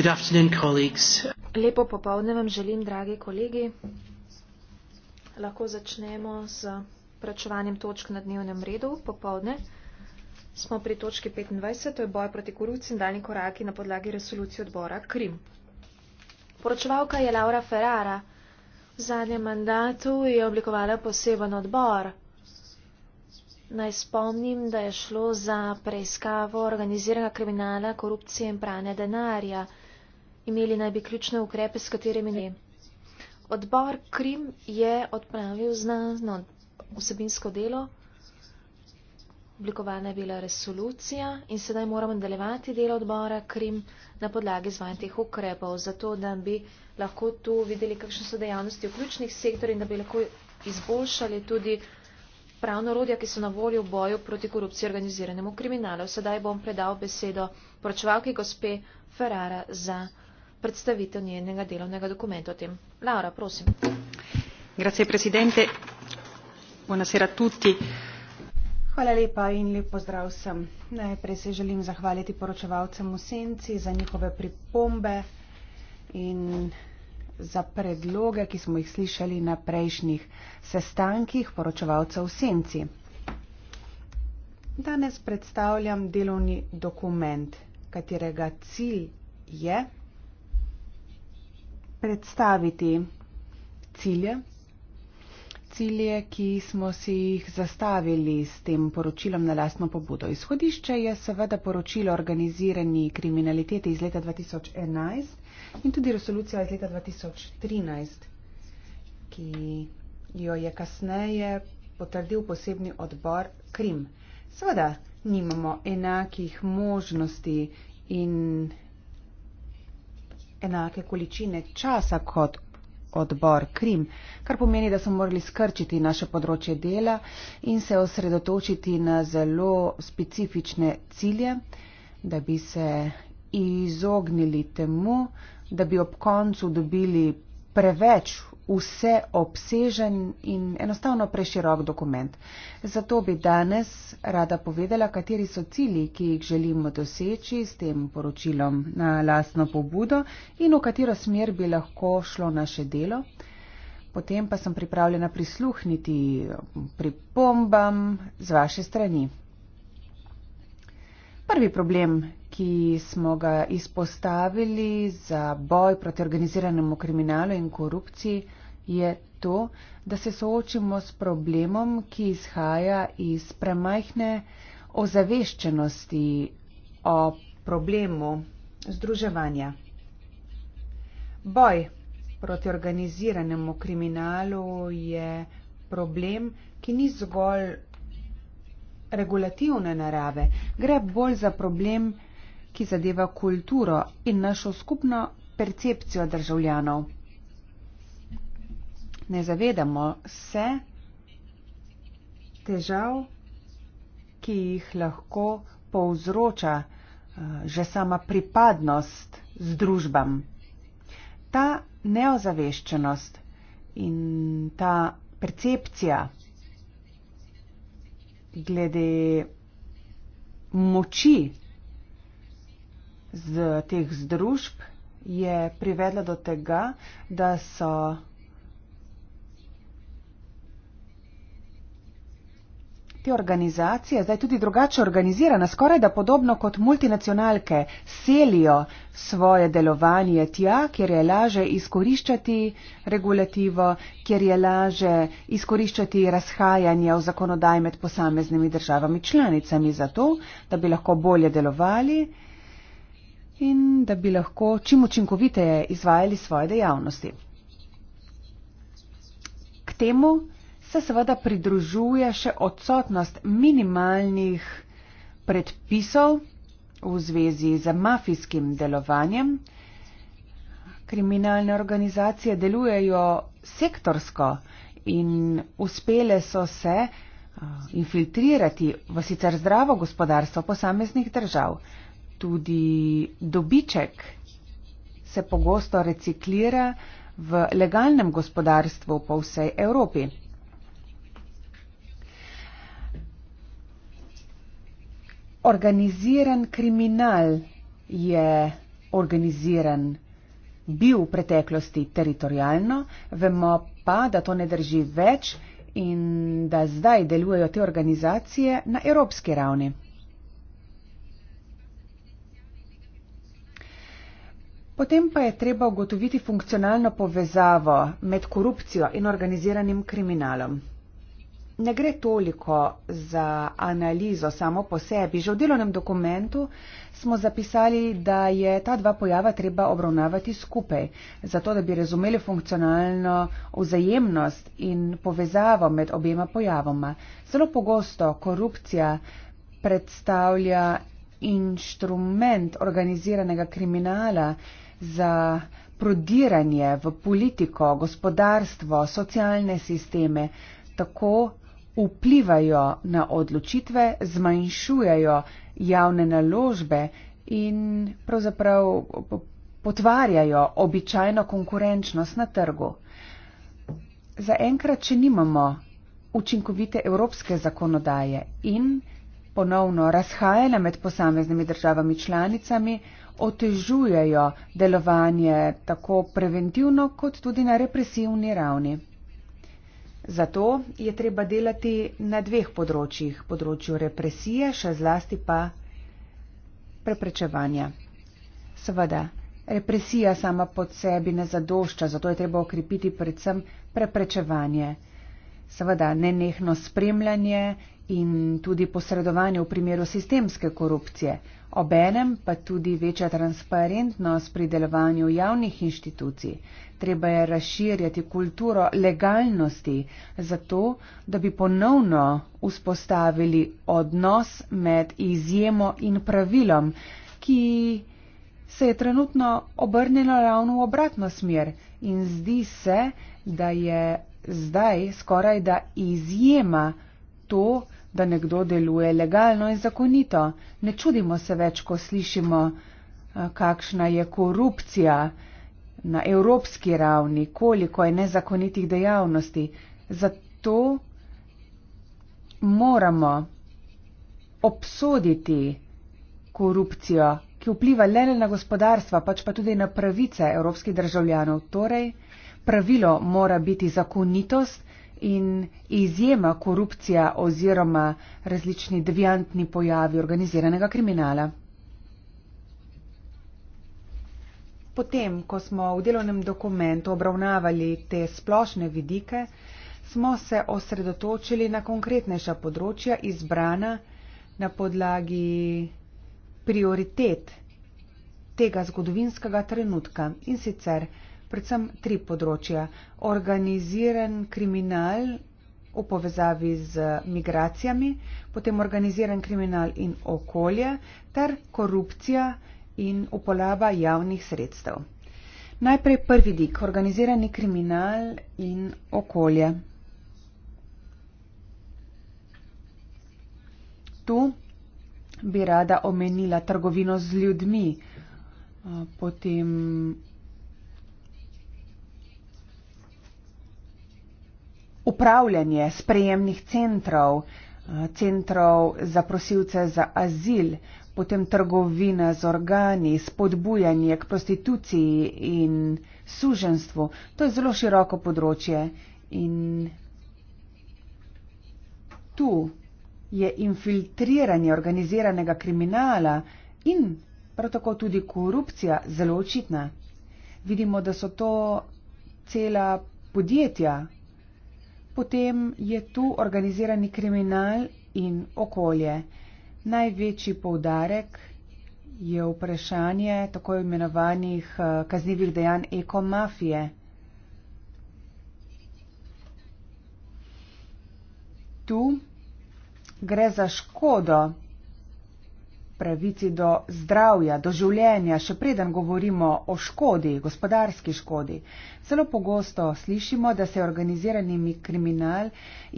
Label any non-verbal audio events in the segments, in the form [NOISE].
Good afternoon, colleagues. Lepo popovdne vam želim, dragi kolegi. Lahko začnemo z prečevanjem točk na dnevnem redu. Popovdne smo pri točki 25, to je boj proti korupciji in daljni koraki na podlagi resolucije odbora Krim. Poročevalka je Laura Ferrara. V zadnjem mandatu je oblikovala poseben odbor. Naj spomnim, da je šlo za preiskavo organiziranega kriminala, korupcije in pranja denarja. Imeli naj bi ključne ukrepe, s katerimi ne. Odbor Krim je odpravil znano vsebinsko delo, oblikovana je bila resolucija in sedaj moramo nadaljevati delo odbora Krim na podlagi zvanj teh ukrepov, zato da bi lahko tu videli, kakšne so dejavnosti v ključnih sektorjih in da bi lahko izboljšali tudi pravno rodja, ki so na voljo v boju proti korupciji organiziranemu kriminalu. Sedaj bom predal besedo poročevalki gospe Ferrara za predstavitev njenega delovnega dokumenta o tem. Laura, prosim. Grazie, presidente. Buonasera tutti. Hvala lepa in lep pozdrav vsem. Najprej se želim zahvaliti poročevalcem v Senci za njihove pripombe in za predloge, ki smo jih slišali na prejšnjih sestankih poročevalcev v Senci. Danes predstavljam delovni dokument, katerega cilj je predstaviti cilje, cilje, ki smo si jih zastavili s tem poročilom na lastno pobudo. Izhodišče je seveda poročilo organizirani kriminaliteti iz leta 2011 in tudi resolucija iz leta 2013, ki jo je kasneje potrdil posebni odbor Krim. Seveda nimamo enakih možnosti in enake količine časa kot odbor Krim, kar pomeni, da so morali skrčiti naše področje dela in se osredotočiti na zelo specifične cilje, da bi se izognili temu, da bi ob koncu dobili preveč vse obsežen in enostavno preširok dokument. Zato bi danes rada povedala, kateri so cilji, ki jih želimo doseči s tem poročilom na lastno pobudo in v katero smer bi lahko šlo naše delo. Potem pa sem pripravljena prisluhniti pripombam z vaše strani. Prvi problem, ki smo ga izpostavili za boj proti organiziranemu kriminalu in korupciji, je to, da se soočimo s problemom, ki izhaja iz premajhne ozaveščenosti o problemu združevanja. Boj proti organiziranemu kriminalu je problem, ki ni zgolj regulativne narave, gre bolj za problem, ki zadeva kulturo in našo skupno percepcijo državljanov ne zavedamo se težav, ki jih lahko povzroča eh, že sama pripadnost z družbam. Ta neozaveščenost in ta percepcija glede moči z teh združb je privedla do tega, da so Te organizacije, zdaj tudi drugače organizirane, skoraj da podobno kot multinacionalke, selijo svoje delovanje tja, kjer je laže izkoriščati regulativo, kjer je laže izkoriščati razhajanja v zakonodaj med posameznimi državami članicami, zato da bi lahko bolje delovali in da bi lahko čim učinkoviteje izvajali svoje dejavnosti. K temu se seveda pridružuje še odsotnost minimalnih predpisov v zvezi z mafijskim delovanjem. Kriminalne organizacije delujejo sektorsko in uspele so se eh, infiltrirati v sicer zdravo gospodarstvo posameznih držav. Tudi dobiček se pogosto reciklira v legalnem gospodarstvu po vsej Evropi. Organiziran kriminal je organiziran bil v preteklosti teritorijalno, vemo pa, da to ne drži več in da zdaj delujejo te organizacije na evropski ravni. Potem pa je treba ugotoviti funkcionalno povezavo med korupcijo in organiziranim kriminalom ne gre toliko za analizo samo po sebi. Že v delovnem dokumentu smo zapisali, da je ta dva pojava treba obravnavati skupaj, zato da bi razumeli funkcionalno vzajemnost in povezavo med objema pojavoma. Zelo pogosto korupcija predstavlja inštrument organiziranega kriminala za prodiranje v politiko, gospodarstvo, socialne sisteme, tako vplivajo na odločitve, zmanjšujejo javne naložbe in pravzaprav potvarjajo običajno konkurenčnost na trgu. Za enkrat, če nimamo učinkovite evropske zakonodaje in ponovno razhajanja med posameznimi državami članicami, otežujejo delovanje tako preventivno kot tudi na represivni ravni. Zato je treba delati na dveh področjih, področju represije, še zlasti pa preprečevanja. Seveda, represija sama pod sebi ne zadošča, zato je treba okrepiti predvsem preprečevanje seveda nenehno spremljanje in tudi posredovanje v primeru sistemske korupcije, obenem pa tudi večja transparentnost pri delovanju javnih inštitucij. Treba je razširjati kulturo legalnosti, zato da bi ponovno vzpostavili odnos med izjemo in pravilom, ki se je trenutno obrnilo ravno v obratno smer in zdi se, da je zdaj skoraj da izjema to, da nekdo deluje legalno in zakonito. Ne čudimo se več, ko slišimo, eh, kakšna je korupcija na evropski ravni, koliko je nezakonitih dejavnosti. Zato moramo obsoditi korupcijo, ki vpliva le na gospodarstva, pač pa tudi na pravice evropskih državljanov. Torej, pravilo mora biti zakonitost in izjema korupcija oziroma različni deviantni pojavi organiziranega kriminala. Potem, ko smo v delovnem dokumentu obravnavali te splošne vidike, smo se osredotočili na konkretnejša področja izbrana na podlagi prioritet tega zgodovinskega trenutka in sicer predvsem tri področja. Organiziran kriminal v povezavi z migracijami, potem organiziran kriminal in okolje ter korupcija in uporaba javnih sredstev. Najprej prvi dik, organizirani kriminal in okolje. Tu bi rada omenila trgovino z ljudmi, eh, potem upravljanje sprejemnih centrov, eh, centrov za prosilce za azil, potem trgovina z organi, spodbujanje k prostituciji in suženstvu. To je zelo široko področje in tu je infiltriranje organiziranega kriminala in prav tako tudi korupcija zelo očitna. Vidimo, da so to cela podjetja, potem je tu organizirani kriminal in okolje. Največji poudarek je vprašanje tako imenovanih eh, kaznivih dejanj ekomafije. Tu gre za škodo, pravici do zdravja, do življenja, še preden govorimo o škodi, gospodarski škodi. Celo pogosto slišimo, da se je organizirani kriminal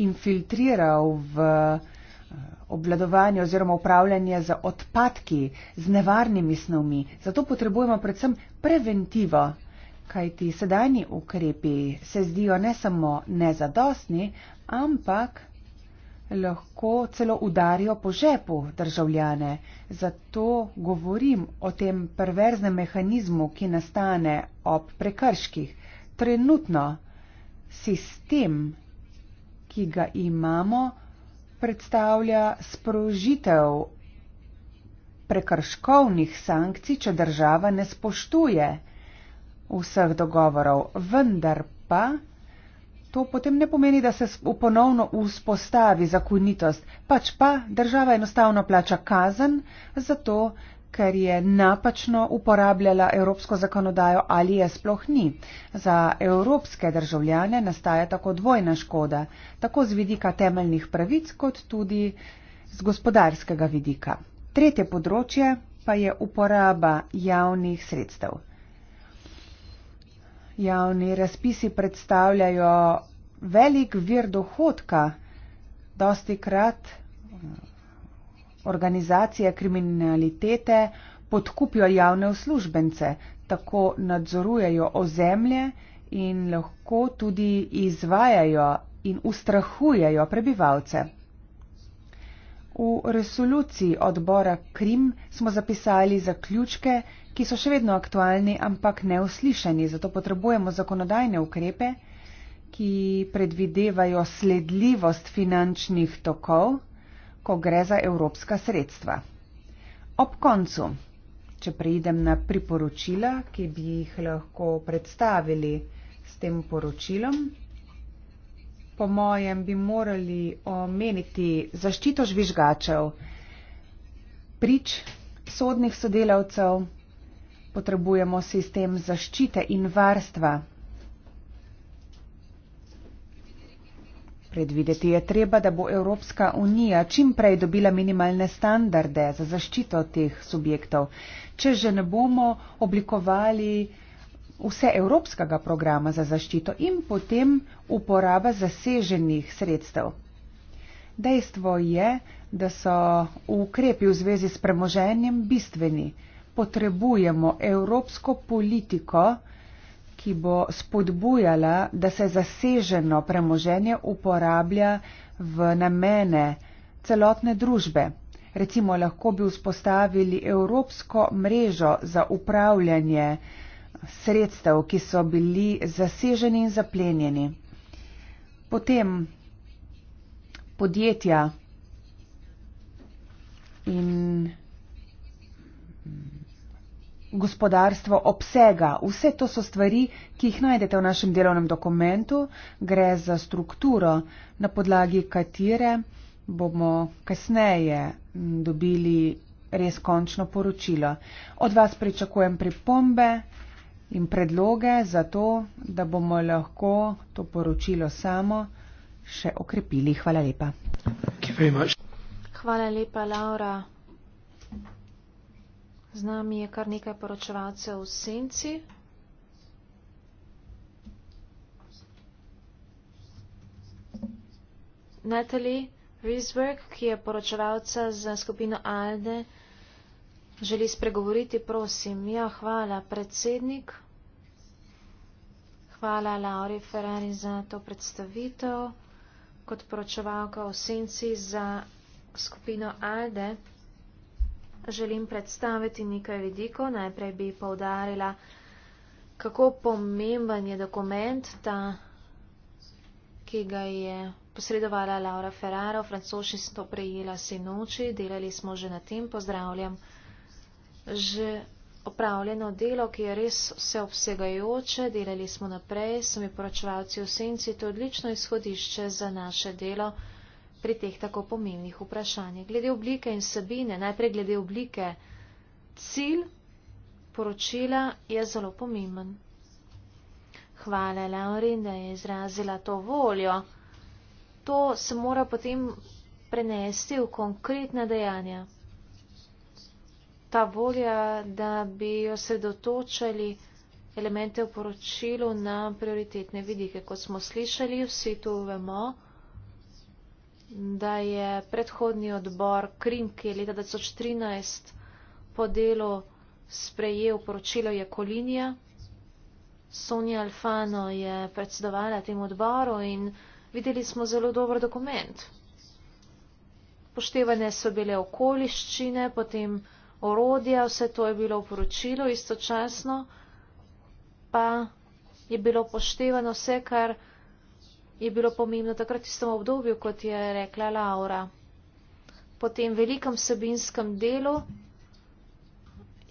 infiltriral v eh, obvladovanje oziroma upravljanje z odpadki, z nevarnimi snovmi. Zato potrebujemo predvsem preventivo, kajti sedajni ukrepi se zdijo ne samo nezadostni, ampak lahko celo udarijo po žepu državljane. Zato govorim o tem perverznem mehanizmu, ki nastane ob prekrških. Trenutno sistem, ki ga imamo, predstavlja sprožitev prekrškovnih sankcij, če država ne spoštuje vseh dogovorov, vendar pa To potem ne pomeni, da se ponovno vzpostavi zakonitost, pač pa država enostavno plača kazen za to, ker je napačno uporabljala evropsko zakonodajo ali je sploh ni. Za evropske državljane nastaja tako dvojna škoda, tako z vidika temeljnih pravic, kot tudi z gospodarskega vidika. Tretje področje pa je uporaba javnih sredstev. Javni razpisi predstavljajo velik vir dohodka. Dosti krat eh, organizacije kriminalitete podkupijo javne uslužbence, tako nadzorujejo ozemlje in lahko tudi izvajajo in ustrahujejo prebivalce. V resoluciji odbora Krim smo zapisali zaključke, ki so še vedno aktualni, ampak neuslišani. Zato potrebujemo zakonodajne ukrepe, ki predvidevajo sledljivost finančnih tokov, ko gre za evropska sredstva. Ob koncu, če preidem na priporočila, ki bi jih lahko predstavili s tem poročilom, po mojem bi morali omeniti zaščito žvižgačev, prič sodnih sodelavcev, potrebujemo sistem zaščite in varstva. Predvideti je treba, da bo Evropska unija čim prej dobila minimalne standarde za zaščito teh subjektov, če že ne bomo oblikovali vse Evropskega programa za zaščito in potem uporaba zaseženih sredstev. Dejstvo je, da so ukrepi v zvezi s premoženjem bistveni potrebujemo evropsko politiko, ki bo spodbujala, da se zaseženo premoženje uporablja v namene celotne družbe. Recimo lahko bi vzpostavili evropsko mrežo za upravljanje sredstev, ki so bili zaseženi in zaplenjeni. Potem podjetja in gospodarstvo obsega. Vse to so stvari, ki jih najdete v našem delovnem dokumentu. Gre za strukturo, na podlagi katere bomo kasneje dobili res končno poročilo. Od vas pričakujem pripombe in predloge za to, da bomo lahko to poročilo samo še okrepili. Hvala lepa. Hvala lepa, Laura. Z nami je kar nekaj poročevalcev v senci. Natalie Riesberg, ki je poročevalca za skupino ALDE, želi spregovoriti, prosim. Ja, hvala, predsednik. Hvala, Lauri Ferrari, za to predstavitev. Kot poročevalka v senci za skupino ALDE želim predstaviti nekaj vidikov. Najprej bi povdarila, kako pomemben je dokument, ta, ki ga je posredovala Laura Ferraro. Francoši so to prejela sinoči, delali smo že na tem. Pozdravljam že opravljeno delo, ki je res vseobsegajoče. Delali smo naprej, sami poročevalci v senci, to je odlično izhodišče za naše delo pri teh tako pomembnih vprašanjih. Glede oblike in sabine, najprej glede oblike, cilj poročila je zelo pomemben. Hvala, Laurin, da je izrazila to voljo. To se mora potem prenesti v konkretna dejanja. Ta volja, da bi osredotočali elemente v poročilu na prioritetne vidike, kot smo slišali, vsi to vemo da je predhodni odbor Krim, ki je leta 2013 po delu sprejel poročilo Jekolinija. Sonja Alfano je predsedovala tem odboru in videli smo zelo dober dokument. Poštevane so bile okoliščine, potem orodja, vse to je bilo v poročilu istočasno, pa je bilo poštevano vse, kar je bilo pomembno takrat v tistem obdobju, kot je rekla Laura. Po tem velikem sebinskem delu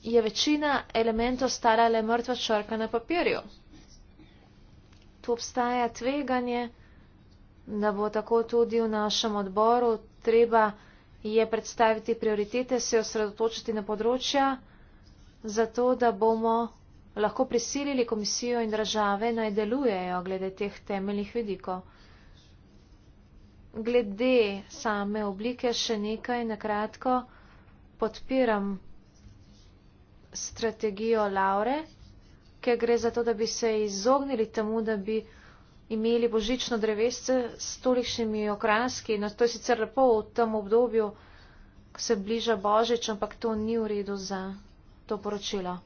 je večina elementov stala le mrtva črka na papirju. Tu obstaja tveganje, da bo tako tudi v našem odboru. Treba je predstaviti prioritete, se osredotočiti na področja, zato da bomo lahko prisilili komisijo in države naj delujejo glede teh temeljnih vidikov. Glede same oblike še nekaj na kratko podpiram strategijo Laure, ker gre za to, da bi se izognili temu, da bi imeli božično drevesce s tolikšnimi okraski. No, to je sicer lepo v tem obdobju, ko se bliža božič, ampak to ni v redu za to poročilo.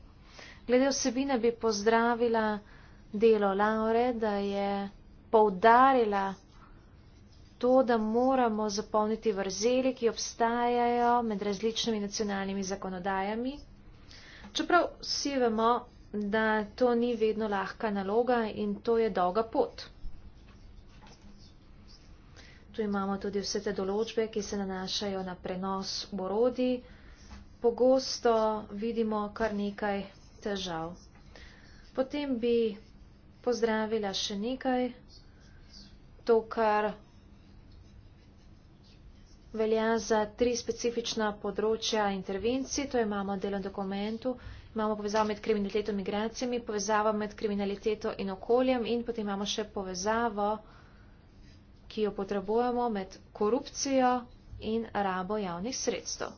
Glede osebine bi pozdravila delo Laure, da je poudarila to, da moramo zapolniti vrzeli, ki obstajajo med različnimi nacionalnimi zakonodajami. Čeprav vsi vemo, da to ni vedno lahka naloga in to je dolga pot. Tu imamo tudi vse te določbe, ki se nanašajo na prenos orodij. Pogosto vidimo kar nekaj težav. Potem bi pozdravila še nekaj, to, kar velja za tri specifična področja intervencij, to imamo delo dokumentu, imamo povezavo med kriminaliteto in migracijami, povezavo med kriminaliteto in okoljem in potem imamo še povezavo, ki jo potrebujemo med korupcijo in rabo javnih sredstev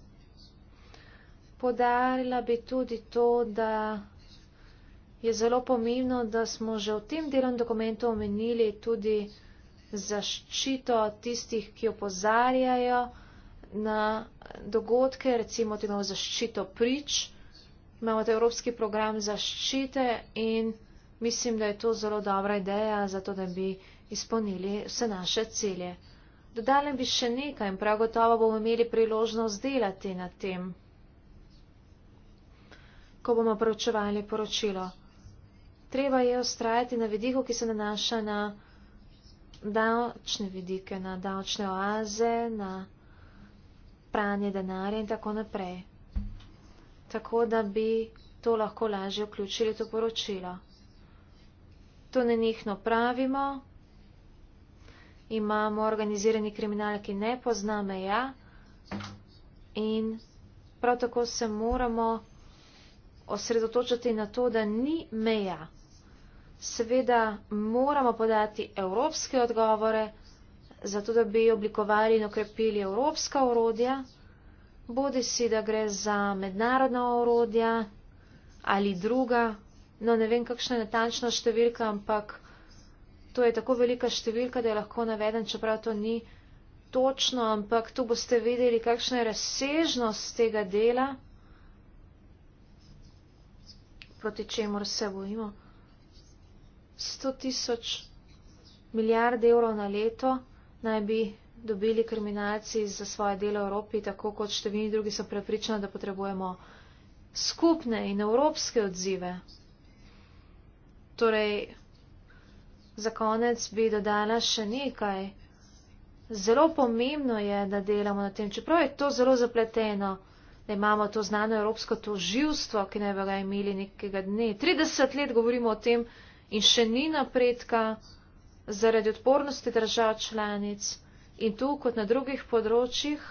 podarila bi tudi to, da je zelo pomembno, da smo že v tem delovnem dokumentu omenili tudi zaščito tistih, ki opozarjajo na dogodke, recimo tudi imamo zaščito prič, imamo ta evropski program zaščite in mislim, da je to zelo dobra ideja za to, da bi izpolnili vse naše cilje. Dodalem bi še nekaj in prav gotovo bomo imeli priložnost delati na tem ko bomo poročevali poročilo. Treba je ustrajati na vidiku, ki se nanaša na davčne vidike, na davčne oaze, na pranje denarja in tako naprej. Tako da bi to lahko lažje vključili v to poročilo. To ne njihno pravimo. Imamo organizirani kriminal, ki ne pozna meja in prav tako se moramo osredotočati na to, da ni meja. Seveda moramo podati evropske odgovore, zato da bi oblikovali in okrepili evropska urodja, bodi si, da gre za mednarodna urodja ali druga, no ne vem, kakšna je natančna številka, ampak to je tako velika številka, da je lahko naveden, čeprav to ni točno, ampak tu boste videli, kakšna je razsežnost tega dela proti čemu se bojimo. 100 tisoč milijard evrov na leto naj bi dobili kriminalci za svoje delo v Evropi, tako kot številni drugi so prepričani, da potrebujemo skupne in evropske odzive. Torej, za konec bi dodala še nekaj. Zelo pomembno je, da delamo na tem, čeprav je to zelo zapleteno da imamo to znano evropsko toživstvo, ki ne bi ga imeli nekega dne. 30 let govorimo o tem in še ni napredka zaradi odpornosti držav članic in tu kot na drugih področjih.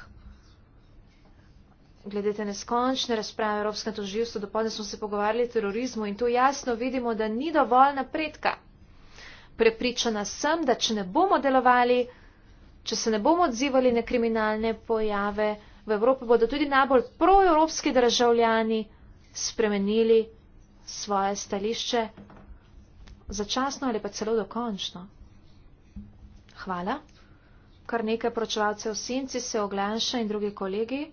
Glede te neskončne razprave Evropske toživstvo, dopolne smo se pogovarjali o terorizmu in tu jasno vidimo, da ni dovolj napredka. Prepričana sem, da če ne bomo delovali, če se ne bomo odzivali na kriminalne pojave, v Evropi bodo tudi najbolj proevropski državljani spremenili svoje stališče začasno ali pa celo dokončno. Hvala. Kar nekaj pročevalcev Sinci se oglanša in drugi kolegi.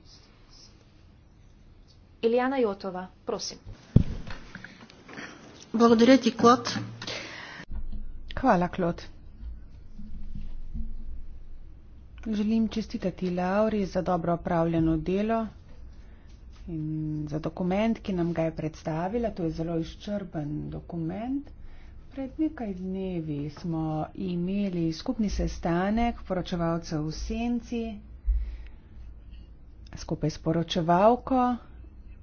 Ilijana Jotova, prosim. Благодаря ти, Клод. Хвала, Клод. Želim čestitati Lauri za dobro opravljeno delo in za dokument, ki nam ga je predstavila. To je zelo izčrben dokument. Pred nekaj dnevi smo imeli skupni sestanek poročevalcev v Senci skupaj s poročevalko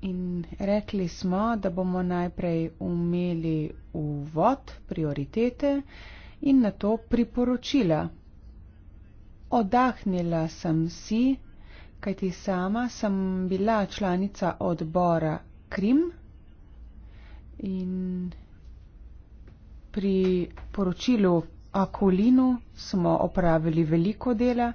in rekli smo, da bomo najprej umeli uvod, prioritete in na to priporočila, Odahnila sem si, kajti sama sem bila članica odbora Krim in pri poročilu Akulinu smo opravili veliko dela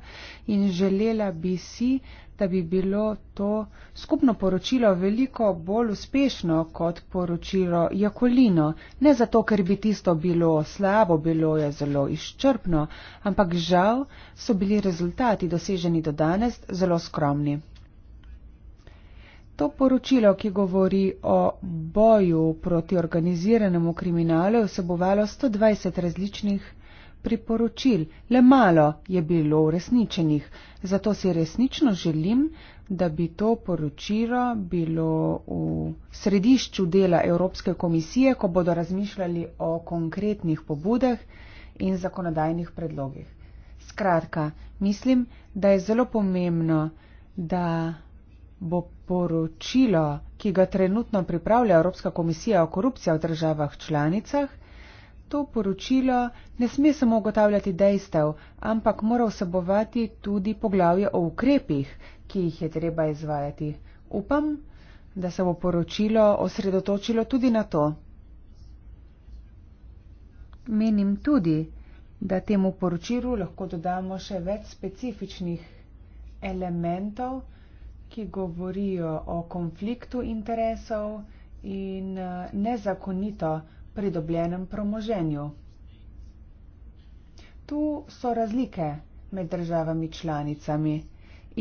in želela bi si, da bi bilo to skupno poročilo veliko bolj uspešno kot poročilo Jakolino. Ne zato, ker bi tisto bilo slabo, bilo je zelo izčrpno, ampak žal so bili rezultati doseženi do danes zelo skromni. To poročilo, ki govori o boju proti organiziranemu kriminalu, je vsebovalo 120 različnih priporočil, le malo je bilo uresničenih, zato si resnično želim, da bi to poročilo bilo v središču dela Evropske komisije, ko bodo razmišljali o konkretnih pobudah in zakonodajnih predlogih. Skratka, mislim, da je zelo pomembno, da bo poročilo, ki ga trenutno pripravlja Evropska komisija o korupciji v državah članicah, to poročilo ne sme samo ugotavljati dejstev, ampak mora vsebovati tudi poglavje o ukrepih, ki jih je treba izvajati. Upam, da se bo poročilo osredotočilo tudi na to. Menim tudi, da temu poročilu lahko dodamo še več specifičnih elementov, ki govorijo o konfliktu interesov in eh, nezakonito pridobljenem premoženju. Tu so razlike med državami članicami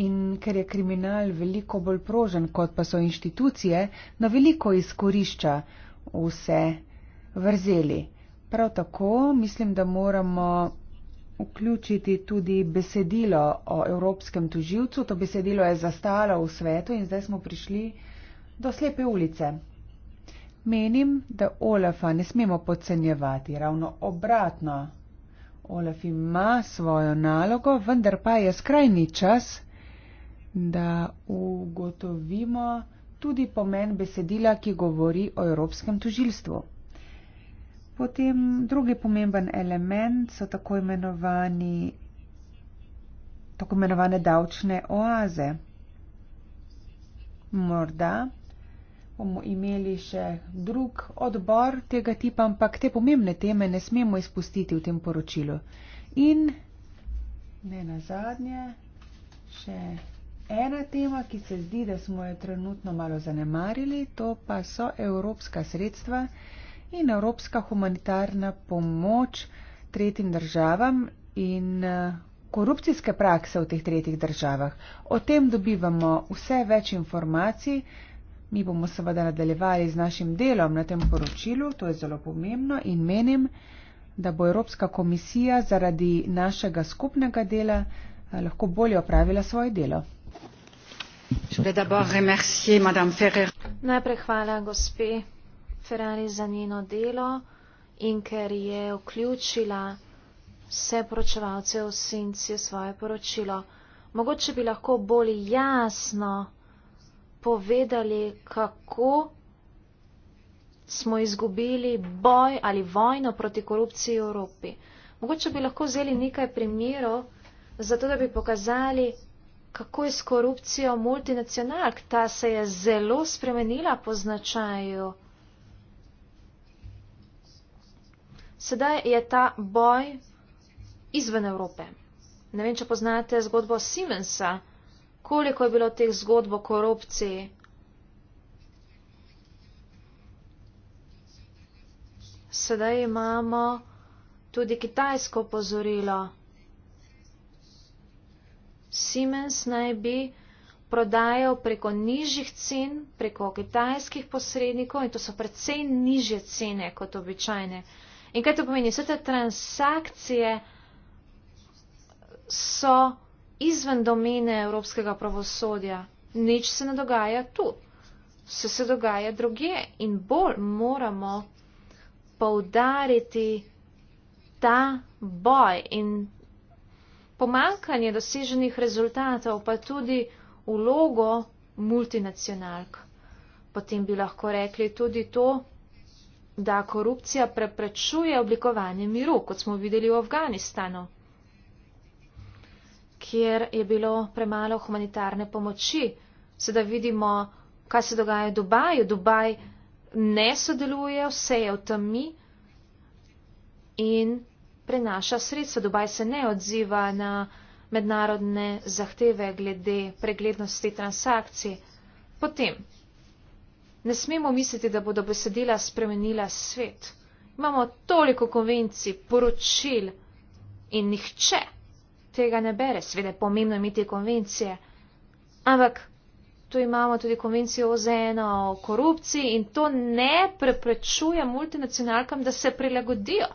in ker je kriminal veliko bolj prožen, kot pa so inštitucije, na veliko izkorišča vse vrzeli. Prav tako mislim, da moramo vključiti tudi besedilo o evropskem tužilcu. To besedilo je zastalo v svetu in zdaj smo prišli do slepe ulice. Menim, da Olafa ne smemo podcenjevati, ravno obratno. Olaf ima svojo nalogo, vendar pa je skrajni čas, da ugotovimo tudi pomen besedila, ki govori o Evropskem tužilstvu. Potem drugi pomemben element so tako, imenovani, tako imenovane davčne oaze. Morda bomo imeli še drug odbor tega tipa, ampak te pomembne teme ne smemo izpustiti v tem poročilu. In ne na zadnje, še ena tema, ki se zdi, da smo jo trenutno malo zanemarili, to pa so evropska sredstva in evropska humanitarna pomoč tretjim državam in eh, korupcijske prakse v teh tretjih državah. O tem dobivamo vse več informacij. Mi bomo seveda nadaljevali z našim delom na tem poročilu, to je zelo pomembno in menim, da bo Evropska komisija zaradi našega skupnega dela eh, lahko bolje opravila svoje delo. Najprej hvala gospe Ferrari za njeno delo in ker je vključila vse poročevalce v Sinci v svoje poročilo. Mogoče bi lahko bolj jasno povedali, kako smo izgubili boj ali vojno proti korupciji v Evropi. Mogoče bi lahko vzeli nekaj primerov, zato da bi pokazali, kako je s korupcijo multinacionalk. Ta se je zelo spremenila po značaju. Sedaj je ta boj izven Evrope. Ne vem, če poznate zgodbo Siemensa koliko je bilo teh zgodb o korupciji. Sedaj imamo tudi kitajsko pozorilo. Siemens naj bi prodajal preko nižjih cen, preko kitajskih posrednikov in to so precej nižje cene kot običajne. In kaj to pomeni? Vse te transakcije so izven domene evropskega pravosodja. Nič se ne dogaja tu. Vse se dogaja druge in bolj moramo poudariti ta boj in pomankanje doseženih rezultatov, pa tudi ulogo multinacionalk. Potem bi lahko rekli tudi to, da korupcija preprečuje oblikovanje miru, kot smo videli v Afganistanu kjer je bilo premalo humanitarne pomoči. Sedaj vidimo, kaj se dogaja v Dubaju. Dubaj ne sodeluje, vse je v temi in prenaša sredstva. Dubaj se ne odziva na mednarodne zahteve glede preglednosti transakcij. Potem, ne smemo misliti, da bodo besedila spremenila svet. Imamo toliko konvencij, poročil in nihče tega ne bere, sveda je pomembno imeti konvencije. Ampak tu imamo tudi konvencijo o ZNO, o korupciji in to ne preprečuje multinacionalkam, da se prilagodijo.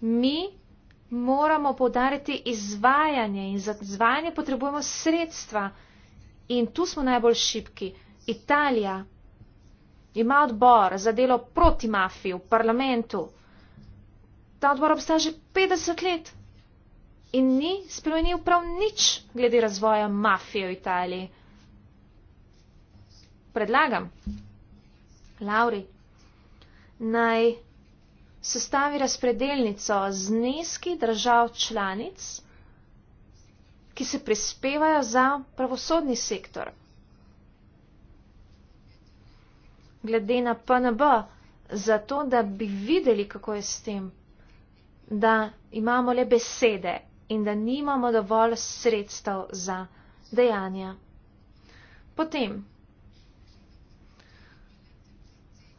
Mi moramo povdariti izvajanje in za izvajanje potrebujemo sredstva in tu smo najbolj šipki. Italija ima odbor za delo proti mafiji v parlamentu. Ta odbor obstaja že 50 let in ni spremenil prav nič glede razvoja mafije v Italiji. Predlagam, Lauri, naj sestavi razpredelnico zneski držav članic, ki se prispevajo za pravosodni sektor. Glede na PNB, zato da bi videli, kako je s tem, da imamo le besede in da nimamo dovolj sredstev za dejanja. Potem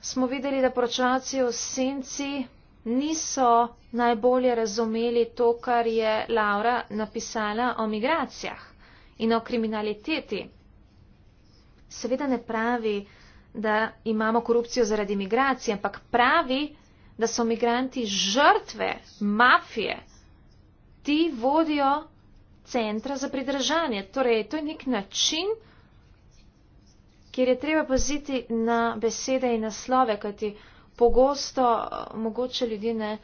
smo videli, da poročevalci v senci niso najbolje razumeli to, kar je Laura napisala o migracijah in o kriminaliteti. Seveda ne pravi, da imamo korupcijo zaradi migracije, ampak pravi, da so migranti žrtve mafije ti vodijo centra za pridržanje. Torej, to je nek način, kjer je treba paziti na besede in naslove, kajti pogosto eh, mogoče ljudi ne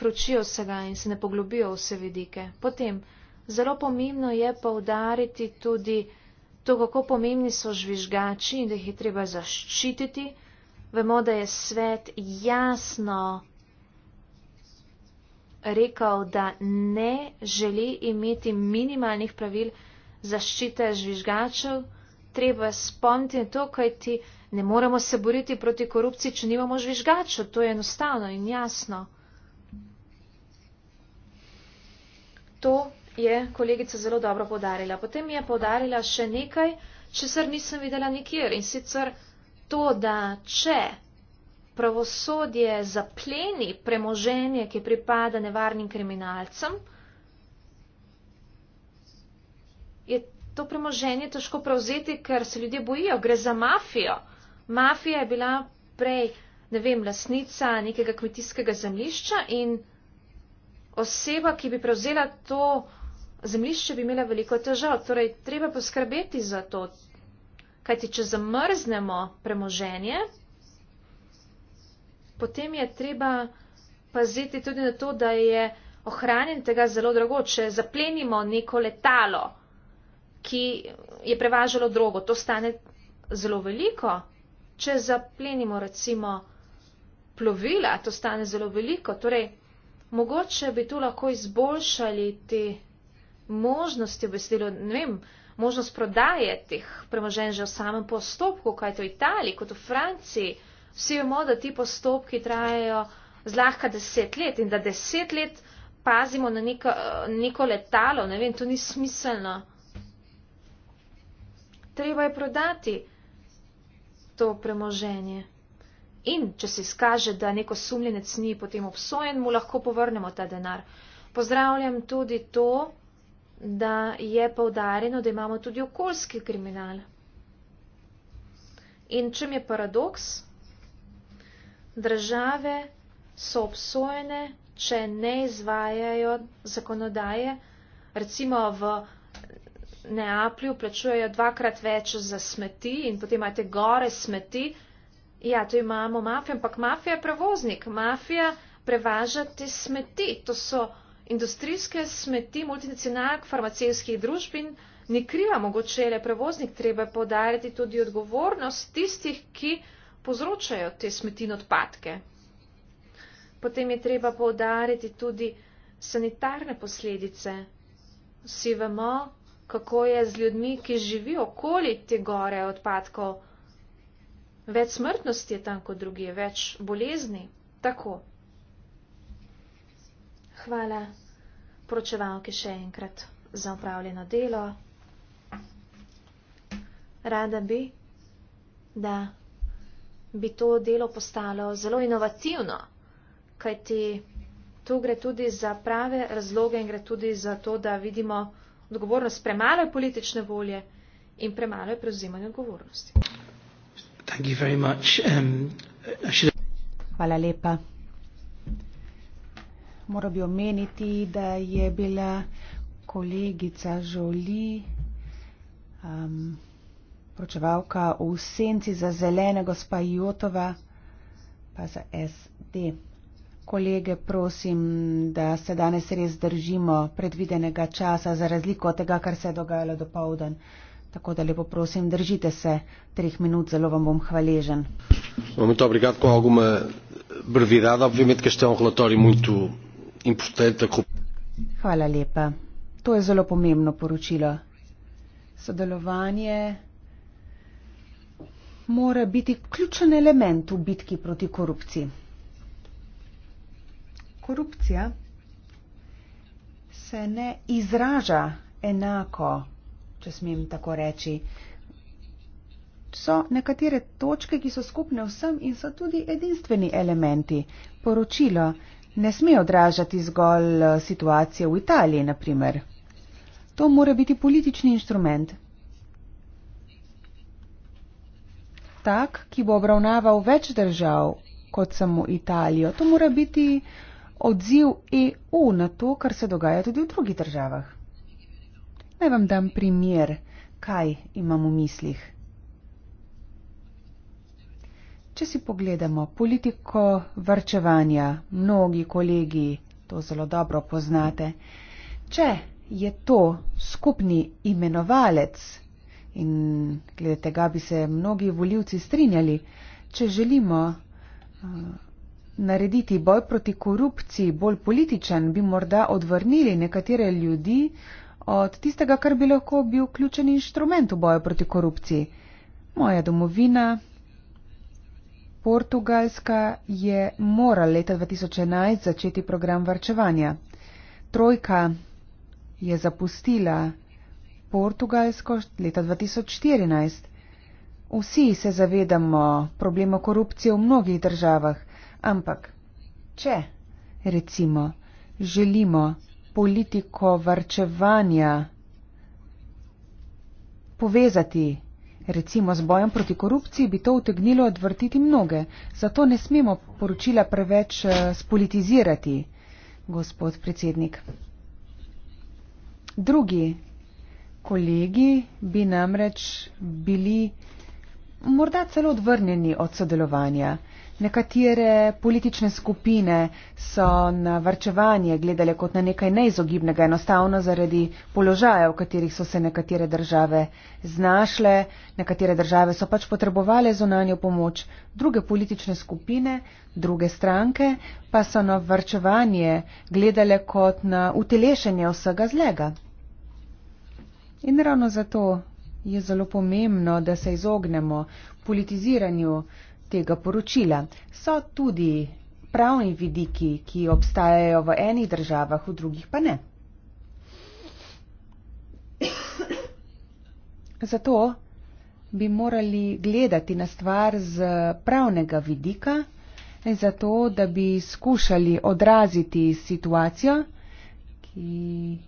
pročijo vsega in se ne poglobijo vse vidike. Potem, zelo pomembno je poudariti tudi to, kako pomembni so žvižgači in da jih je treba zaščititi. Vemo, da je svet jasno rekel, da ne želi imeti minimalnih pravil zaščite žvižgačev. Treba spomniti to, kaj ti ne moramo se boriti proti korupciji, če nimamo žvižgačev. To je enostavno in jasno. To je kolegica zelo dobro podarila. Potem je podarila še nekaj, česar nisem videla nikjer in sicer to, da če pravosodje zapleni premoženje, ki pripada nevarnim kriminalcem, je to premoženje težko prevzeti, ker se ljudje bojijo. Gre za mafijo. Mafija je bila prej, ne vem, lasnica nekega kmetijskega zemljišča in oseba, ki bi prevzela to zemljišče, bi imela veliko težav. Torej, treba poskrbeti za to. Kajti, če zamrznemo premoženje, potem je treba paziti tudi na to, da je ohranjen tega zelo drago. Če zaplenimo neko letalo, ki je prevažalo drogo, to stane zelo veliko. Če zaplenimo recimo plovila, to stane zelo veliko. Torej, mogoče bi tu lahko izboljšali te možnosti obvestilo, ne vem, možnost prodaje teh premoženj že v samem postopku, kaj to v Italiji, kot v Franciji. Vsi vemo, da ti postopki trajajo zlahka deset let in da deset let pazimo na neko, neko letalo, ne vem, to ni smiselno. Treba je prodati to premoženje. In če se izkaže, da neko sumljenec ni potem obsojen, mu lahko povrnemo ta denar. Pozdravljam tudi to, da je povdarjeno, da imamo tudi okoljski kriminal. In čem je paradoks? države so obsojene, če ne izvajajo zakonodaje. Recimo v Neaplju plačujejo dvakrat več za smeti in potem imate gore smeti. Ja, tu imamo mafijo, ampak mafija je prevoznik. Mafija prevaža te smeti. To so industrijske smeti multinacionalk, farmacijskih družb in ni kriva, mogoče je le prevoznik. Treba je podariti tudi odgovornost tistih, ki povzročajo te smeti in odpadke. Potem je treba povdariti tudi sanitarne posledice. Vsi vemo, kako je z ljudmi, ki živijo okoli te gore odpadkov. Več smrtnosti je tam kot drugi, več bolezni. Tako. Hvala poročevalki še enkrat za upravljeno delo. Rada bi, da bi to delo postalo zelo inovativno, kajti tu gre tudi za prave razloge in gre tudi za to, da vidimo odgovornost premalo politične volje in premalo prevzemanja odgovornosti. Um, Hvala lepa. Moram bi omeniti, da je bila kolegica Žoli. Um, Pročevalka v senci za zelene gospa Jotova, pa za SD. Kolege, prosim, da se danes res držimo predvidenega časa za razliko od tega, kar se je dogajalo do povdan. Tako da lepo prosim, držite se treh minut, zelo vam bom hvaležen. Muito obrigado com alguma brevidade. Obviamente que este é um relatório muito importante. Hvala lepa. To je zelo pomembno poročilo. Sodelovanje mora biti ključen element v bitki proti korupciji? Korupcija se ne izraža enako, če smem tako reči. So nekatere točke, ki so skupne vsem in so tudi edinstveni elementi. Poročilo ne sme odražati zgolj eh, situacije v Italiji, naprimer. To mora biti politični inštrument, tak, ki bo obravnaval več držav kot samo Italijo. To mora biti odziv EU na to, kar se dogaja tudi v drugih državah. Naj vam dam primer, kaj imam v mislih. Če si pogledamo politiko vrčevanja, mnogi kolegi to zelo dobro poznate. Če je to skupni imenovalec In glede tega bi se mnogi voljivci strinjali, če želimo eh, narediti boj proti korupciji bolj političen, bi morda odvrnili nekatere ljudi od tistega, kar bi lahko bil ključen inštrument v boju proti korupciji. Moja domovina, Portugalska, je morala leta 2011 začeti program varčevanja. Trojka je zapustila Portugalsko leta 2014. Vsi se zavedamo problema korupcije v mnogih državah, ampak če, recimo, želimo politiko varčevanja povezati, recimo z bojem proti korupciji, bi to utegnilo odvrtiti mnoge. Zato ne smemo poročila preveč eh, spolitizirati, gospod predsednik. Drugi kolegi bi namreč bili morda celo odvrnjeni od sodelovanja. Nekatere politične skupine so na varčevanje gledale kot na nekaj neizogibnega, enostavno zaradi položaja, v katerih so se nekatere države znašle, nekatere države so pač potrebovale zunanjo pomoč, druge politične skupine, druge stranke pa so na varčevanje gledale kot na utelešenje vsega zlega. In ravno zato je zelo pomembno, da se izognemo politiziranju tega poročila. So tudi pravni vidiki, ki obstajajo v enih državah, v drugih pa ne. Zato bi morali gledati na stvar z pravnega vidika in zato, da bi skušali odraziti situacijo, ki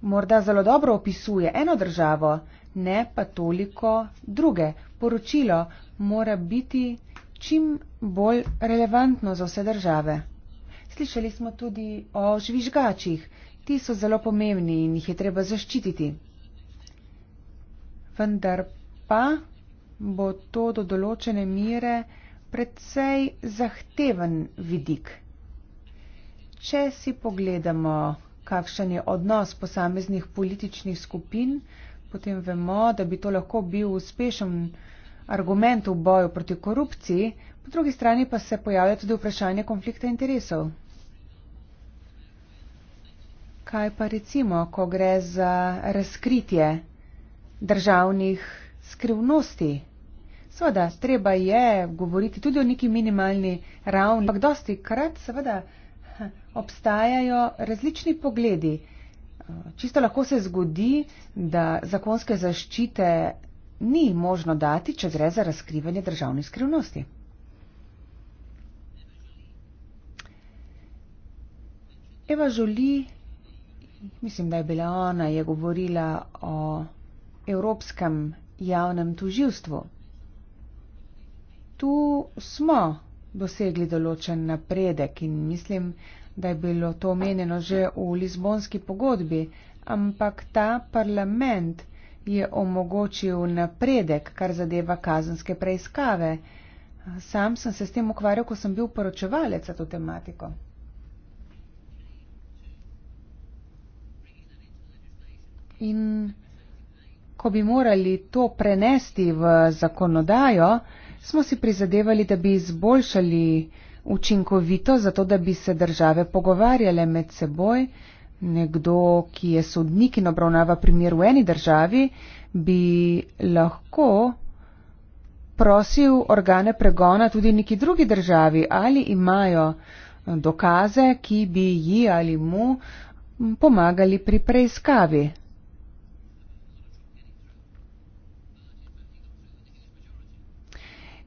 morda zelo dobro opisuje eno državo, ne pa toliko druge. Poročilo mora biti čim bolj relevantno za vse države. Slišali smo tudi o žvižgačih. Ti so zelo pomembni in jih je treba zaščititi. Vendar pa bo to do določene mire predvsej zahteven vidik. Če si pogledamo kakšen je odnos posameznih političnih skupin, potem vemo, da bi to lahko bil uspešen argument v boju proti korupciji, po drugi strani pa se pojavlja tudi vprašanje konflikta interesov. Kaj pa recimo, ko gre za razkritje državnih skrivnosti? Seveda, treba je govoriti tudi o neki minimalni ravni, ampak dosti krat seveda obstajajo različni pogledi. Čisto lahko se zgodi, da zakonske zaščite ni možno dati, če gre za razkrivanje državne skrivnosti. Eva Žoli, mislim, da je bila ona, je govorila o Evropskem javnem tužilstvu. Tu smo dosegli določen napredek in mislim, da je bilo to omenjeno že v Lizbonski pogodbi, ampak ta parlament je omogočil napredek, kar zadeva kazenske preiskave. Sam sem se s tem ukvarjal, ko sem bil poročevalec za to tematiko. In ko bi morali to prenesti v zakonodajo, smo si prizadevali, da bi izboljšali uh, učinkovito, zato da bi se države pogovarjale med seboj. Nekdo, ki je sodnik in obravnava primer v eni državi, bi lahko prosil organe pregona tudi neki drugi državi, ali imajo dokaze, ki bi ji ali mu pomagali pri preiskavi.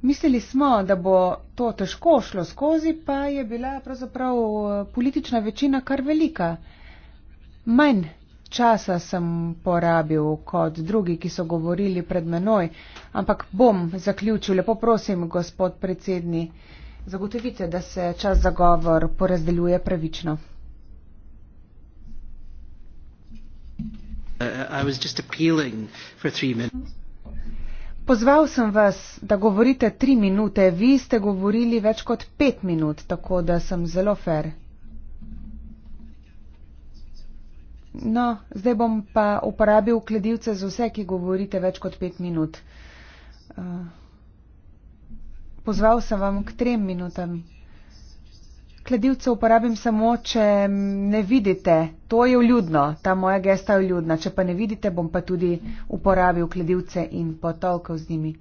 Mislili smo, da bo to težko šlo skozi, pa je bila pravzaprav eh, politična večina kar velika. Manj časa sem porabil kot drugi, ki so govorili pred menoj, ampak bom zaključil. Lepo prosim, gospod predsedni, zagotovite, da se čas za govor porazdeljuje pravično. Uh, Pozval sem vas, da govorite tri minute, vi ste govorili več kot pet minut, tako da sem zelo fer. No, zdaj bom pa uporabil kledivce za vse, ki govorite več kot pet minut. Uh, pozval sem vam k trem minutam kladivce uporabim samo, če ne vidite. To je vljudno, ta moja gesta je vljudna. Če pa ne vidite, bom pa tudi uporabil kladivce in potolkal z njimi.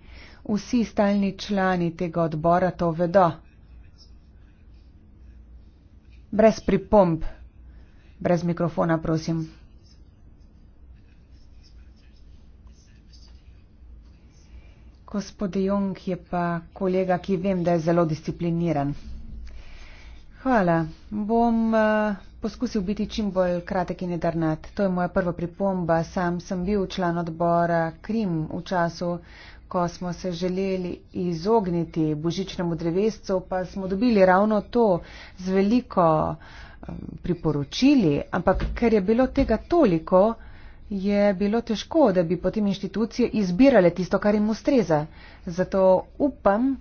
Vsi stalni člani tega odbora to vedo. Brez pripomb, brez mikrofona, prosim. Gospod Jung je pa kolega, ki vem, da je zelo discipliniran. Hvala. Bom uh, poskusil biti čim bolj kratek in jedrnat. To je moja prva pripomba. Sam sem bil član odbora Krim v času, ko smo se želeli izogniti božičnemu drevescu, pa smo dobili ravno to z veliko um, priporočili, ampak ker je bilo tega toliko, je bilo težko, da bi potem inštitucije izbirale tisto, kar jim ustreza. Zato upam,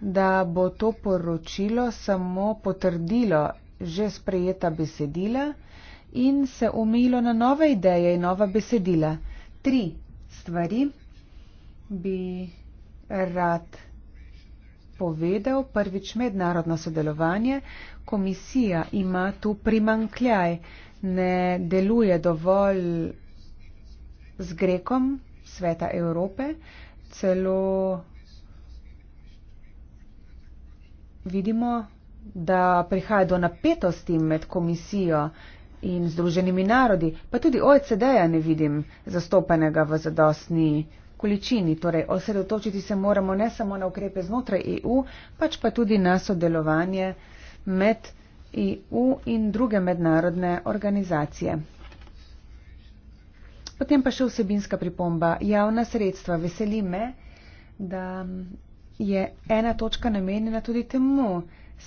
da bo to poročilo samo potrdilo že sprejeta besedila in se umilo na nove ideje in nova besedila. Tri stvari bi rad povedal. Prvič, mednarodno sodelovanje. Komisija ima tu primankljaj, ne deluje dovolj z grekom sveta Evrope, celo vidimo, da prihaja do napetosti med komisijo in združenimi narodi, pa tudi OECD-ja ne vidim zastopanega v zadostni količini. Torej, osredotočiti se moramo ne samo na ukrepe znotraj EU, pač pa tudi na sodelovanje med EU in druge mednarodne organizacije. Potem pa še vsebinska pripomba. Javna sredstva. Veseli me, da je ena točka namenjena tudi temu.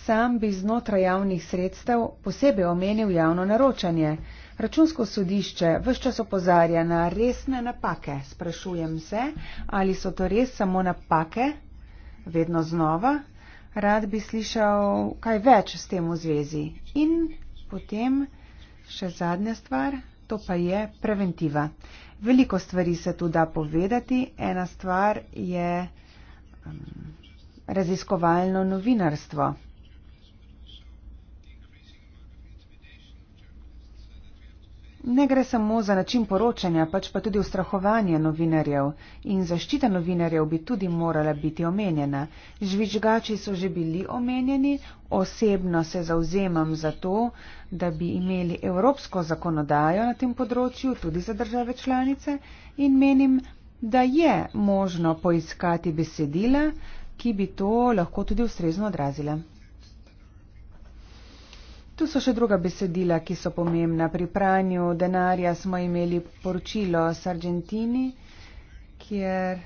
Sam bi znotraj javnih sredstev posebej omenil javno naročanje. Računsko sodišče vse čas opozarja na resne napake. Sprašujem se, ali so to res samo napake, vedno znova. Rad bi slišal kaj več s tem v zvezi. In potem še zadnja stvar, to pa je preventiva. Veliko stvari se tu da povedati. Ena stvar je. Um, raziskovalno novinarstvo. Ne gre samo za način poročanja, pač pa tudi ustrahovanje novinarjev in zaščita novinarjev bi tudi morala biti omenjena. Žvižgači so že bili omenjeni, osebno se zauzemam za to, da bi imeli evropsko zakonodajo na tem področju, tudi za države članice in menim, da je možno poiskati besedila, ki bi to lahko tudi ustrezno odrazile. Tu so še druga besedila, ki so pomembna. Pri pranju denarja smo imeli poročilo s Argentini, kjer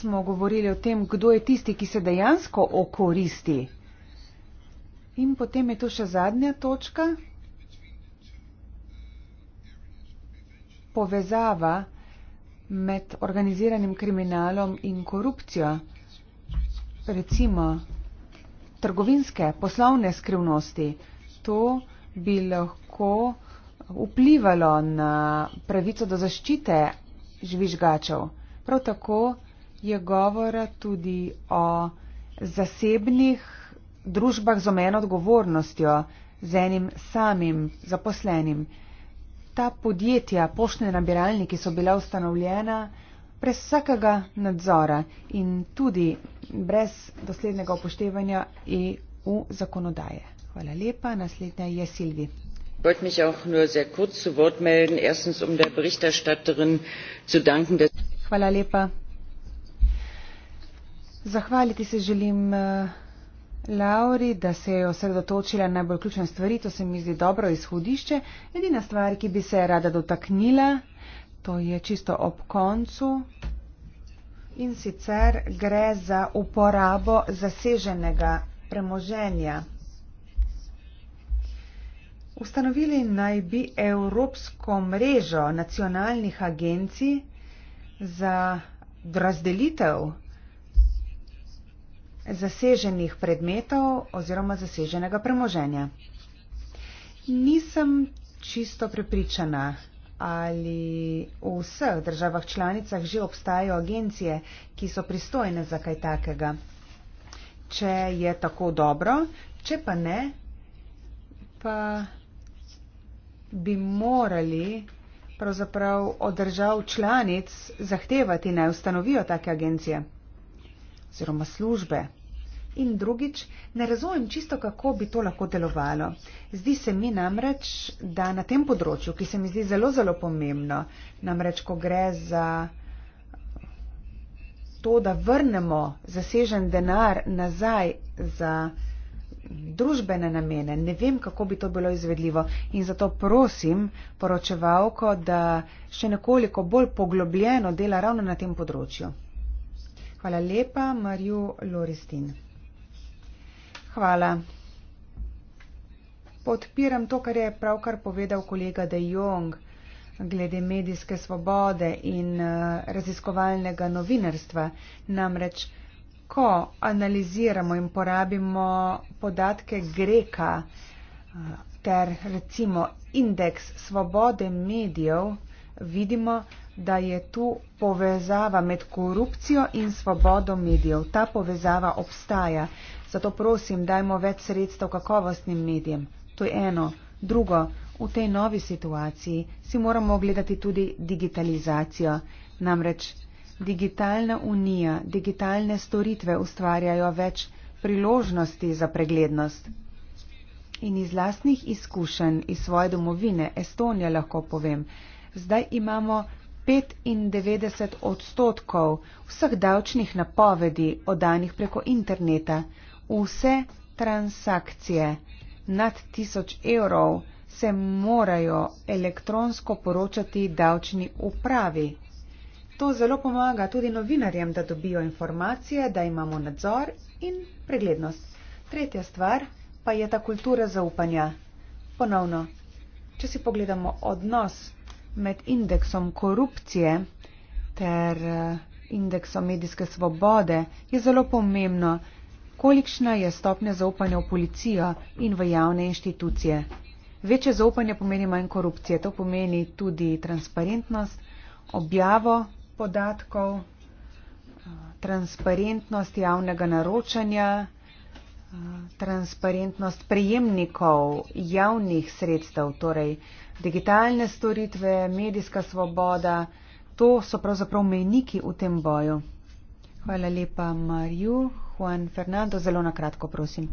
smo govorili o tem, kdo je tisti, ki se dejansko okoristi. In potem je tu še zadnja točka. Povezava med organiziranim kriminalom in korupcijo, recimo trgovinske, poslovne skrivnosti. To bi lahko vplivalo na pravico do zaščite žvižgačev. Prav tako je govora tudi o zasebnih družbah z omeno odgovornostjo, z enim samim zaposlenim ta podjetja, poštne nabiralniki so bila ustanovljena brez vsakega nadzora in tudi brez doslednega upoštevanja EU zakonodaje. Hvala lepa, naslednja je Silvi. Um Hvala lepa. Zahvaliti se želim eh, Lauri, da se je osredotočila na najbolj ključne stvari, to se mi zdi dobro izhodišče. Edina stvar, ki bi se rada dotaknila, to je čisto ob koncu. In sicer gre za uporabo zaseženega premoženja. Ustanovili naj bi Evropsko mrežo nacionalnih agencij za razdelitev zaseženih predmetov oziroma zaseženega premoženja. Nisem čisto prepričana, ali v vseh državah članicah že obstajajo agencije, ki so pristojne za kaj takega. Če je tako dobro, če pa ne, pa bi morali pravzaprav od držav članic zahtevati, naj ustanovijo take agencije oziroma službe in drugič, ne razumem čisto, kako bi to lahko delovalo. Zdi se mi namreč, da na tem področju, ki se mi zdi zelo, zelo pomembno, namreč, ko gre za to, da vrnemo zasežen denar nazaj za družbene namene, ne vem, kako bi to bilo izvedljivo in zato prosim poročevalko, da še nekoliko bolj poglobljeno dela ravno na tem področju. Hvala lepa, Marju Loristin. Hvala. Podpiram to, kar je pravkar povedal kolega De Jong glede medijske svobode in eh, raziskovalnega novinarstva. Namreč, ko analiziramo in porabimo podatke Greka eh, ter recimo indeks svobode medijev, vidimo, da je tu povezava med korupcijo in svobodo medijev. Ta povezava obstaja. Zato prosim, dajmo več sredstev kakovostnim medijem. To je eno. Drugo, v tej novi situaciji si moramo ogledati tudi digitalizacijo. Namreč digitalna unija, digitalne storitve ustvarjajo več priložnosti za preglednost. In iz lastnih izkušenj iz svoje domovine Estonija lahko povem, zdaj imamo 95 odstotkov vseh davčnih napovedi odanih preko interneta. Vse transakcije nad 1000 evrov se morajo elektronsko poročati davčni upravi. To zelo pomaga tudi novinarjem, da dobijo informacije, da imamo nadzor in preglednost. Tretja stvar pa je ta kultura zaupanja. Ponovno, če si pogledamo odnos med indeksom korupcije ter eh, indeksom medijske svobode, je zelo pomembno, kolikšna je stopnja zaupanja v policijo in v javne inštitucije. Večje zaupanje pomeni manj korupcije, to pomeni tudi transparentnost, objavo podatkov, transparentnost javnega naročanja, transparentnost prejemnikov javnih sredstev, torej digitalne storitve, medijska svoboda, to so pravzaprav mejniki v tem boju. Hvala lepa, Marju. Juan Fernando, zelo na kratko, prosim.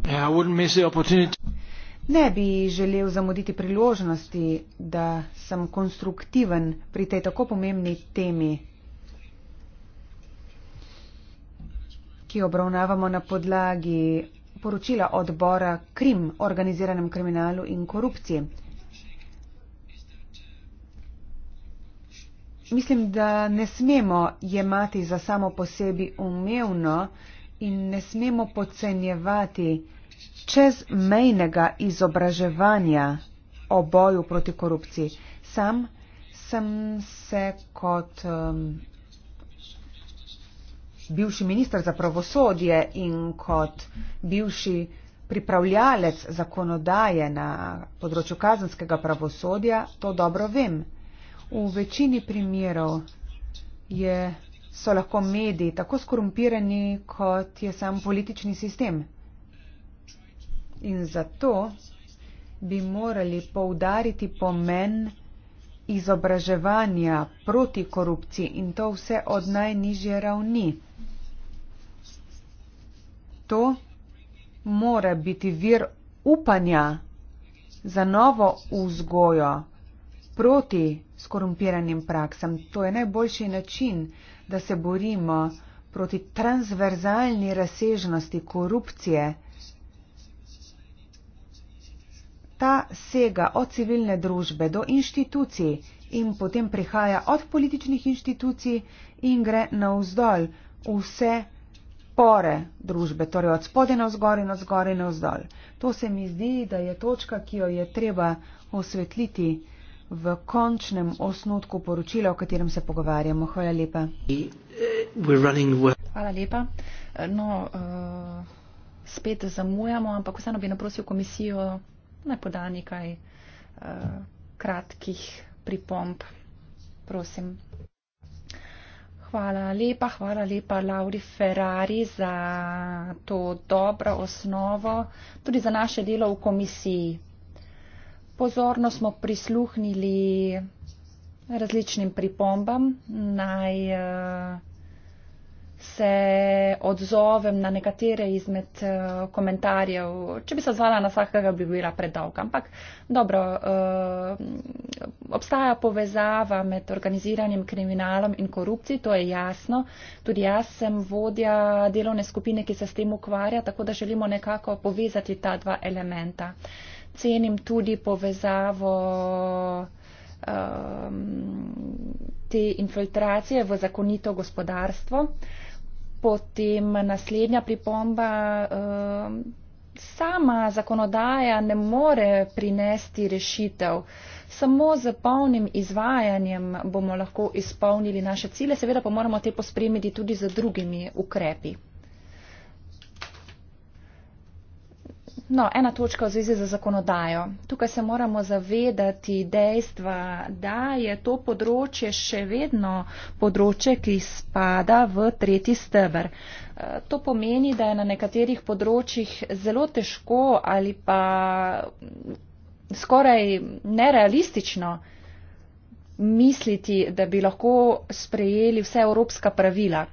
Ne bi želel zamuditi priložnosti, da sem konstruktiven pri tej tako pomembni temi, ki obravnavamo na podlagi poročila odbora Krim, organiziranem kriminalu in korupciji. Mislim, da ne smemo jemati za samo po sebi umevno, in ne smemo podcenjevati čezmejnega izobraževanja o boju proti korupciji. Sam sem se kot um, bivši minister za pravosodje in kot bivši pripravljalec zakonodaje na področju kazenskega pravosodja, to dobro vem. V večini primerov je so lahko mediji tako skorumpirani, kot je sam politični sistem. In zato bi morali poudariti pomen izobraževanja proti korupciji in to vse od najnižje ravni. To mora biti vir upanja za novo vzgojo proti skorumpiranim praksam. To je najboljši način, da se borimo proti transverzalni razsežnosti korupcije. Ta sega od civilne družbe do inštitucij in potem prihaja od političnih inštitucij in gre navzdol vse pore družbe, torej od spode na vzgor in od zgor in navzdol. To se mi zdi, da je točka, ki jo je treba osvetliti v končnem osnutku poročila, o katerem se pogovarjamo. Hvala lepa. Hvala lepa. No, uh, spet zamujamo, ampak vseeno bi naprosil komisijo, naj poda nekaj uh, kratkih pripomp. Prosim. Hvala lepa, hvala lepa Lauri Ferrari za to dobro osnovo, tudi za naše delo v komisiji. Pozorno smo prisluhnili različnim pripombam. Naj eh, se odzovem na nekatere izmed eh, komentarjev. Če bi se odzvala na vsakega, bi bila predolga. Ampak dobro, eh, obstaja povezava med organiziranjem kriminalom in korupcijo, to je jasno. Tudi jaz sem vodja delovne skupine, ki se s tem ukvarja, tako da želimo nekako povezati ta dva elementa cenim tudi povezavo um, te infiltracije v zakonito gospodarstvo. Potem naslednja pripomba. Um, sama zakonodaja ne more prinesti rešitev. Samo z polnim izvajanjem bomo lahko izpolnili naše cilje. Seveda pa moramo te pospremiti tudi z drugimi ukrepi. No, ena točka v zvezi z zakonodajo. Tukaj se moramo zavedati dejstva, da je to področje še vedno področje, ki spada v tretji stebr. E, to pomeni, da je na nekaterih področjih zelo težko ali pa skoraj nerealistično misliti, da bi lahko sprejeli vse evropska pravila,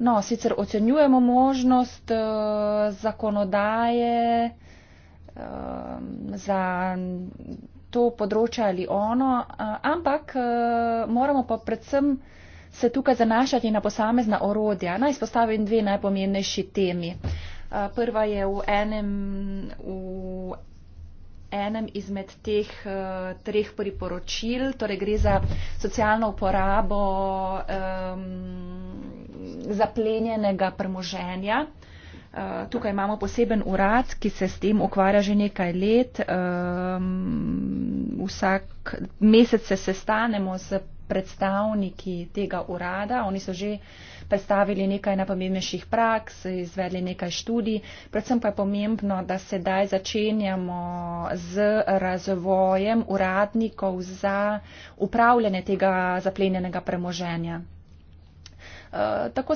No, sicer ocenjujemo možnost uh, zakonodaje uh, za to področje ali ono, uh, ampak uh, moramo pa predvsem se tukaj zanašati na posamezna orodja. Naj izpostavim dve najpomembnejši temi. Uh, prva je v enem, v enem izmed teh uh, treh priporočil, torej gre za socialno uporabo. Um, zaplenjenega premoženja. Eh, tukaj imamo poseben urad, ki se s tem ukvarja že nekaj let. Ehm, vsak mesec se sestanemo z predstavniki tega urada. Oni so že predstavili nekaj najpomembnejših praks, izvedli nekaj študij. Predvsem pa je pomembno, da sedaj začenjamo z razvojem uradnikov za upravljanje tega zaplenjenega premoženja. Eh, tako,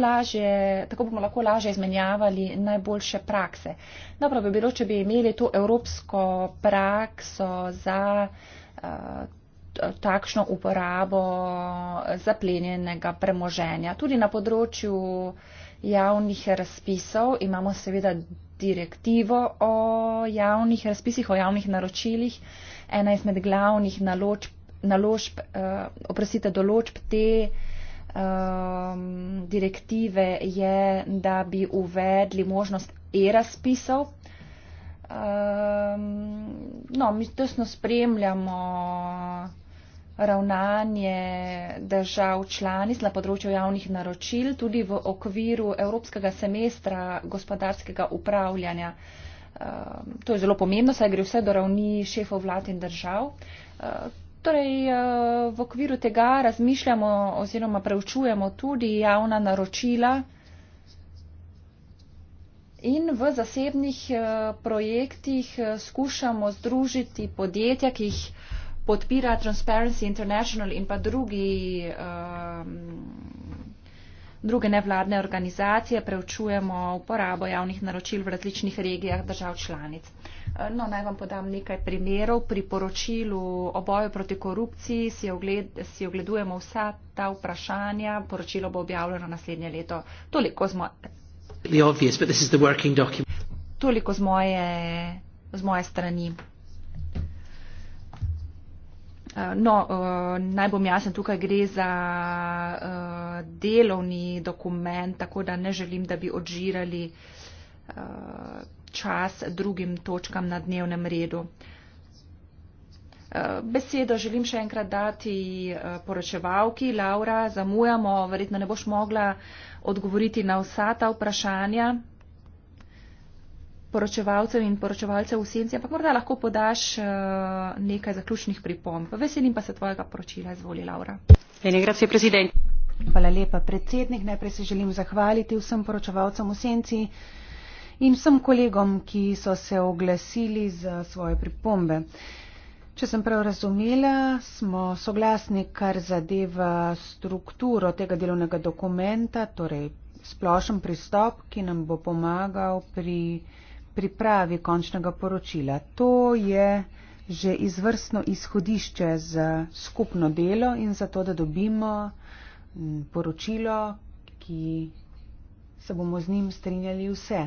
lažje, tako bomo lahko lažje izmenjavali najboljše prakse. Dobro bi bilo, če bi imeli to evropsko prakso za eh, takšno uporabo zaplenjenega premoženja. Tudi na področju javnih razpisov imamo seveda direktivo o javnih razpisih, o javnih naročilih. Ena izmed glavnih naložb, naložb, eh, oprostite, določb te um, direktive je, da bi uvedli možnost e-razpisov. Um, no, mi tesno spremljamo ravnanje držav članic na področju javnih naročil, tudi v okviru Evropskega semestra gospodarskega upravljanja. Um, to je zelo pomembno, saj gre vse do ravni šefov vlad in držav. Uh, Torej, eh, v okviru tega razmišljamo oziroma preučujemo tudi javna naročila in v zasebnih eh, projektih eh, skušamo združiti podjetja, ki jih podpira Transparency International in pa drugi, um, druge nevladne organizacije, preučujemo uporabo javnih naročil v različnih regijah držav članic. Eh, no, naj vam podam nekaj primerov. Pri poročilu o boju proti korupciji si, ogled, si ogledujemo vsa ta vprašanja. Poročilo bo objavljeno naslednje leto. Toliko z, mo obvious, Toliko z, moje, z moje strani. Eh, no, eh, naj bom jasen, tukaj gre za delovni dokument, tako da ne želim, da bi odžirali čas drugim točkam na dnevnem redu. Eh, besedo želim še enkrat dati eh, poročevalki. Laura, zamujamo, verjetno ne boš mogla odgovoriti na vsa ta vprašanja poročevalcev in poročevalcev v senci, ampak morda lahko podaš eh, nekaj zaključnih pripomb. Veselim pa se tvojega poročila. Izvoli, Laura. Hvala lepa, predsednik. Najprej se želim zahvaliti vsem poročevalcem v senci in vsem kolegom, ki so se oglasili za svoje pripombe. Če sem prav razumela, smo soglasni, kar zadeva strukturo tega delovnega dokumenta, torej splošen pristop, ki nam bo pomagal pri pripravi končnega poročila. To je že izvrstno izhodišče za skupno delo in za to, da dobimo poročilo, ki se bomo z njim strinjali vse.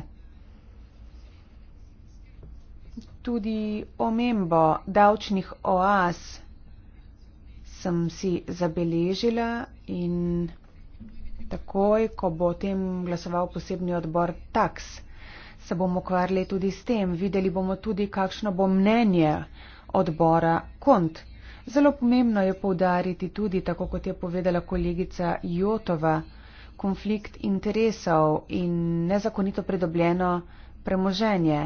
tudi omembo davčnih oaz sem si zabeležila in takoj, ko bo o tem glasoval posebni odbor tax, se bomo ukvarjali tudi s tem. Videli bomo tudi, kakšno bo mnenje odbora kont. Zelo pomembno je povdariti tudi, tako kot je povedala kolegica Jotova, konflikt interesov in nezakonito pridobljeno premoženje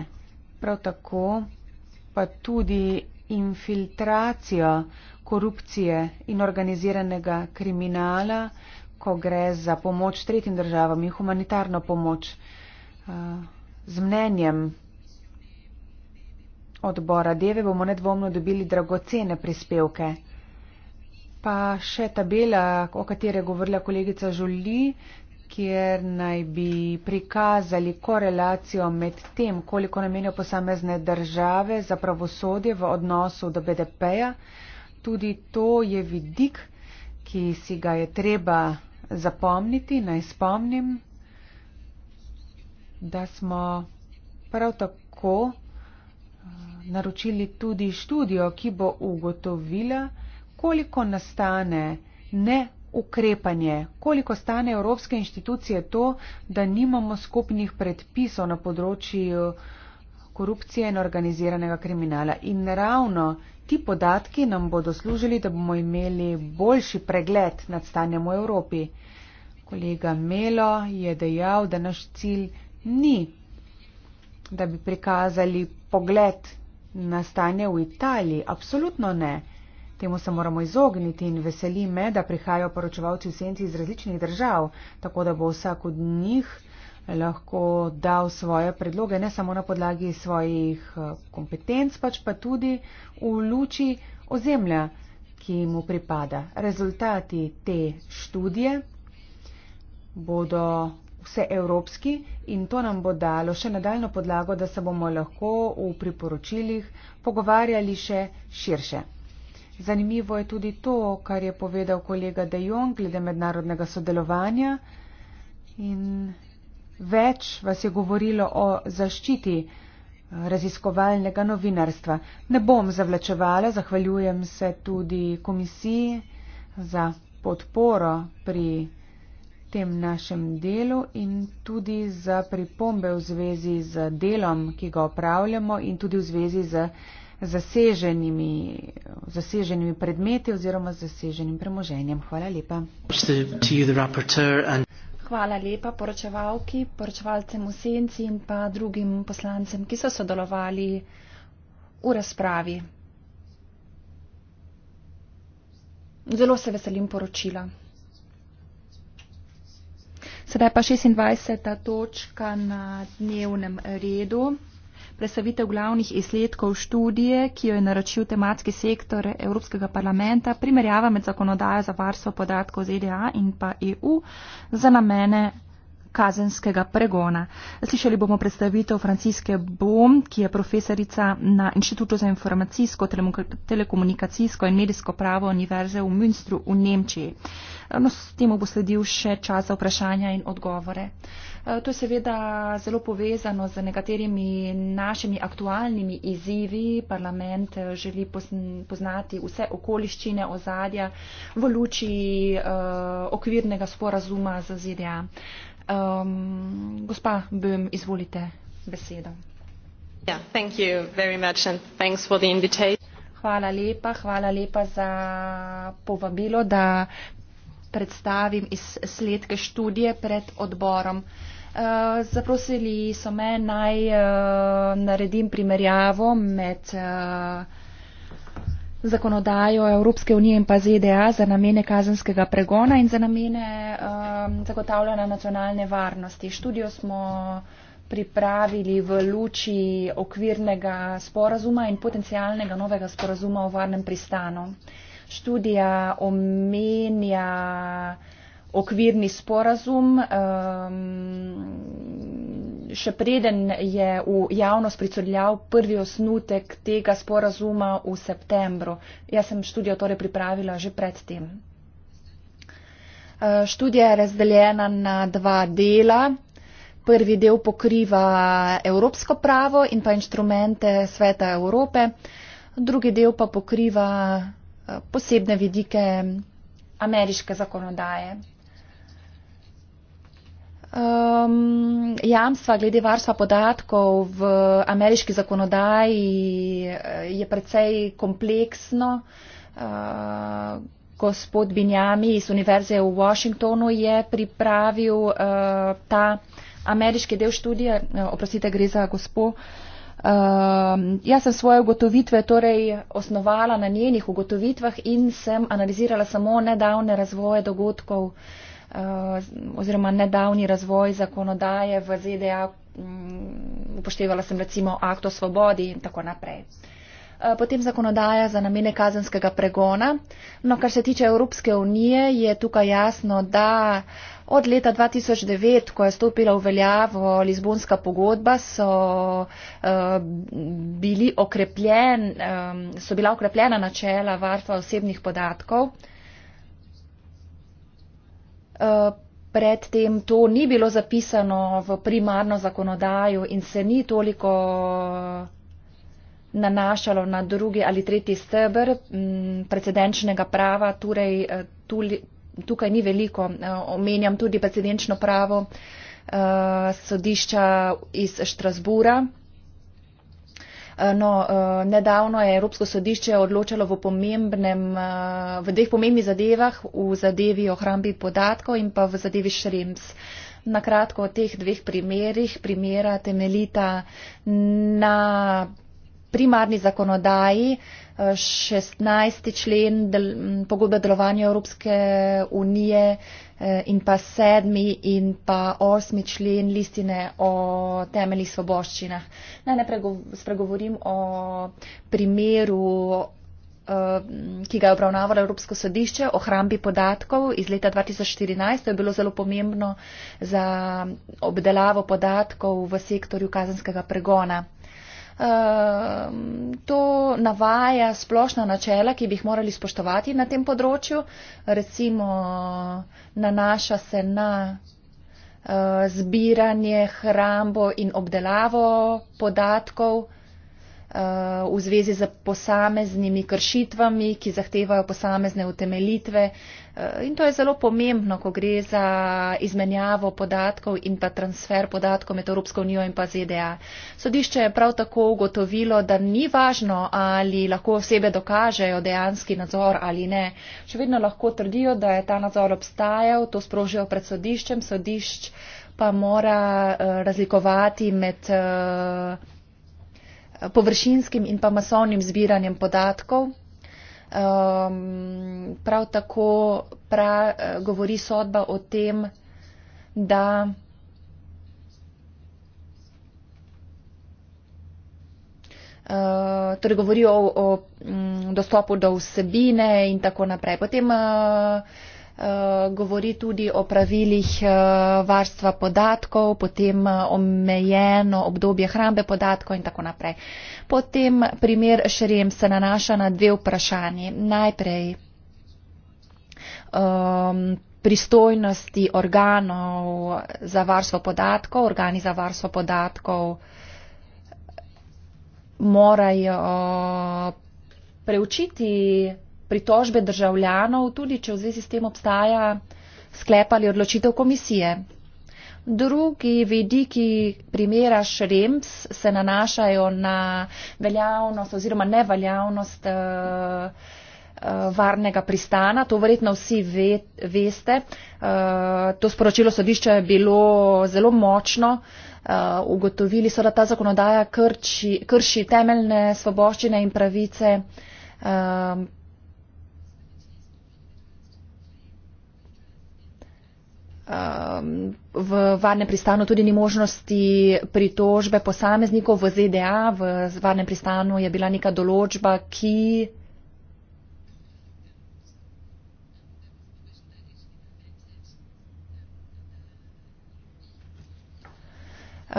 prav tako pa tudi infiltracijo korupcije in organiziranega kriminala, ko gre za pomoč tretjim državam in humanitarno pomoč eh, z mnenjem odbora Deve bomo nedvomno dobili dragocene prispevke. Pa še tabela, o kateri je govorila kolegica Žuli, kjer naj bi prikazali korelacijo med tem, koliko namenijo posamezne države za pravosodje v odnosu do BDP-ja. Tudi to je vidik, ki si ga je treba zapomniti. Naj spomnim, da smo prav tako eh, naročili tudi študijo, ki bo ugotovila, koliko nastane ne ukrepanje, koliko stane evropske inštitucije to, da nimamo skupnih predpisov na področju uh, korupcije in organiziranega kriminala. In ravno ti podatki nam bodo služili, da bomo imeli boljši pregled nad stanjem v Evropi. Kolega Melo je dejal, da naš cilj ni, da bi prikazali pogled na stanje v Italiji. Absolutno ne. Temu se moramo izogniti in veseli me, da prihajajo poročevalci v senci iz različnih držav, tako da bo vsak od njih lahko dal svoje predloge, ne samo na podlagi svojih eh, kompetenc, pač pa tudi v luči ozemlja, ki mu pripada. Rezultati te študije bodo vse evropski in to nam bo dalo še nadaljno podlago, da se bomo lahko v priporočilih pogovarjali še širše. Zanimivo je tudi to, kar je povedal kolega De Jong glede mednarodnega sodelovanja. In več vas je govorilo o zaščiti eh, raziskovalnega novinarstva. Ne bom zavlačevala, zahvaljujem se tudi komisiji za podporo pri tem našem delu in tudi za pripombe v zvezi z delom, ki ga opravljamo in tudi v zvezi z zaseženimi, zaseženimi predmeti oziroma zaseženim premoženjem. Hvala lepa. Hvala lepa poročevalki, poročevalcem v senci in pa drugim poslancem, ki so sodelovali v razpravi. Zelo se veselim poročila. Sedaj pa 26. točka na dnevnem redu predstavitev glavnih izsledkov študije, ki jo je naročil tematski sektor Evropskega parlamenta, primerjava med zakonodajo za varstvo podatkov ZDA in pa EU za namene kazenskega pregona. Slišali bomo predstavitev Franciske Bom, ki je profesorica na Inštitutu za informacijsko, telekomunikacijsko in medijsko pravo Univerze v Münstru v Nemčiji. No, s tem bo sledil še čas za vprašanja in odgovore. E, to je seveda zelo povezano z nekaterimi našimi aktualnimi izzivi. Parlament e, želi poznati vse okoliščine ozadja v luči uh, okvirnega sporazuma z ZDA. Uh, Um, gospa Böhm, izvolite besedo. Hvala lepa, hvala lepa za povabilo, da predstavim izsledke študije pred odborom. Uh, zaprosili so me naj uh, naredim primerjavo med uh, zakonodajo Evropske unije in pa ZDA za namene kazenskega pregona in za namene um, zagotavljanja nacionalne varnosti. Študijo smo pripravili v luči okvirnega sporazuma in potencijalnega novega sporazuma o varnem pristanu. Študija omenja okvirni sporazum. Um, še preden je v javnost pricrljal prvi osnutek tega sporazuma v septembru. Jaz sem študijo torej pripravila že predtem. Eh, študija je razdeljena na dva dela. Prvi del pokriva evropsko pravo in pa inštrumente Sveta Evrope, drugi del pa pokriva eh, posebne vidike ameriške zakonodaje. Um, jamstva glede varstva podatkov v ameriški zakonodaji eh, je precej kompleksno. Uh, gospod Binjami iz Univerze v Washingtonu je pripravil uh, ta ameriški del študije. Oprostite, gre za gospod. Uh, jaz sem svoje ugotovitve torej osnovala na njenih ugotovitvah in sem analizirala samo nedavne razvoje dogodkov uh, Eh, oziroma nedavni razvoj zakonodaje v ZDA, mm, upoštevala sem recimo akt o svobodi in tako naprej. Eh, potem zakonodaja za namene kazenskega pregona. No, kar se tiče Evropske unije, je tukaj jasno, da od leta 2009, ko je stopila v veljavo Lizbonska pogodba, so, eh, bili okrepljen, so bila okrepljena načela varstva osebnih podatkov predtem to ni bilo zapisano v primarno zakonodajo in se ni toliko eh, nanašalo na drugi ali tretji stebr mm, precedenčnega prava, torej eh, tuli, tukaj ni veliko. Eh, omenjam tudi precedenčno pravo sodišča iz Štrasbura. Eh, no, eh, nedavno je Evropsko sodišče odločalo v, eh, v dveh pomembnih zadevah, v zadevi o hrambi podatkov in pa v zadevi Šrems. Na kratko o teh dveh primerih, primera temeljita na primarni zakonodaji, 16. člen del, pogodbe o delovanju Evropske unije eh, in pa 7. in pa 8. člen listine o temeljih svoboščinah. Naj ne spregovorim o primeru, eh, ki ga je obravnavalo Evropsko sodišče o hrambi podatkov iz leta 2014. To je bilo zelo pomembno za obdelavo podatkov v sektorju kazenskega pregona. Ehm, to navaja splošna načela, ki bi jih morali spoštovati na tem področju. Recimo nanaša se na eh, zbiranje, hrambo in obdelavo podatkov v zvezi z posameznimi kršitvami, ki zahtevajo posamezne utemelitve. Eh, in to je zelo pomembno, ko gre za izmenjavo podatkov in pa transfer podatkov med Evropsko unijo in pa ZDA. Sodišče je prav tako ugotovilo, da ni važno, ali lahko osebe dokažejo dejanski nadzor ali ne. Še vedno lahko trdijo, da je ta nadzor obstajal, to sprožijo pred sodiščem. Sodišč pa mora eh, razlikovati med eh, površinskim in pa masovnim zbiranjem podatkov. Um, prav tako pra, eh, govori sodba o tem, da Uh, torej govorijo o, o m, mm, dostopu do vsebine in tako naprej. Potem uh, Eh, govori tudi o pravilih eh, varstva podatkov, potem eh, omejeno obdobje hrambe podatkov in tako naprej. Potem primer Šerem se nanaša na dve vprašanji. Najprej ehm, pristojnosti organov za varstvo podatkov, organi za varstvo podatkov morajo preučiti pritožbe državljanov, tudi če v zvezi s tem obstaja sklep ali odločitev komisije. Drugi vidiki primera Šrems se nanašajo na veljavnost oziroma neveljavnost eh, eh, varnega pristana. To verjetno vsi ve, veste. Eh, to sporočilo sodišča je bilo zelo močno. Ugotovili so, da ta zakonodaja krči, krši temeljne svoboščine in pravice Um, v varnem pristanu tudi ni možnosti pritožbe posameznikov v ZDA. V varnem pristanu je bila neka določba, ki.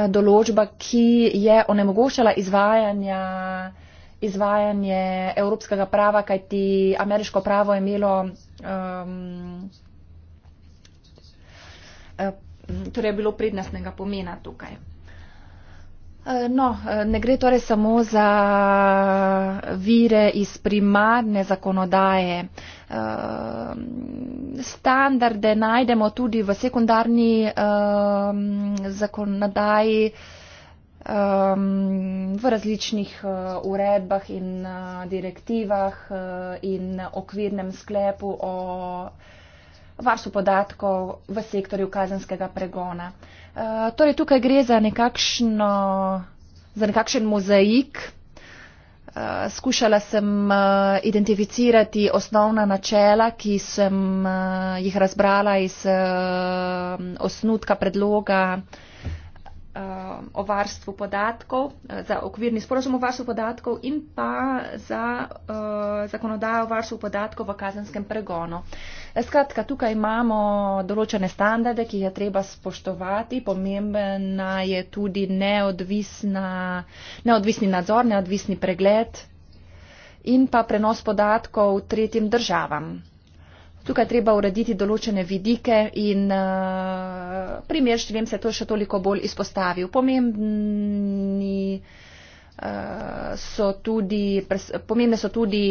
Določba, ki je onemogočala izvajanja, izvajanje evropskega prava, kajti ameriško pravo je imelo um, Eh, torej je bilo prednostnega pomena tukaj. Eh, no, eh, ne gre torej samo za vire iz primarne zakonodaje. Standarde najdemo tudi v sekundarni zakonodaji v različnih uredbah in direktivah in okvirnem sklepu o varstvo podatkov v sektorju kazenskega pregona. E, torej tukaj gre za, nekakšno, za nekakšen mozaik. Uh, skušala sem uh, identificirati osnovna načela, ki sem uh, jih razbrala iz uh, osnutka predloga uh, Eh, o varstvu podatkov, eh, za okvirni sporozum o varstvu podatkov in pa za uh, zakonodajo o varstvu podatkov v kazenskem pregonu. Skratka, tukaj imamo določene standarde, ki jih je treba spoštovati. Pomembna je tudi neodvisni nadzor, neodvisni pregled in pa prenos podatkov tretjim državam tukaj treba urediti določene vidike in uh, primer številem se je to še toliko bolj izpostavil. Pomembni, uh, so tudi, pres, pomembne so tudi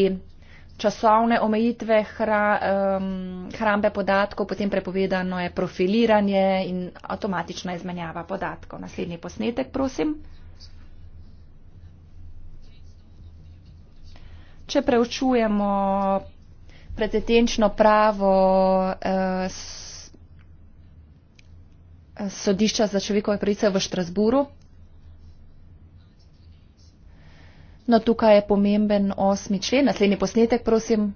časovne omejitve hra, um, hrambe podatkov, potem prepovedano je profiliranje in avtomatična izmenjava podatkov. Naslednji posnetek, prosim. Če preučujemo precedenčno pravo eh, eh, sodišča za človekove pravice v Štrasburu. No, tukaj je pomemben osmi člen. Naslednji posnetek, prosim.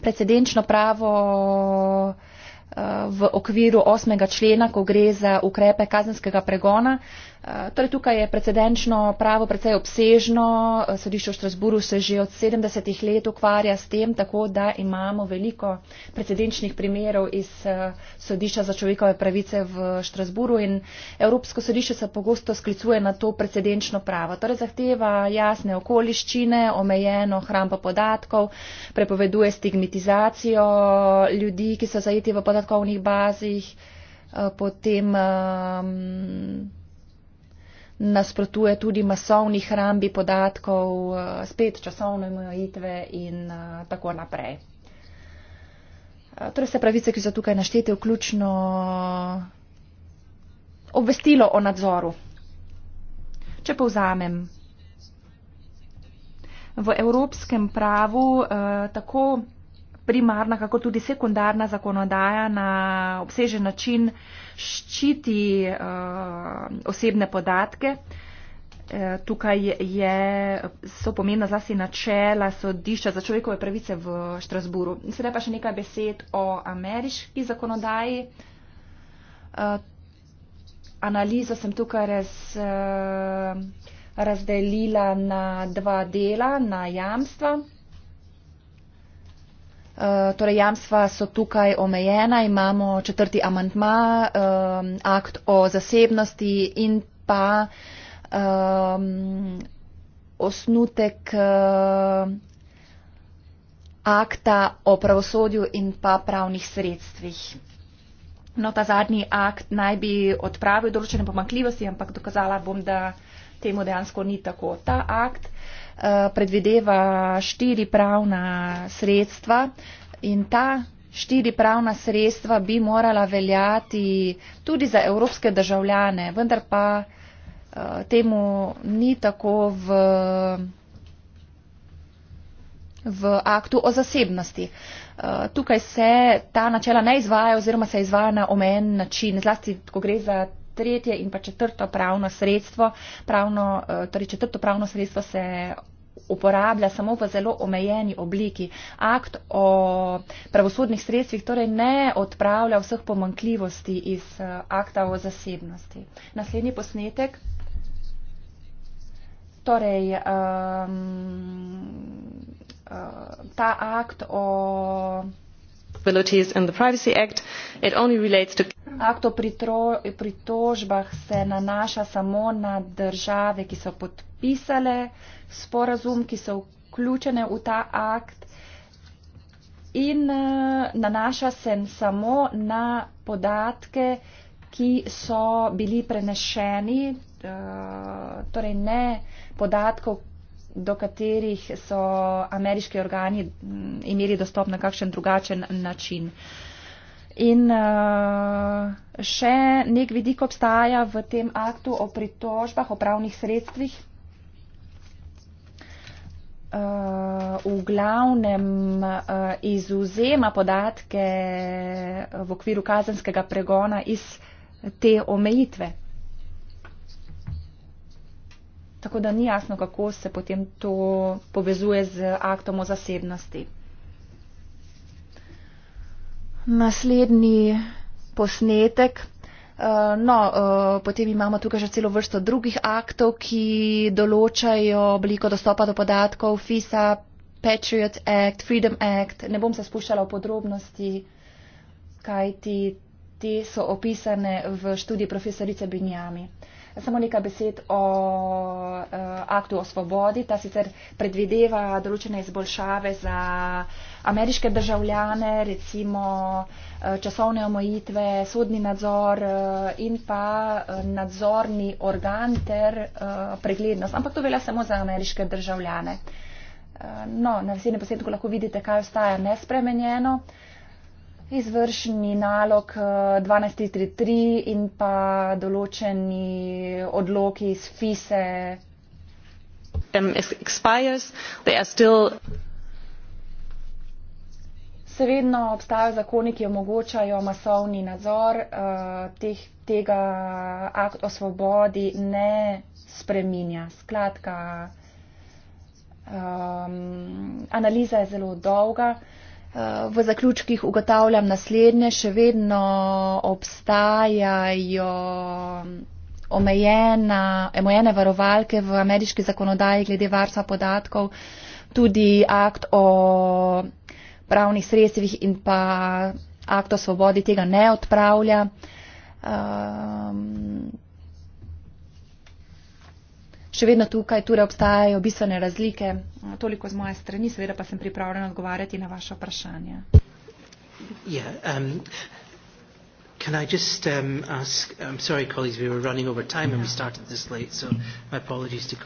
Precedenčno pravo eh, v okviru osmega člena, ko gre za ukrepe kazenskega pregona. Eh, Eh, torej, tukaj je precedenčno pravo precej obsežno. Eh, sodišče v Štrasburu se že od 70-ih let ukvarja s tem, tako da imamo veliko precedenčnih primerov iz eh, sodišča za človekove pravice v Štrasburu in Evropsko sodišče se pogosto sklicuje na to precedenčno pravo. Torej, zahteva jasne okoliščine, omejeno hrambo podatkov, prepoveduje stigmatizacijo ljudi, ki so zajeti v podatkovnih bazih, potem um, nasprotuje tudi masovni hrambi podatkov, eh, spet časovne omejitve in eh, tako naprej. Eh, torej vse pravice, ki so tukaj naštete, vključno obvestilo o nadzoru. Če povzamem, v evropskem pravu tako primarna, kako tudi sekundarna zakonodaja na obsežen način ščiti uh, osebne podatke. Eh, tukaj je, so pomembna zlasti načela sodišča za človekove pravice v Štrasburu. Sedaj pa še nekaj besed o ameriški zakonodaji. Eh, analizo sem tukaj raz, razdelila na dva dela, na jamstva. Eh, torej jamstva so tukaj omejena, imamo četrti amantma, um, akt o zasebnosti in pa um, osnutek uh, akta o pravosodju in pa pravnih sredstvih. No, ta zadnji akt naj bi odpravil določene pomankljivosti, ampak dokazala bom, da temu dejansko ni tako. Ta akt uh, Eh, predvideva štiri pravna sredstva in ta štiri pravna sredstva bi morala veljati tudi za evropske državljane, vendar pa eh, temu ni tako v, v aktu o zasebnosti. Eh, tukaj se ta načela ne izvaja oziroma se izvaja na omen način, zlasti ko gre za tretje in pa četrto pravno sredstvo, pravno, eh, torej četrto pravno sredstvo se uporablja samo v zelo omejeni obliki. Akt o pravosodnih sredstvih torej ne odpravlja vseh pomankljivosti iz eh, akta o zasebnosti. Naslednji posnetek. Torej, um, uh, ta akt o responsibilities in the Privacy Act. It only relates to. Akt o pritožbah se nanaša samo na države, ki so podpisale sporazum, ki so vključene v ta akt in eh, nanaša se samo na podatke, ki so bili prenešeni, eh, torej ne podatkov, do katerih so ameriški organi mm, imeli dostop na kakšen drugačen način. In uh, še nek vidik obstaja v tem aktu o pritožbah, o pravnih sredstvih. Uh, v glavnem uh, eh, izuzema podatke v okviru kazenskega pregona iz te omejitve tako da ni jasno, kako se potem to povezuje z aktom o zasebnosti. Naslednji posnetek. Eh, no, eh, potem imamo tukaj že celo vrsto drugih aktov, ki določajo obliko dostopa do podatkov FISA, Patriot Act, Freedom Act. Ne bom se spuščala v podrobnosti, kaj ti te so opisane v študiji profesorice Benjami. Samo nekaj besed o uh, aktu o svobodi. Ta sicer predvideva določene izboljšave za ameriške državljane, recimo uh, časovne omejitve, sodni nadzor uh, in pa uh, nadzorni organ ter uh, preglednost. Ampak to velja samo za ameriške državljane. Uh, no, na naslednjem posnetku lahko vidite, kaj ostaja nespremenjeno. Uh, izvršni nalog 12.3.3 eh, in pa določeni odloki iz FISE. E. Seveda obstajajo zakoni, ki omogočajo masovni nadzor, uh, teh, tega akt o svobodi ne spreminja. Skratka, um, analiza je zelo dolga. V zaključkih ugotavljam naslednje, še vedno obstajajo omejena, omejene varovalke v ameriški zakonodaji glede varstva podatkov, tudi akt o pravnih sredstvih in pa akt o svobodi tega ne odpravlja. Um, še vedno tukaj, torej obstajajo bistvene razlike. Toliko z moje strani, seveda pa sem pripravljen odgovarjati na vaše vprašanje. Yeah, um, can I just um, ask? I'm sorry, colleagues, we were running over time and we started this late, so my apologies to.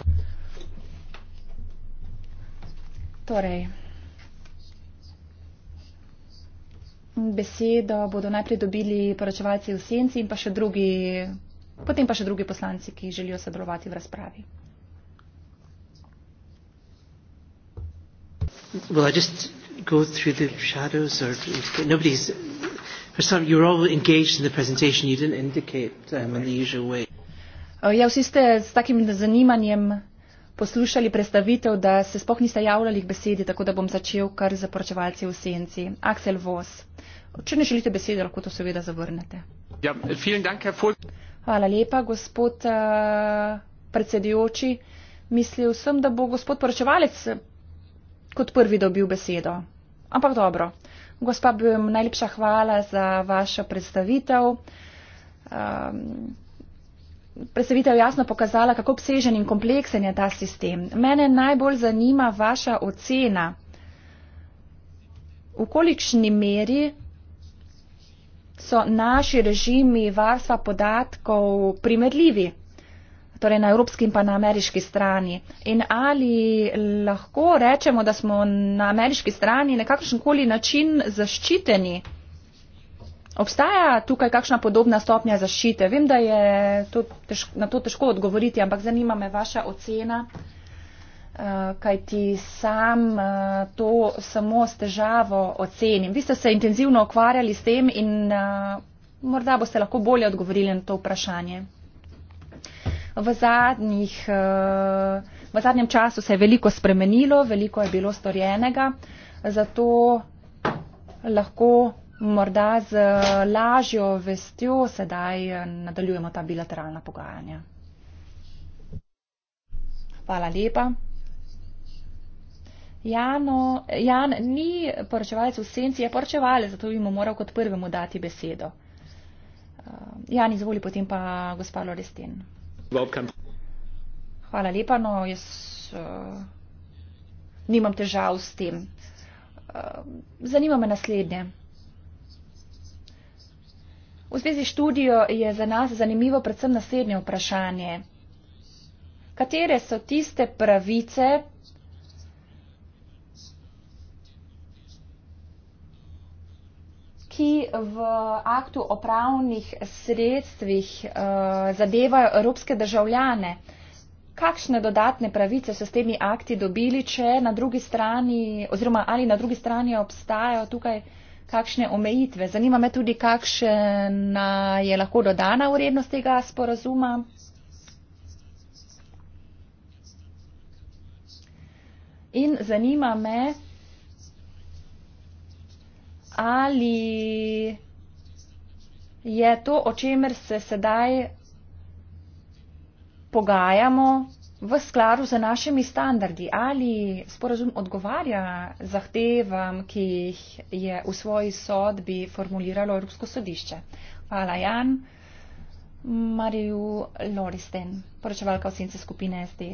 Torej. Besedo bodo najprej dobili poročevalci v senci in pa še drugi potem pa še drugi poslanci, ki želijo sodelovati v razpravi. Well, I just go through the shadows, or nobody's. For some, you're all engaged in the presentation. You didn't indicate um, in the usual way. Uh, ja, vsi ste s takim zanimanjem poslušali predstavitev, da se spoh niste javljali k besedi, tako da bom začel kar za poročevalce v senci. Aksel Vos, če ne želite besede, lahko to seveda zavrnete. Ja, vielen Dank, Herr Vos. Hvala lepa, gospod uh, predsedujoči. Mislil sem, da bo gospod poročevalec eh, kot prvi dobil besedo. Ampak dobro. Gospa, bi vam najlepša hvala za vašo predstavitev. Um, predstavitev jasno pokazala, kako obsežen in kompleksen je ta sistem. Mene najbolj zanima vaša ocena, v kolikšni meri so naši režimi varstva podatkov primerljivi, torej na evropski in pa na ameriški strani. In ali lahko rečemo, da smo na ameriški strani nekakšenkoli način zaščiteni? Obstaja tukaj kakšna podobna stopnja zaščite? Vem, da je to težko, na to težko odgovoriti, ampak zanima me vaša ocena. Eh, kajti sam eh, to samo s težavo ocenim. Vi ste se intenzivno ukvarjali s tem in eh, morda boste lahko bolje odgovorili na to vprašanje. V, zadnjih, v zadnjem času se je veliko spremenilo, veliko je bilo storjenega, zato lahko morda z lažjo vestjo sedaj nadaljujemo ta bilateralna pogajanja. Hvala lepa. Jano, Jan ni poročevalec v senci, je poročevalec, zato bi mu moral kot prvemu dati besedo. Eh, Jan izvoli potem pa gospa Loresten. Hvala lepa, no jaz uh, nimam težav s tem. Uh, zanima me naslednje. V zvezi študijo je za nas zanimivo predvsem naslednje vprašanje. Katere so tiste pravice, ki v aktu o pravnih sredstvih eh, zadevajo evropske državljane. Kakšne dodatne pravice so s temi akti dobili, če na drugi strani oziroma ali na drugi strani obstajajo tukaj kakšne omejitve? Zanima me tudi, kakšna je lahko dodana vrednost tega sporazuma. In zanima me, ali je to, o čemer se sedaj pogajamo, v skladu z našimi standardi, ali sporazum odgovarja zahtevam, ki jih je v svoji sodbi formuliralo Evropsko sodišče. Hvala, Jan. Mariju Loristen, poročevalka osince skupine SD.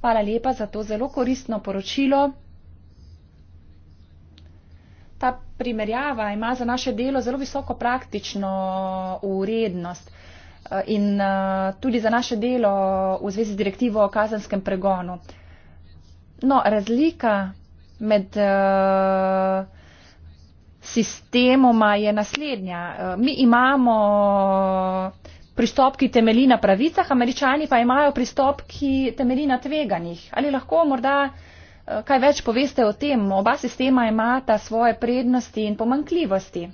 Hvala lepa za to zelo koristno poročilo ta primerjava ima za naše delo zelo visoko praktično urednost eh, in eh, tudi za naše delo v zvezi z direktivo o kazenskem pregonu. No, razlika med eh, sistemoma je naslednja. Mi imamo pristop, ki temelji na pravicah, američani pa imajo pristop, ki temelji na tveganjih. Ali lahko morda kaj več poveste o tem? Oba sistema imata svoje prednosti in pomankljivosti.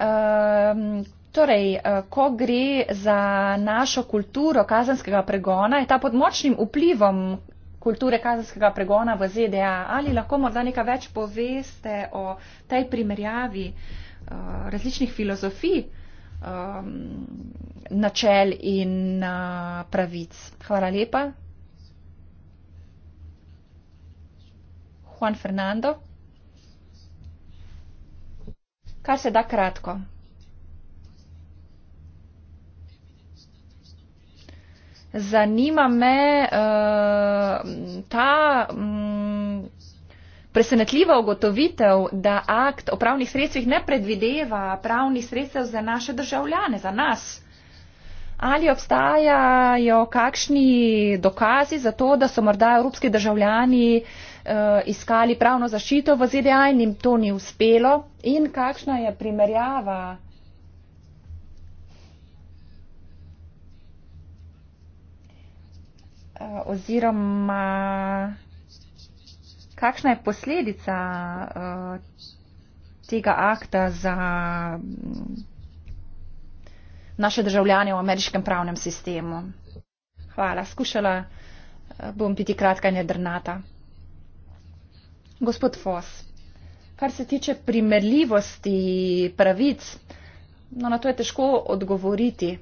Um, torej, eh, ko gre za našo kulturo kazanskega pregona, je ta pod močnim vplivom kulture kazanskega pregona v ZDA. Ali lahko morda nekaj več poveste o tej primerjavi uh, različnih filozofij, um, načel in uh, pravic? Hvala lepa. Juan Fernando. Kar se da kratko. Zanima me uh, ta um, presenetljiva ugotovitev, da akt o pravnih sredstvih ne predvideva pravnih sredstev za naše državljane, za nas. Ali obstajajo kakšni dokazi za to, da so morda evropski državljani uh, Eh, iskali pravno zašito v ZDA in jim to ni uspelo. In kakšna je primerjava? Eh, oziroma, kakšna je posledica uh, tega akta za mm, naše državljane v ameriškem pravnem sistemu? Hvala, skušala bom biti kratka in jedrnata. Gospod Fos, kar se tiče primerljivosti pravic, no na to je težko odgovoriti.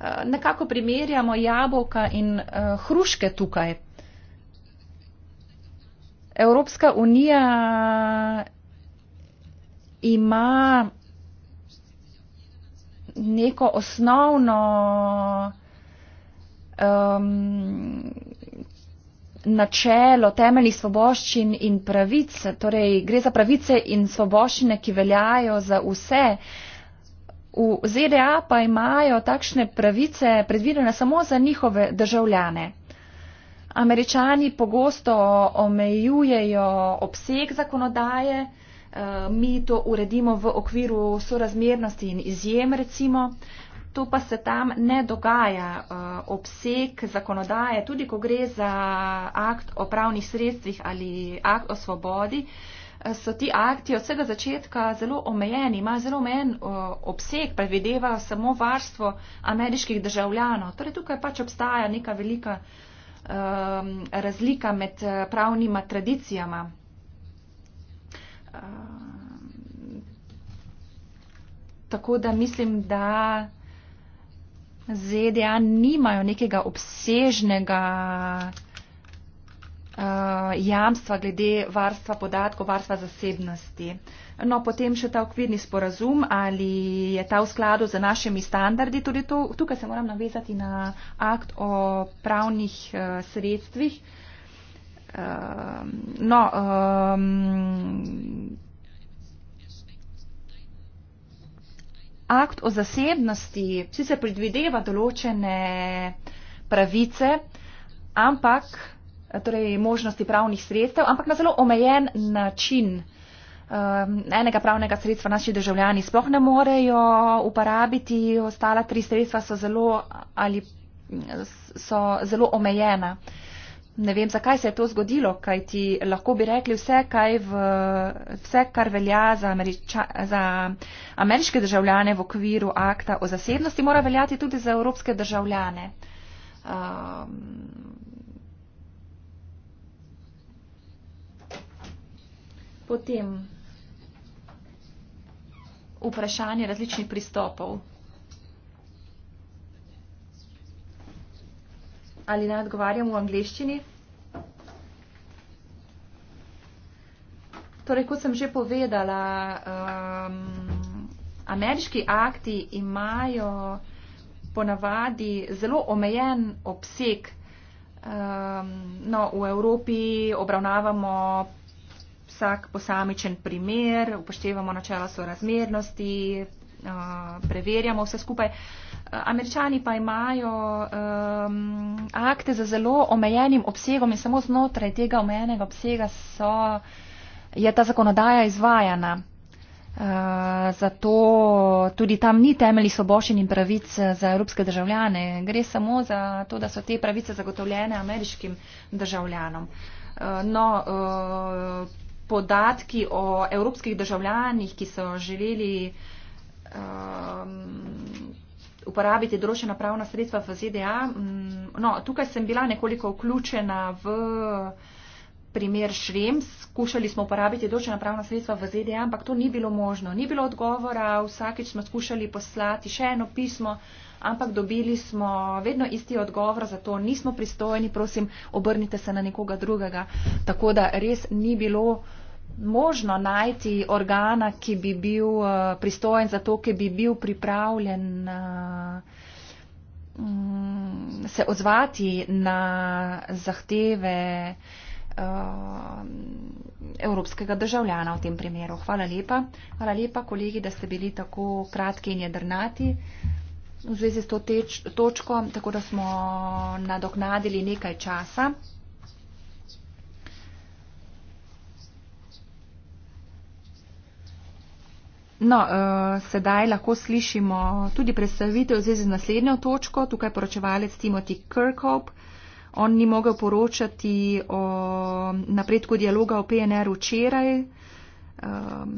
Eh, nekako primerjamo jabolka in eh, hruške tukaj. Evropska unija ima neko osnovno um, načelo temeljnih svoboščin in pravic, torej gre za pravice in svoboščine, ki veljajo za vse. V ZDA pa imajo takšne pravice predvidene samo za njihove državljane. Američani pogosto omejujejo obseg zakonodaje, eh, mi to uredimo v okviru sorazmernosti in izjem recimo. To pa se tam ne dogaja. Eh, obseg zakonodaje, tudi ko gre za akt o pravnih sredstvih ali akt o svobodi, eh, so ti akti od vsega začetka zelo omejeni, ima zelo omejen eh, obseg, predvideva samo varstvo ameriških državljanov. Torej tukaj pač obstaja neka velika um, razlika med pravnima tradicijama. Um, tako da mislim, da. ZDA nimajo nekega obsežnega uh, jamstva glede varstva podatkov, varstva zasebnosti. No, potem še ta okvirni sporazum, ali je ta v skladu z našimi standardi. Tudi to, tukaj se moram navezati na akt o pravnih uh, sredstvih. Uh, no, um, akt o zasebnosti sicer predvideva določene pravice, ampak torej možnosti pravnih sredstev, ampak na zelo omejen način. Ehm, enega pravnega sredstva naši državljani sploh ne morejo uporabiti, ostala tri sredstva so zelo, ali, so zelo omejena. Uh, ne vem, zakaj se je to zgodilo, kaj ti lahko bi rekli vse, v, vse kar velja za, Američa, za ameriške državljane v okviru akta o zasebnosti, mora veljati tudi za evropske državljane. Um, Potem vprašanje različnih pristopov. ali naj odgovarjam v angliščini. Torej, kot sem že povedala, um, ameriški akti imajo ponavadi zelo omejen obseg. Um, no, v Evropi obravnavamo vsak posamičen primer, upoštevamo načela sorazmernosti, uh, preverjamo vse skupaj. Uh, Američani pa imajo um, akte za zelo omejenim obsegom in samo znotraj tega omejenega obsega so, je ta zakonodaja izvajana. Uh, zato tudi tam ni temeljih svoboščin in pravic za evropske državljane. Gre samo za to, da so te pravice zagotovljene ameriškim državljanom. Uh, no, uh, podatki o evropskih državljanih, ki so želeli. Uh, uporabiti določena pravna sredstva v ZDA. Mm, no, tukaj sem bila nekoliko vključena v primer Šrems, skušali smo uporabiti določena pravna sredstva v ZDA, ampak to ni bilo možno. Ni bilo odgovora, vsakeč smo skušali poslati še eno pismo, ampak dobili smo vedno isti odgovor, zato nismo pristojni, prosim, obrnite se na nekoga drugega. Tako da res ni bilo možno najti organa, ki bi bil eh, pristojen za to, ki bi bil pripravljen eh, mm, se odzvati na zahteve eh, evropskega državljana v tem primeru. Hvala lepa. Hvala lepa, kolegi, da ste bili tako kratki in jedrnati v zvezi s to teč, točko, tako da smo nadoknadili nekaj časa. No, uh, sedaj lahko slišimo tudi predstavitev v zvezi z naslednjo točko. Tukaj poročevalec Timothy Kirkhope. On ni mogel poročati o napredku dialoga o PNR včeraj. Um,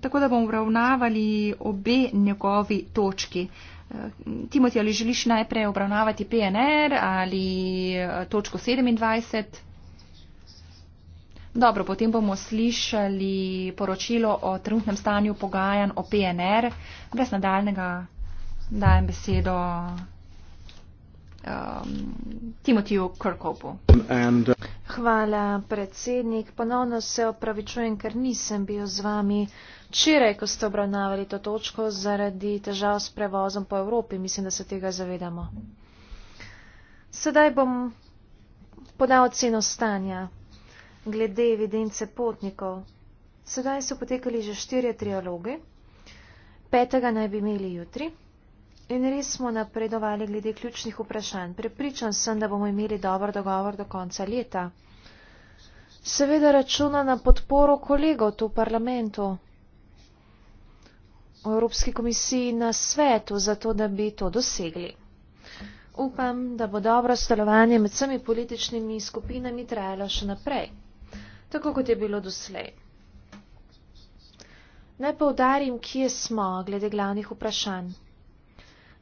tako da bomo obravnavali obe njegovi točki. Uh, Timothy, ali želiš najprej obravnavati PNR ali eh, točko 27? Dobro, potem bomo slišali poročilo o trenutnem stanju pogajanj o PNR. Brez nadaljnega dajem besedo um, Timotiju Krkopu. Uh, Hvala, predsednik. Ponovno se opravičujem, ker nisem bil z vami včeraj, ko ste obravnavali to točko zaradi težav s prevozom po Evropi. Mislim, da se tega zavedamo. Sedaj bom podal oceno stanja glede evidence potnikov. Sedaj so potekali že štirje trialogi, petega naj bi imeli jutri in res smo napredovali glede ključnih vprašanj. Prepričan sem, da bomo imeli dober dogovor do konca leta. Seveda računa na podporo kolegov tu v parlamentu, v Evropski komisiji na svetu, zato da bi to dosegli. Upam, da bo dobro sodelovanje med vsemi političnimi skupinami trajalo še naprej tako kot je bilo doslej. Naj povdarim, kje smo glede glavnih vprašanj.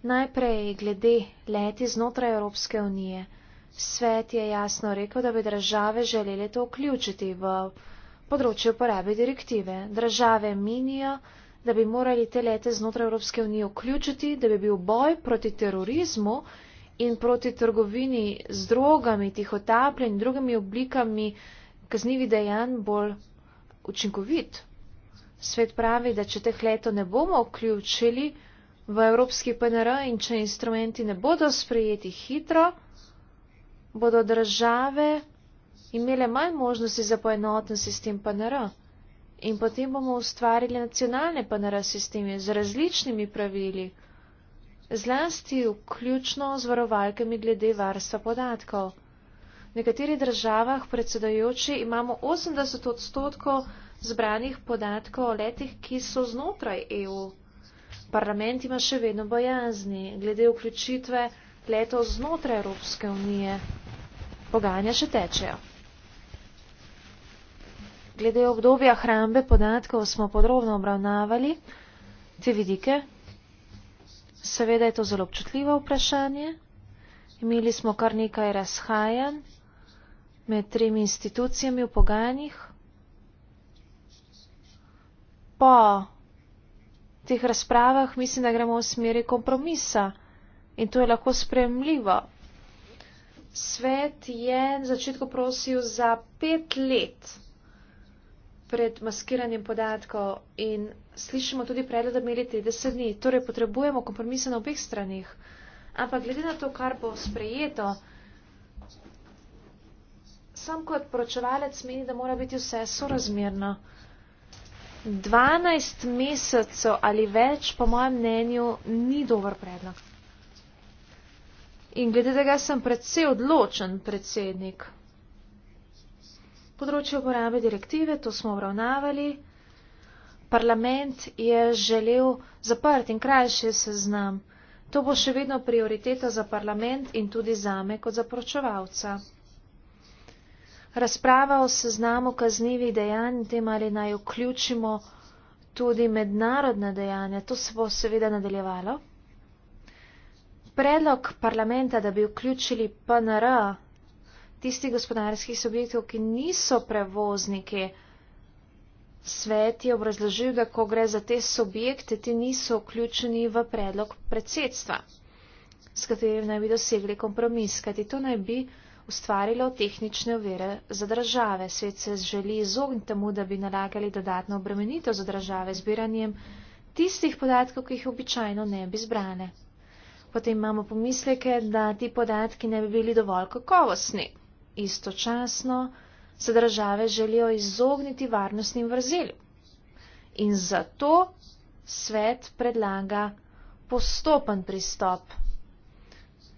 Najprej glede leti znotraj Evropske unije. Svet je jasno rekel, da bi države želeli to vključiti v področje uporabe direktive. Države minijo, da bi morali te lete znotraj Evropske unije vključiti, da bi bil boj proti terorizmu in proti trgovini z drogami, tihotapljenj in drugimi oblikami kaznjivih dejanj bolj učinkovit. Svet pravi, da če teh leto ne bomo vključili v Evropski PNR in če instrumenti ne bodo sprejeti hitro, bodo države imele manj možnosti za poenoten sistem PNR in potem bomo ustvarili nacionalne PNR sisteme z različnimi pravili, zlasti vključno z varovalkami glede varstva podatkov nekaterih državah, predsedajoči, imamo 80 odstotkov zbranih podatkov o letih, ki so znotraj EU. Parlament ima še vedno bojazni glede vključitve letov znotraj Evropske unije. Pogajanja še tečejo. Glede obdobja hrambe podatkov smo podrobno obravnavali te vidike. Seveda je to zelo občutljivo vprašanje. Imeli smo kar nekaj razhajanj med tremi institucijami v pogajanjih. Po teh razpravah mislim, da gremo v smeri kompromisa in to je lahko spremljivo. Svet je na začetku prosil za pet let pred maskiranjem podatkov in slišimo tudi predlog, da imeli 30 dni. Torej potrebujemo kompromise na obeh stranih. Ampak glede na to, kar bo sprejeto, sam kot poročevalec meni, da mora biti vse sorazmerno. 12 mesecev ali več, po mojem mnenju, ni dober predlog. In glede tega sem predvsej odločen predsednik. Področje uporabe direktive, to smo obravnavali. Parlament je želel zaprti in krajši seznam. To bo še vedno prioriteta za parlament in tudi zame kot za poročevalca. Razprava o seznamu kaznjivih dejanj, tem ali naj vključimo tudi mednarodne dejanja, to se bo seveda nadaljevalo. Predlog parlamenta, da bi vključili PNR, tistih gospodarskih subjektov, ki niso prevozniki, svet je obrazložil, da ko gre za te subjekte, ti niso vključeni v predlog predsedstva, s katerim naj bi dosegli kompromis, kajti to naj bi ustvarilo tehnične ovire za države. Svet se želi izogniti temu, da bi nalagali dodatno obremenitev za države zbiranjem tistih podatkov, ki jih običajno ne bi zbrane. Potem imamo pomisleke, da ti podatki ne bi bili dovolj kakovostni. Istočasno se države želijo izogniti varnostnim vrzeljem. In zato svet predlaga postopen pristop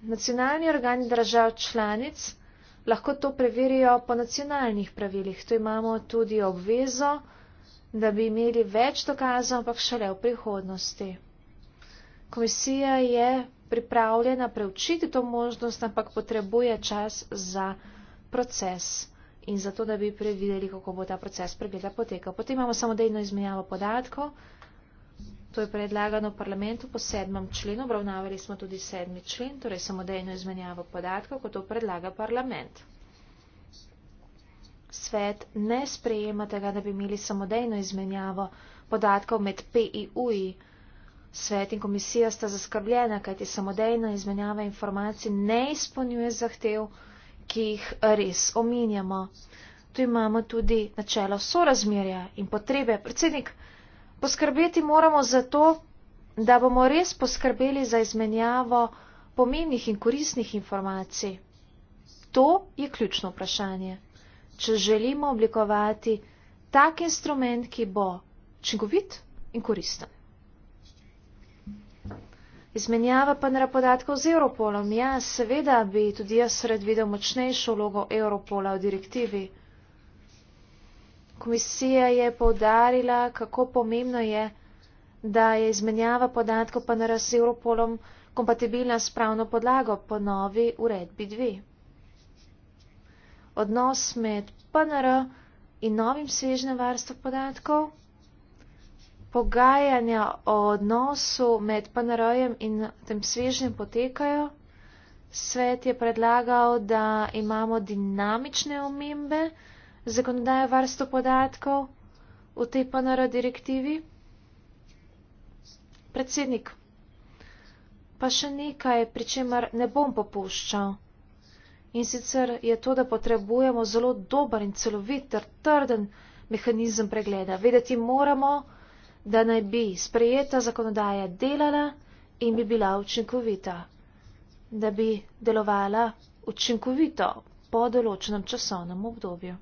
Nacionalni organi držav članic lahko to preverijo po nacionalnih pravilih. Tu imamo tudi obvezo, da bi imeli več dokazov, ampak šele v prihodnosti. Komisija je pripravljena preučiti to možnost, ampak potrebuje čas za proces in za to, da bi prevideli, kako bo ta proces pregleda potekal. Potem imamo samodejno izmenjavo podatkov. To je predlagano parlamentu po sedmem členu, obravnavali smo tudi sedmi člen, torej samodejno izmenjavo podatkov, kot to predlaga parlament. Svet ne sprejema tega, da bi imeli samodejno izmenjavo podatkov med PIU-ji. Svet in komisija sta zaskrbljena, kajti samodejna izmenjava informacij ne izpolnjuje zahtev, ki jih res omenjamo. Tu imamo tudi načelo sorazmerja in potrebe. Predsednik, Poskrbeti moramo za to, da bomo res poskrbeli za izmenjavo pomembnih in koristnih informacij. To je ključno vprašanje. Če želimo oblikovati tak instrument, ki bo čigovit in koristen. Izmenjava panera podatkov z Europolom. Ja, seveda bi tudi jaz rad videl močnejšo vlogo Europola v direktivi. Komisija je povdarila, kako pomembno je, da je izmenjava podatkov pa naraz s Europolom kompatibilna s pravno podlago po novi uredbi 2. Odnos med PNR in novim svežnem varstvom podatkov, pogajanja o odnosu med PNR-jem in tem svežnjem potekajo, svet je predlagal, da imamo dinamične omembe, zakonodajo varstvo podatkov v tej PNR direktivi? Predsednik, pa še nekaj, pri čemer ne bom popuščal. In sicer je to, da potrebujemo zelo dober in celovit ter trden mehanizem pregleda. Vedeti moramo, da naj bi sprejeta zakonodaja delala in bi bila učinkovita, da bi delovala učinkovito po določenem časovnem obdobju.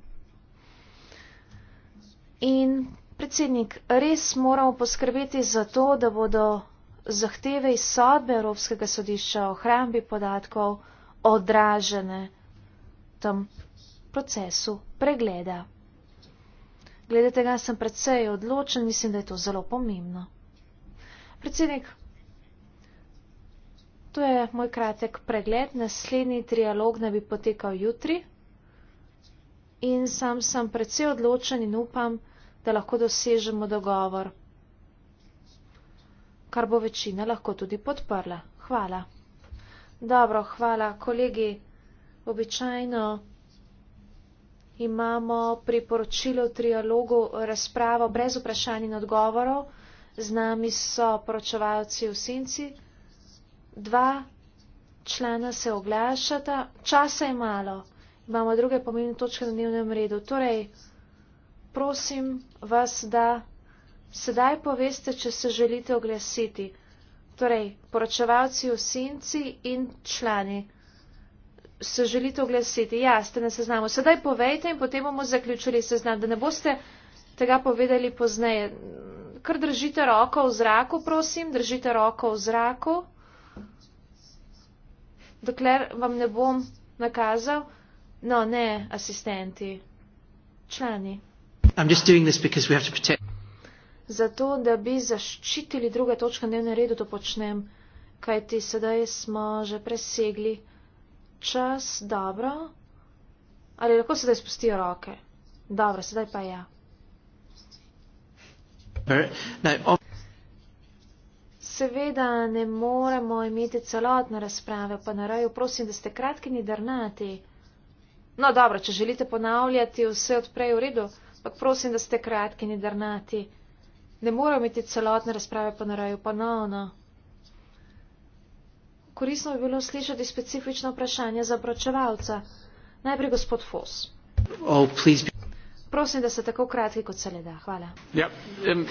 In predsednik, res moramo poskrbeti za to, da bodo zahteve iz sodbe Evropskega sodišča o hrambi podatkov odražene tam procesu pregleda. Glede tega sem predvsej odločen, mislim, da je to zelo pomembno. Predsednik, to je moj kratek pregled. Naslednji trialog naj bi potekal jutri in sam sem predvsej odločen in upam, da lahko dosežemo dogovor, kar bo večina lahko tudi podprla. Hvala. Dobro, hvala. Kolegi, običajno imamo priporočilo v trialogu razpravo brez vprašanj in odgovorov. Z nami so poročevalci v senci. Dva člana se oglašata. Časa je malo imamo druge pomembne točke na dnevnem redu. Torej, prosim vas, da sedaj poveste, če se želite oglasiti. Torej, poročevalci v senci in člani, se želite oglasiti? Ja, ste na seznamu. Sedaj povejte in potem bomo zaključili seznam, da ne boste tega povedali pozneje. Kar držite roko v zraku, prosim, držite roko v zraku, dokler vam ne bom nakazal. No, ne asistenti, člani. Zato, da bi zaščitili druga točka dnevne redu, to počnem, kajti sedaj smo že presegli čas, dobro. Ali lahko sedaj spustijo roke? Dobro, sedaj pa ja. No, Seveda ne moremo imeti celotne razprave, pa na raju prosim, da ste kratki in drnati. No, dobro, če želite ponavljati vse odprej v redu, pa prosim, da ste kratki in drnati. Ne moram imeti celotne razprave po naraju ponovno. No. Korisno bi bilo slišati specifično vprašanje za obročevalca. Najprej gospod Fos. Oh, prosim, da ste tako kratki, kot se le da. Hvala. Ja, um,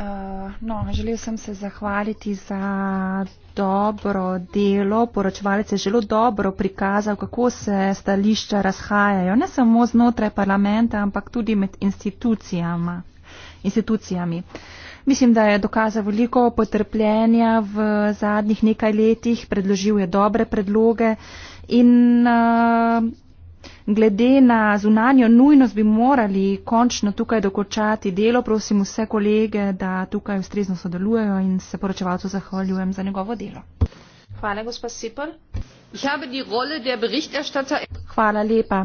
Eh, no, želel sem se zahvaliti za dobro delo. Poročevalec je zelo dobro prikazal, kako se stališča razhajajo, ne samo znotraj parlamenta, ampak tudi med institucijama. institucijami. Mislim, da je dokazal veliko potrpljenja v zadnjih nekaj letih, predložil je dobre predloge in. Uh, Glede na zunanjo nujnost bi morali končno tukaj dokočati delo. Prosim vse kolege, da tukaj ustrezno sodelujejo in se poročevalcu zahvaljujem za njegovo delo. Hvala, gospod Sipr. Hvala lepa.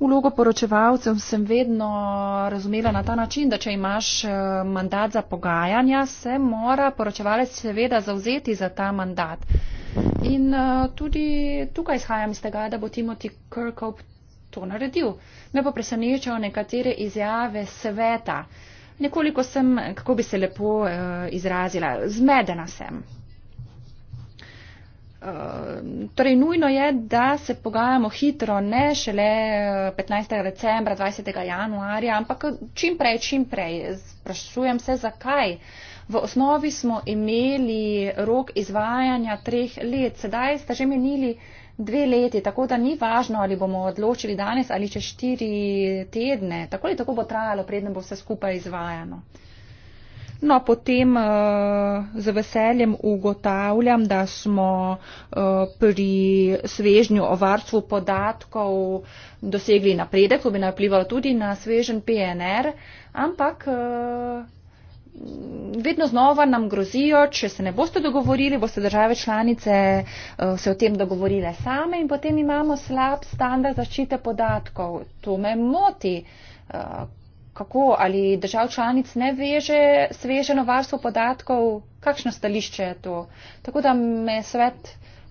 Vlogo poročevalcev sem vedno razumela na ta način, da če imaš eh, mandat za pogajanja, se mora poročevalec seveda zauzeti za ta mandat. In eh, tudi tukaj izhajam iz tega, da bo Timothy Kirkhope to naredil. Me pa presenečajo nekatere izjave sveta. Nekoliko sem, kako bi se lepo uh, izrazila, zmedena sem. Uh, torej, nujno je, da se pogajamo hitro, ne šele 15. Eh, decembra, 20. januarja, ampak čim prej, čim prej. Sprašujem se, zakaj. V osnovi smo imeli rok izvajanja treh let, sedaj sta že menili dve leti, tako da ni važno, ali bomo odločili danes ali čez štiri tedne. Tako ali tako bo trajalo, predem bo vse skupaj izvajano. No, potem uh, z veseljem ugotavljam, da smo uh, pri svežnju o varstvu podatkov dosegli napredek, ko bi naplivalo tudi na svežen PNR, ampak uh, vedno znova nam grozijo, če se ne boste dogovorili, boste države članice eh, se o tem dogovorile same in potem imamo slab standard zaščite podatkov. To me moti. Eh, kako ali držav članic ne veže sveženo varstvo podatkov, kakšno stališče je to. Tako da me je svet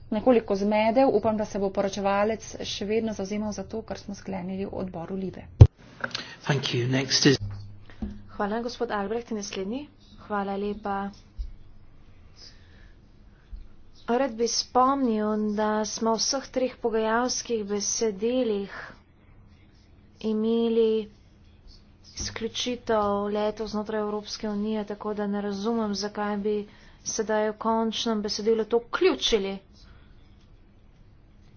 nekoliko zmedel, upam, da se bo poročevalec še vedno zauzemal za to, kar smo sklenili v odboru Libe. Thank you. Next is... Hvala, gospod Albrecht. Naslednji. Hvala lepa. Rad bi spomnil, da smo v vseh treh pogajalskih besedilih imeli izključitev letov znotraj Evropske unije, tako da ne razumem, zakaj bi sedaj v končnem besedilu to vključili.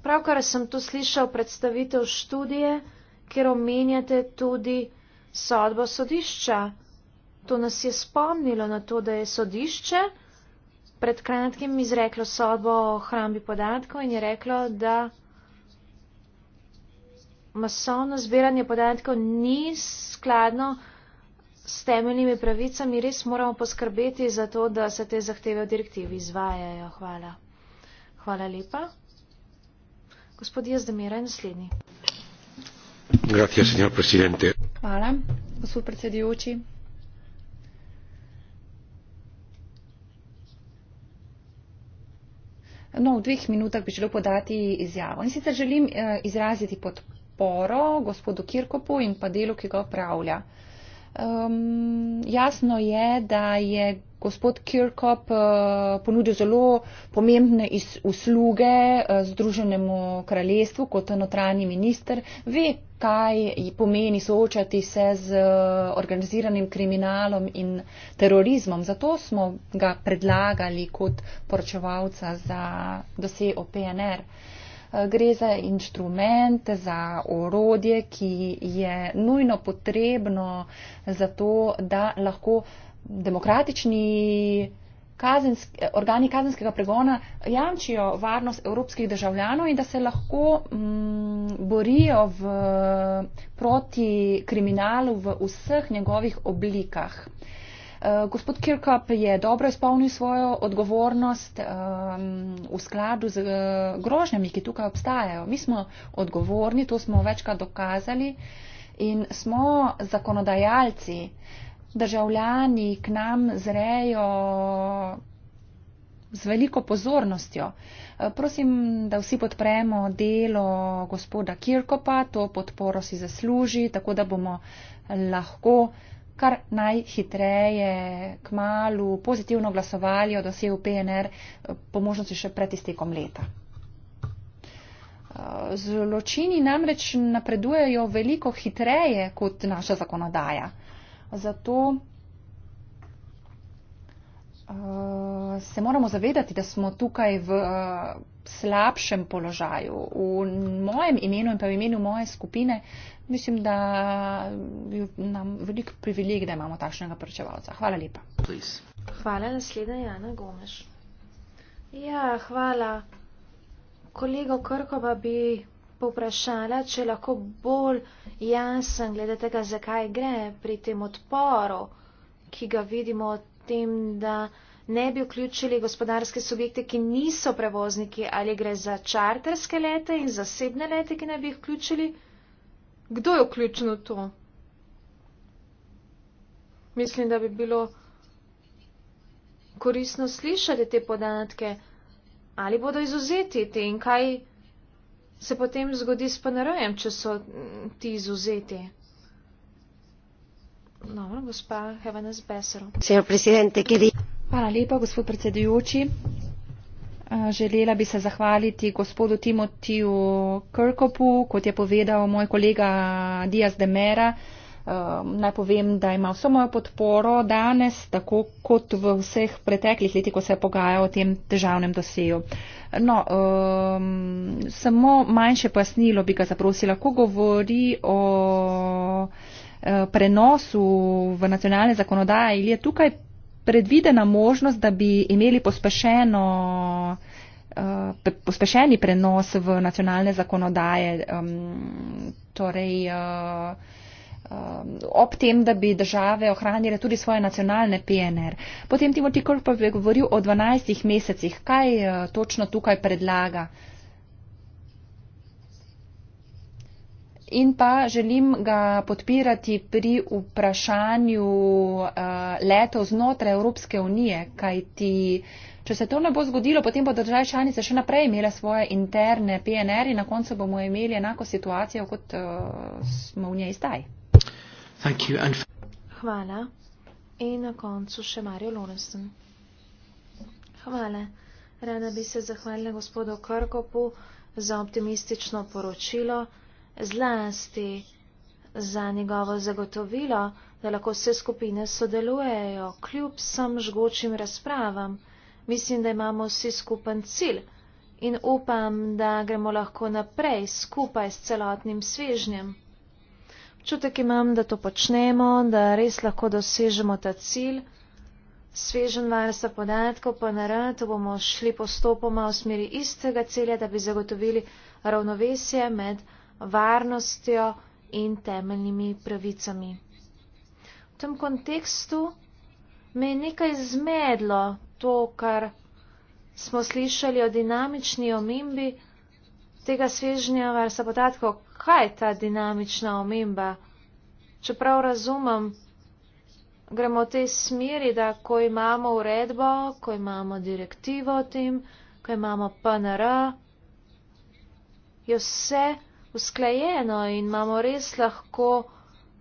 Pravkar sem tu slišal predstavitev študije, kjer omenjate tudi sodbo sodišča. To nas je spomnilo na to, da je sodišče pred kratkim izreklo sodbo o hrambi podatkov in je reklo, da masovno zbiranje podatkov ni skladno s temeljnimi pravicami. Res moramo poskrbeti za to, da se te zahteve v direktivi izvajajo. Hvala. Hvala lepa. Gospod Jazdemira je naslednji. Grazie, signor Presidente. Hvala, gospod predsedujoči. No, v dveh minutah bi želel podati izjavo. In sicer želim eh, izraziti podporo gospodu Kirkopu in pa delu, ki ga upravlja. Um, ehm, jasno je, da je gospod Kirkop uh, ponudil zelo pomembne usluge uh, Združenemu kraljestvu kot notranji minister. Ve, kaj pomeni soočati se z eh, organiziranim kriminalom in terorizmom. Zato smo ga predlagali kot poročevalca za dosej o PNR. Eh, gre za inštrument, za orodje, ki je nujno potrebno za to, da lahko demokratični kazensk, eh, organi kazenskega pregona jamčijo varnost evropskih državljanov in da se lahko m, mm, borijo v, proti kriminalu v vseh njegovih oblikah. Eh, gospod Kirkup je dobro izpolnil svojo odgovornost um, v skladu z uh, grožnjami, ki tukaj obstajajo. Mi smo odgovorni, to smo večkrat dokazali in smo zakonodajalci. Uh, državljani k nam zrejo z veliko pozornostjo. Eh, prosim, da vsi podpremo delo gospoda Kirkopa, to podporo si zasluži, tako da bomo lahko kar najhitreje k malu pozitivno glasovali o dosegu PNR, eh, po možnosti še pred iztekom leta. Eh, zločini namreč napredujejo veliko hitreje kot naša zakonodaja. Zato eh, se moramo zavedati, da smo tukaj v eh, slabšem položaju. V mojem imenu in pa v imenu moje skupine mislim, da je nam velik privileg, da imamo takšnega pričevalca. Hvala lepa. Please. Hvala, naslednja je Ana Gomeš. Ja, hvala. Kolego Krkova bi povprašala, če lahko bolj jasen glede tega, zakaj gre pri tem odporu, ki ga vidimo o tem, da ne bi vključili gospodarske subjekte, ki niso prevozniki, ali gre za čarterske lete in zasebne lete, ki ne bi jih vključili. Kdo je vključen v to? Mislim, da bi bilo koristno slišati te podatke, ali bodo izuzeti te in kaj se potem zgodi s PNR-jem, če so ti izuzeti. Dobro, gospa Hevenes Besero. Hvala lepa, gospod predsedujoči. Eh, želela bi se zahvaliti gospodu Timotiju Krkopu, kot je povedal moj kolega Dias de Mera. Ehm, naj povem, da ima vso mojo podporo danes, tako kot v vseh preteklih letih, ko se je pogajal o tem državnem doseju. No, um, samo manjše pasnilo bi ga zaprosila, ko govori o e, prenosu v nacionalne zakonodaje ali je tukaj predvidena možnost, da bi imeli pospešeno, e, pospešeni prenos v nacionalne zakonodaje. Ehm, torej, e, um, ob tem, da bi države ohranile tudi svoje nacionalne PNR. Potem Timoti Kolk pa bi govoril o 12 mesecih. Kaj uh, točno tukaj predlaga? In pa želim ga podpirati pri vprašanju uh, letov znotraj Evropske unije, kajti če se to ne bo zgodilo, potem bodo države članice še naprej imele svoje interne PNR in na koncu bomo imeli enako situacijo, kot uh, smo v njej zdaj. Thank you and Hvala. In na koncu še Mario Lonesen. Hvala. Rada bi se zahvalila gospodu Krkopu za optimistično poročilo, zlasti za njegovo zagotovilo, da lahko vse skupine sodelujejo kljub sem žgočim razpravam. Mislim, da imamo vsi skupen cilj in upam, da gremo lahko naprej skupaj s celotnim svežnjem. Občutek imam, da to počnemo, da res lahko dosežemo ta cilj. Svežen varstva podatkov pa narad bomo šli postopoma v smeri istega celja, da bi zagotovili ravnovesje med varnostjo in temeljnimi pravicami. V tem kontekstu me je nekaj zmedlo to, kar smo slišali o dinamični omembi tega svežnja varstva podatkov, kaj je ta dinamična omemba. Čeprav razumem, gremo v tej smeri, da ko imamo uredbo, ko imamo direktivo o tem, ko imamo PNR, je vse usklajeno in imamo res lahko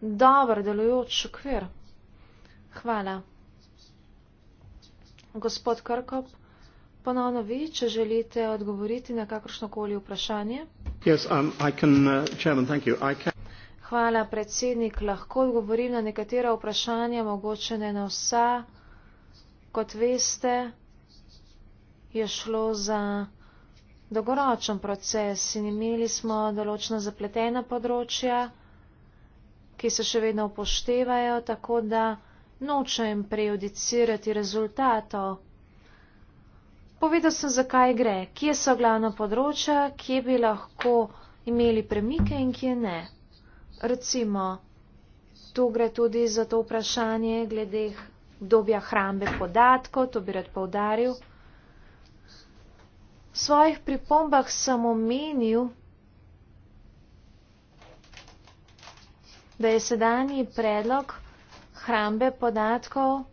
dober delujoč okvir. Hvala. Gospod Krkop ponovno vi, če želite odgovoriti na kakršnokoli vprašanje. Yes, um, can, uh, chairman, Hvala, predsednik. Lahko odgovorim na nekatera vprašanja, mogoče ne na vsa. Kot veste, je šlo za dolgoročen proces in imeli smo določena zapletena področja, ki se še vedno upoštevajo, tako da nočem prejudicirati rezultatov povedal sem, zakaj gre, kje so glavna področja, kje bi lahko imeli premike in kje ne. Recimo, tu gre tudi za to vprašanje glede dobja hrambe podatkov, to bi rad povdaril. V svojih pripombah sem omenil, da je sedanji predlog hrambe podatkov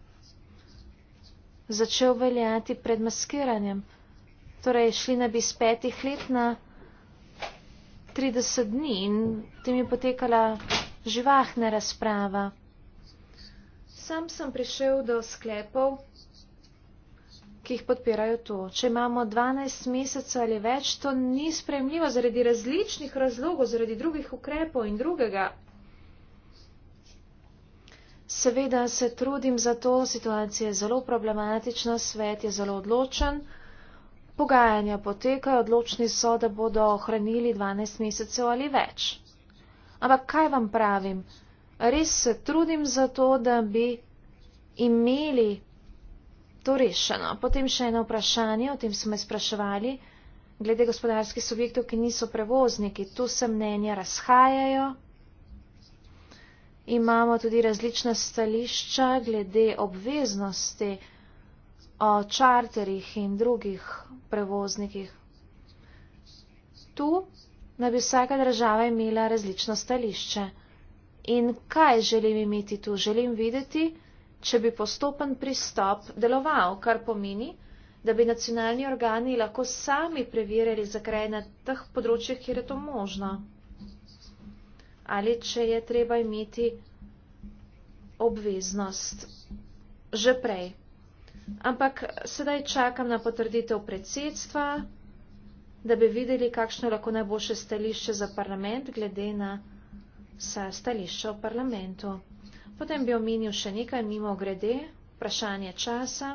začel veljati pred maskiranjem. Torej, šli naj bi iz petih let na 30 dni in tem je potekala živahna razprava. Sam sem prišel do sklepov, ki jih podpirajo to. Če imamo 12 mesecev ali več, to ni spremljivo zaradi različnih razlogov, zaradi drugih ukrepov in drugega Seveda se trudim za to, situacija je zelo problematična, svet je zelo odločen, pogajanja potekajo, odločni so, da bodo ohranili 12 mesecev ali več. Ampak kaj vam pravim? Res se trudim za to, da bi imeli to rešeno. Potem še eno vprašanje, o tem smo me spraševali, glede gospodarskih subjektov, ki niso prevozniki. Tu se mnenja razhajajo. Imamo tudi različna stališča glede obveznosti o čarterih in drugih prevoznikih. Tu naj bi vsaka država imela različno stališče. In kaj želim imeti tu? Želim videti, če bi postopen pristop deloval, kar pomeni, da bi nacionalni organi lahko sami preverjali zakraj na teh področjih, kjer je to možno ali če je treba imeti obveznost že prej. Ampak sedaj čakam na potrditev predsedstva, da bi videli, kakšno lahko najboljše stališče za parlament, glede na vsa stališča v parlamentu. Potem bi omenil še nekaj mimo grede, vprašanje časa.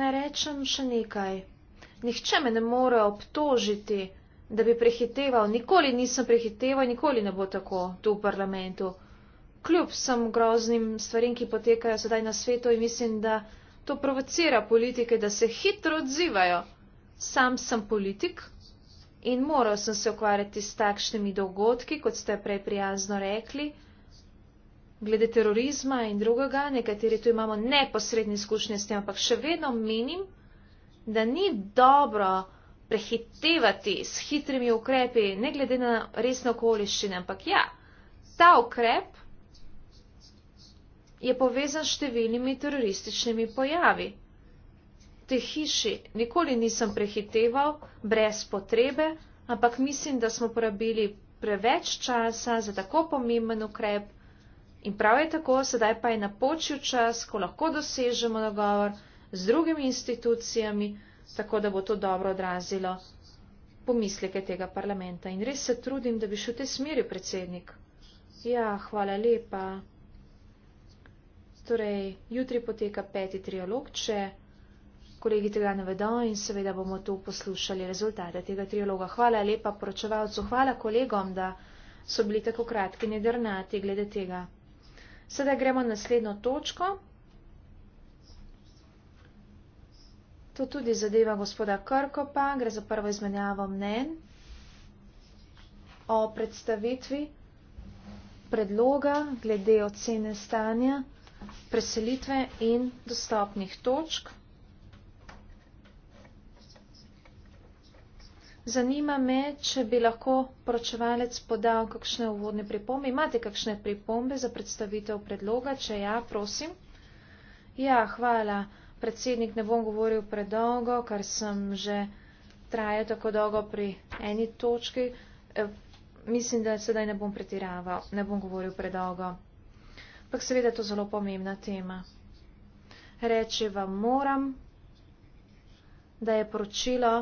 Naj rečem še nekaj. Nihče me ne more obtožiti, da bi prehiteval. Nikoli nisem prehiteval, nikoli ne bo tako tu v parlamentu. Kljub sem groznim stvarem, ki potekajo sedaj na svetu in mislim, da to provocira politike, da se hitro odzivajo. Sam sem politik in moral sem se ukvarjati s takšnimi dogodki, kot ste prej prijazno rekli, glede terorizma in drugega, nekateri tu imamo neposredne izkušnje s tem, ampak še vedno menim, da ni dobro, da prehitevati s hitrimi ukrepi, ne glede na resno okoliščine, ampak ja, ta ukrep je povezan s številnimi terorističnimi pojavi. Te hiši nikoli nisem prehiteval brez potrebe, ampak mislim, da smo porabili preveč časa za tako pomemben ukrep in prav je tako, sedaj pa je napočil čas, ko lahko dosežemo dogovor z drugimi institucijami, tako da bo to dobro odrazilo pomisleke tega parlamenta. In res se trudim, da bi šel v te smeri, predsednik. Ja, hvala lepa. Torej, jutri poteka peti trialog, če kolegi tega ne vedo in seveda bomo tu poslušali rezultate tega trialoga. Hvala lepa poročevalcu, hvala kolegom, da so bili tako kratki nedrnati glede tega. Sedaj gremo na naslednjo točko. To tudi zadeva gospoda Krkopa, gre za prvo izmenjavo mnen o predstavitvi predloga glede ocene stanja, preselitve in dostopnih točk. Zanima me, če bi lahko poročevalec podal kakšne uvodne pripombe. Imate kakšne pripombe za predstavitev predloga? Če ja, prosim. Ja, hvala predsednik ne bom govoril predolgo, ker sem že traje tako dolgo pri eni točki. E, mislim, da sedaj ne bom pretiraval, ne bom govoril predolgo. Pak seveda je to zelo pomembna tema. Reči vam moram, da je poročilo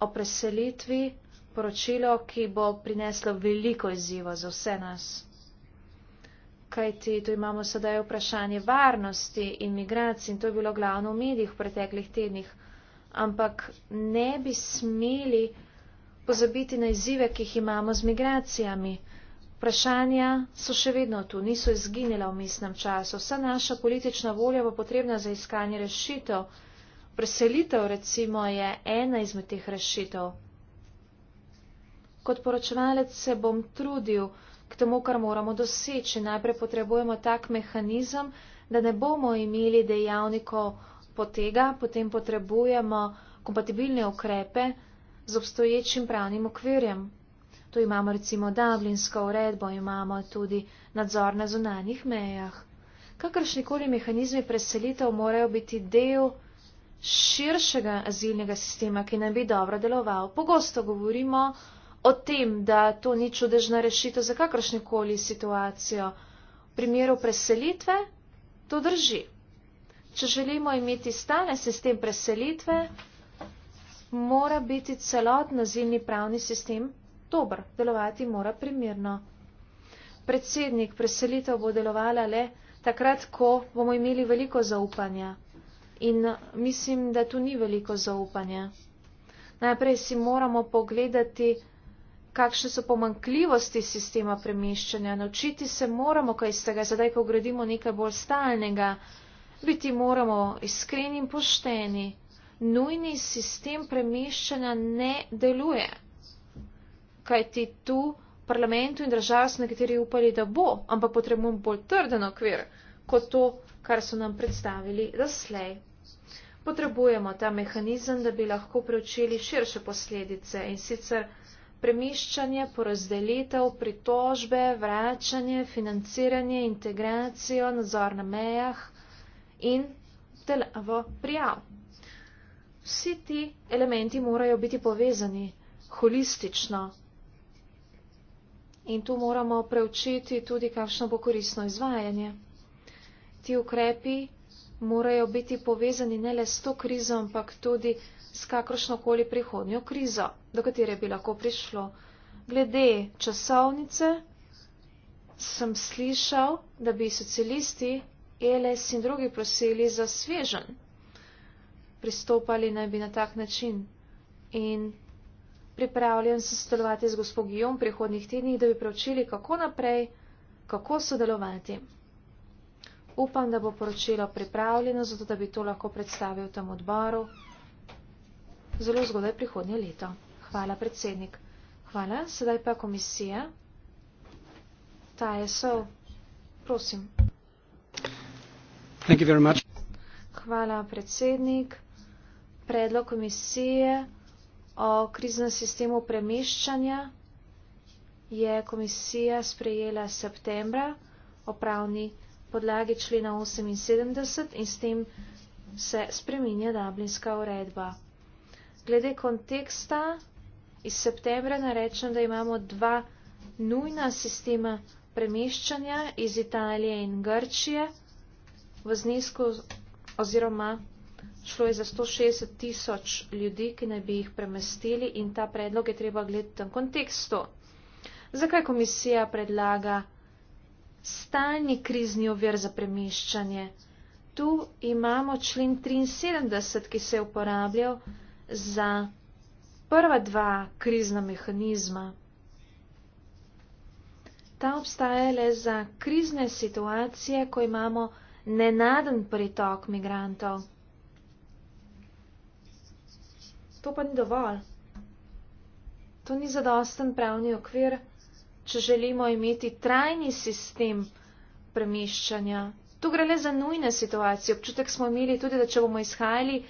o preselitvi poročilo, ki bo prineslo veliko izziva za vse nas kajti tu imamo sedaj vprašanje varnosti in migracij in to je bilo glavno v medijih v preteklih tednih. Ampak ne bi smeli pozabiti na izzive, ki jih imamo z migracijami. Vprašanja so še vedno tu, niso izginila v mestnem času. Vsa naša politična volja bo potrebna za iskanje rešitev. Preselitev recimo je ena izmed teh rešitev. Kot poročevalec se bom trudil, k temu, kar moramo doseči. Najprej potrebujemo tak mehanizem, da ne bomo imeli dejavnikov potega, potem potrebujemo kompatibilne ukrepe z obstoječim pravnim okvirjem. Tu imamo recimo Dublinsko uredbo, imamo tudi nadzor na zunanjih mejah. Kakršnikoli mehanizmi preselitev morajo biti del širšega azilnega sistema, ki nam bi dobro deloval. Pogosto govorimo, o tem, da to ni čudežna rešitev za kakršnekoli situacijo. V primeru preselitve to drži. Če želimo imeti stane sistem preselitve, mora biti celoten azilni pravni sistem dober, delovati mora primerno. Predsednik preselitev bo delovala le takrat, ko bomo imeli veliko zaupanja. In mislim, da tu ni veliko zaupanja. Najprej si moramo pogledati, kakšne so pomankljivosti sistema premeščanja. Naučiti se moramo kaj iz tega, zdaj, ko gradimo nekaj bolj stalnega. Biti moramo iskreni in pošteni. Nujni sistem premeščanja ne deluje. Kaj ti tu parlamentu in državi so nekateri upali, da bo, ampak potrebujemo bolj trden okvir, kot to, kar so nam predstavili doslej. Potrebujemo ta mehanizem, da bi lahko preučili širše posledice in sicer premiščanje, porazdelitev, pritožbe, vračanje, financiranje, integracijo, nadzor na mejah in delavo prijav. Vsi ti elementi morajo biti povezani holistično in tu moramo preučiti tudi, kakšno bo koristno izvajanje. Ti ukrepi morajo biti povezani ne le s to krizo, ampak tudi s s kakršnokoli prihodnjo krizo, do katere bi lahko prišlo. Glede časovnice sem slišal, da bi socialisti, e LS in drugi prosili za svežen. Pristopali naj bi na tak način in pripravljen se sodelovati z gospod Gijom prihodnih tednih, da bi preučili, kako naprej, kako sodelovati. Upam, da bo poročilo pripravljeno, zato da bi to lahko predstavil tam odboru zelo zgodaj prihodnje leto. Hvala, predsednik. Hvala. Sedaj pa komisija. Ta je so. Prosim. Thank you very much. Hvala, predsednik. Predlog komisije o kriznem sistemu premeščanja je komisija sprejela septembra o pravni podlagi člena 78 in s tem se spreminja dablinska uredba glede konteksta iz septembra narečem, da imamo dva nujna sistema premeščanja iz Italije in Grčije v znesku oziroma šlo je za 160 tisoč ljudi, ki naj bi jih premestili in ta predlog je treba gledati v tem kontekstu. Zakaj komisija predlaga stalni krizni ovir za premeščanje? Tu imamo člen 73, ki se je uporabljal za prva dva krizna mehanizma. Ta obstaja le za krizne situacije, ko imamo nenaden pritok migrantov. To pa ni dovolj. To ni zadosten pravni okvir, če želimo imeti trajni sistem premeščanja. Tu gre le za nujne situacije. Občutek smo imeli tudi, da če bomo izhajali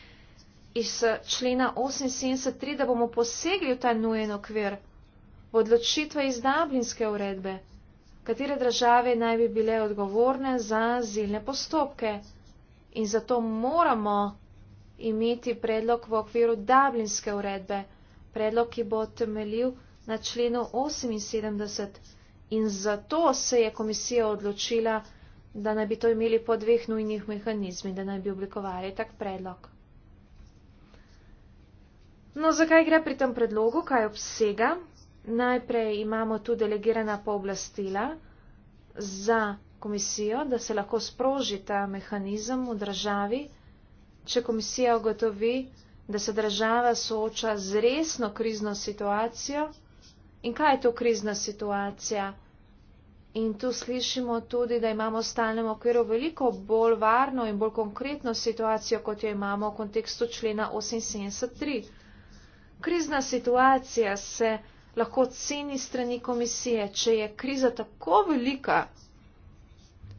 iz eh, člena 78.3, da bomo posegli v ta nujen okvir odločitve iz Dablinske uredbe, katere države naj bi bile odgovorne za zilne postopke. In zato moramo imeti predlog v okviru Dablinske uredbe, predlog, ki bo temeljil na členu 78. In zato se je komisija odločila, da naj bi to imeli po dveh nujnih mehanizmih, da naj bi oblikovali tak predlog. No, zakaj gre pri tem predlogu, kaj obsega? Najprej imamo tu delegirana pooblastila za komisijo, da se lahko sproži ta mehanizem v državi, če komisija ugotovi, da se država sooča z resno krizno situacijo. In kaj je to krizna situacija? In tu slišimo tudi, da imamo v stalnem okviru veliko bolj varno in bolj konkretno situacijo, kot jo imamo v kontekstu člena 78 krizna situacija se lahko ceni strani komisije, če je kriza tako velika,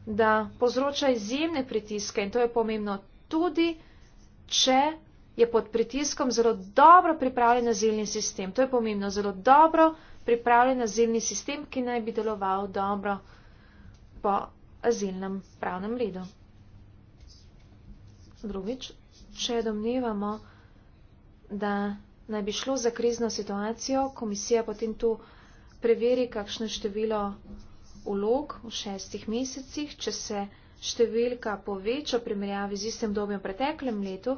da povzroča izjemne pritiske in to je pomembno tudi, če je pod pritiskom zelo dobro pripravljen azilni sistem. To je pomembno, zelo dobro pripravljen azilni sistem, ki naj bi deloval dobro po azilnem pravnem redu. Drugič, če domnevamo, da naj bi šlo za krizno situacijo, komisija potem tu preveri, kakšno število ulog v šestih mesecih, če se številka poveča v primerjavi z istem dobjem v preteklem letu,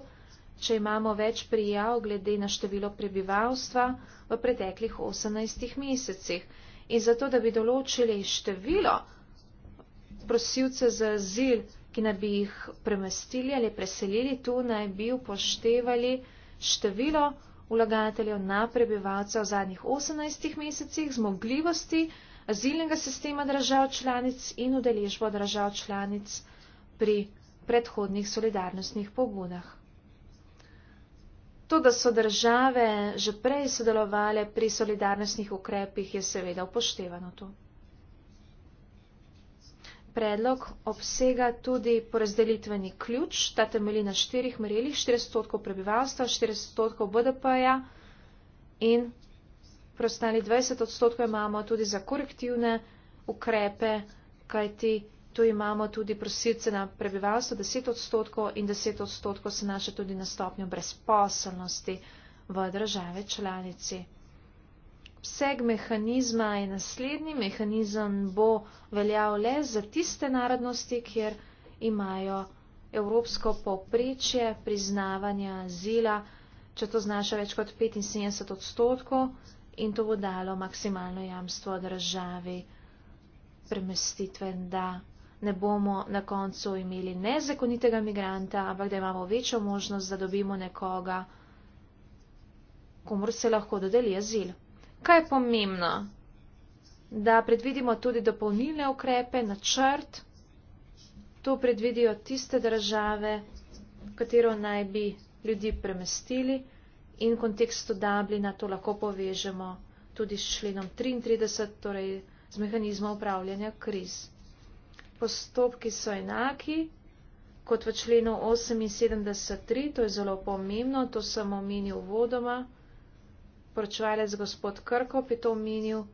če imamo več prijav glede na število prebivalstva v preteklih 18 mesecih. In zato, da bi določili število prosilce za zil, ki naj bi jih premestili ali preselili, tu naj bi upoštevali število vlagateljev na prebivalce v zadnjih 18 mesecih, zmogljivosti azilnega sistema držav članic in udeležbo držav članic pri predhodnih solidarnostnih pobudah. To, da so države že prej sodelovale pri solidarnostnih ukrepih, je seveda upoštevano tu predlog obsega tudi porazdelitveni ključ, ta temelji na štirih merilih, 40 odstotkov prebivalstva, 40 odstotkov BDP-ja in prostali 20 odstotkov imamo tudi za korektivne ukrepe, kajti tu imamo tudi prosilce na prebivalstvo 10 odstotkov in 10 odstotkov se naša tudi na stopnjo brezposelnosti v države članici obseg mehanizma je naslednji. Mehanizem bo veljal le za tiste narodnosti, kjer imajo evropsko poprečje priznavanja zila, če to znaša več kot 75 odstotkov in to bo dalo maksimalno jamstvo državi premestitve, da ne bomo na koncu imeli nezakonitega migranta, ampak da imamo večjo možnost, da dobimo nekoga, komor se lahko dodeli azil. Kaj je pomembno? Da predvidimo tudi dopolnilne ukrepe na črt. To predvidijo tiste države, katero naj bi ljudi premestili in v kontekstu Dublina to lahko povežemo tudi s členom 33, torej z mehanizmom upravljanja kriz. Postopki so enaki kot v členu 78.3, to je zelo pomembno, to sem omenil vodoma poročevalec gospod Krkop je to omenil,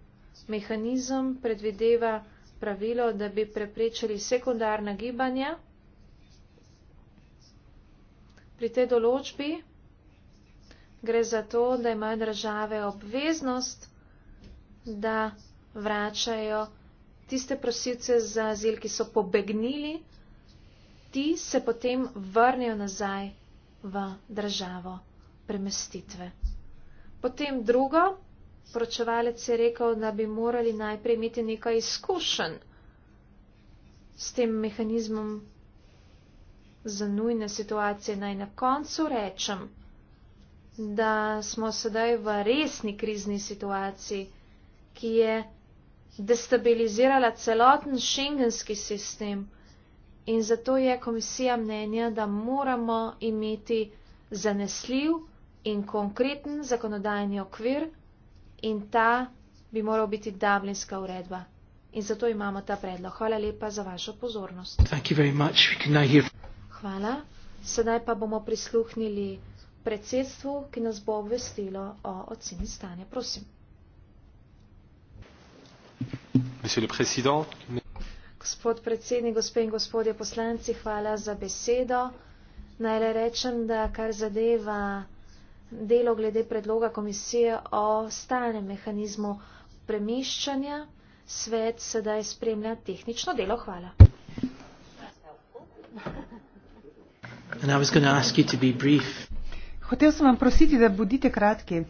mehanizem predvideva pravilo, da bi preprečili sekundarna gibanja. Pri tej določbi gre za to, da imajo države obveznost, da vračajo tiste prosilce za azil, ki so pobegnili, ti se potem vrnijo nazaj v državo premestitve. Potem drugo, poročevalec je rekel, da bi morali najprej imeti nekaj izkušenj s tem mehanizmom za nujne situacije. Naj na koncu rečem, da smo sedaj v resni krizni situaciji, ki je destabilizirala celoten šengenski sistem in zato je komisija mnenja, da moramo imeti zanesljiv, in konkreten zakonodajni okvir in ta bi moral biti Dublinska uredba. In zato imamo ta predlog. Hvala lepa za vašo pozornost. Hvala. Sedaj pa bomo prisluhnili predsedstvu, ki nas bo obvestilo o oceni stanja. Prosim. Gospod predsednik, gospe in gospodje poslanci, hvala za besedo. Najle rečem, da kar zadeva delo glede predloga komisije o stalnem mehanizmu premeščanja. Svet sedaj spremlja tehnično delo. Hvala. Hotel sem vam prositi, da budite kratki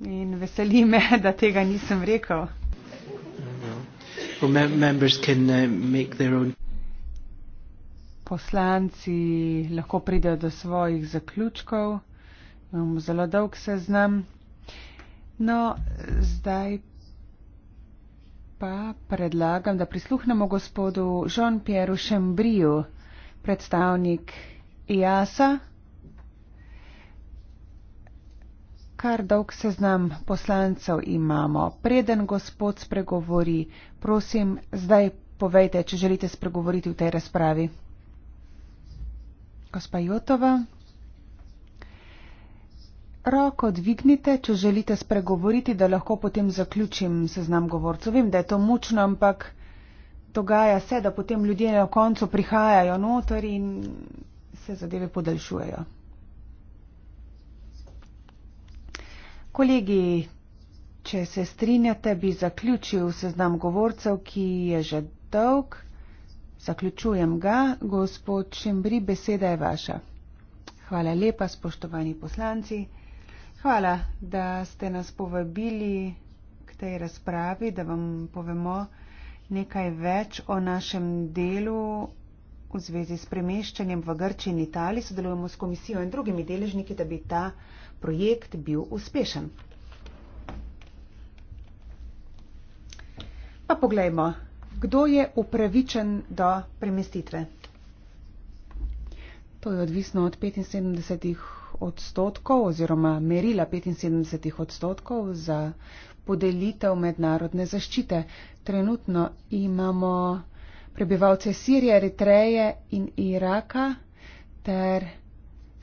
in veseli me, [LAUGHS] da tega nisem rekel. Uh, Poslanci lahko pridejo do svojih zaključkov imamo zelo dolg seznam. No, zdaj pa predlagam, da prisluhnemo gospodu Jean-Pierre Šembriju, predstavnik IASA. Kar dolg seznam poslancev imamo. Preden gospod spregovori, prosim, zdaj povejte, če želite spregovoriti v tej razpravi. Gospa Jotova roko dvignite, če želite spregovoriti, da lahko potem zaključim seznam govorcev. Vem, da je to mučno, ampak dogaja se, da potem ljudje na koncu prihajajo noter in se zadeve podaljšujejo. Kolegi, če se strinjate, bi zaključil seznam govorcev, ki je že dolg. Zaključujem ga. Gospod Šembri, beseda je vaša. Hvala lepa, spoštovani poslanci. Hvala, da ste nas povabili k tej razpravi, da vam povemo nekaj več o našem delu v zvezi s premeščanjem v Grči in Italiji. Sodelujemo s komisijo in drugimi deležniki, da bi ta projekt bil uspešen. Pa poglejmo, kdo je upravičen do premestitve. To je odvisno od 75 odstotkov oziroma merila 75 odstotkov za podelitev mednarodne zaščite. Trenutno imamo prebivalce Sirije, Eritreje in Iraka ter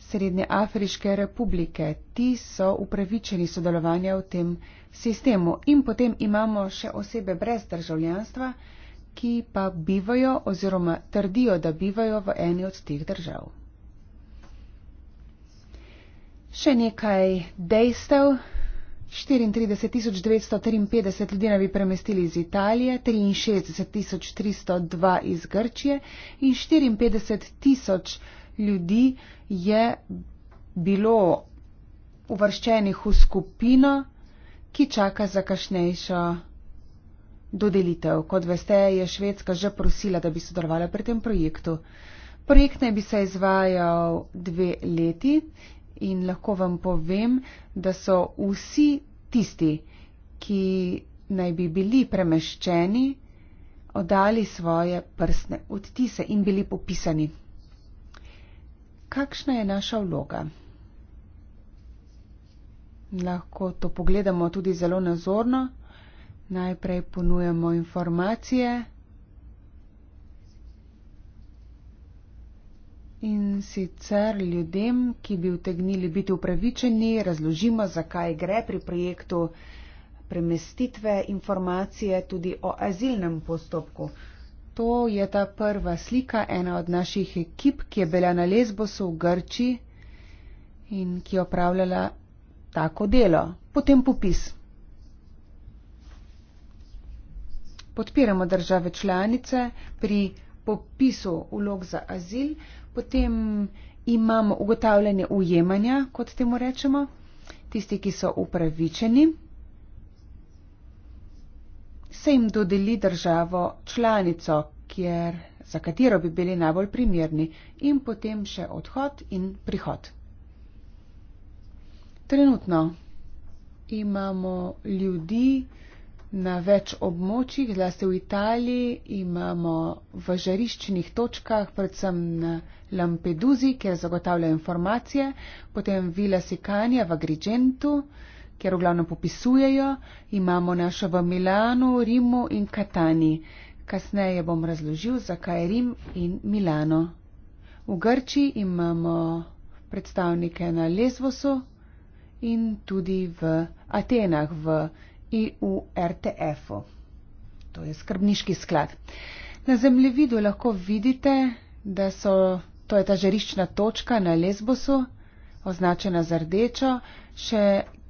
Srednje Afriške republike. Ti so upravičeni sodelovanja v tem sistemu. In potem imamo še osebe brez državljanstva, ki pa bivajo oziroma trdijo, da bivajo v eni od teh držav. Še nekaj dejstev. 34,953 ljudi naj bi premestili iz Italije, 63,302 iz Grčije in 54 tisoč ljudi je bilo uvrščenih v skupino, ki čaka za kašnejšo dodelitev. Kot veste, je Švedska že prosila, da bi sodelovala pri tem projektu. Projekt naj bi se izvajal dve leti in lahko vam povem, da so vsi tisti, ki naj bi bili premeščeni, oddali svoje prstne odtise in bili popisani. Kakšna je naša vloga? Lahko to pogledamo tudi zelo nazorno. Najprej ponujemo informacije. In sicer ljudem, ki bi vtegnili biti upravičeni, razložimo, zakaj gre pri projektu premestitve informacije tudi o azilnem postopku. To je ta prva slika, ena od naših ekip, ki je bila na Lesbosu v Grči in ki je opravljala tako delo. Potem popis. Podpiramo države članice pri popisu ulog za azil potem imam ugotavljanje ujemanja, kot temu rečemo, tisti, ki so upravičeni, se jim dodeli državo članico, kjer, za katero bi bili najbolj primerni in potem še odhod in prihod. Trenutno imamo ljudi, na več območjih, zlasti v Italiji, imamo v žariščnih točkah, predvsem na Lampeduzi, kjer zagotavljajo informacije, potem Vila Sikanja v Agrigentu, kjer v glavnem popisujejo, imamo našo v Milanu, Rimu in Katani. Kasneje bom razložil, zakaj je Rim in Milano. V Grči imamo predstavnike na Lesvosu in tudi v Atenah, v Atenah. IURTF-u. E to je skrbniški sklad. Na zemljevidu lahko vidite, da so, to je ta žeriščna točka na Lesbosu, označena z rdečo, še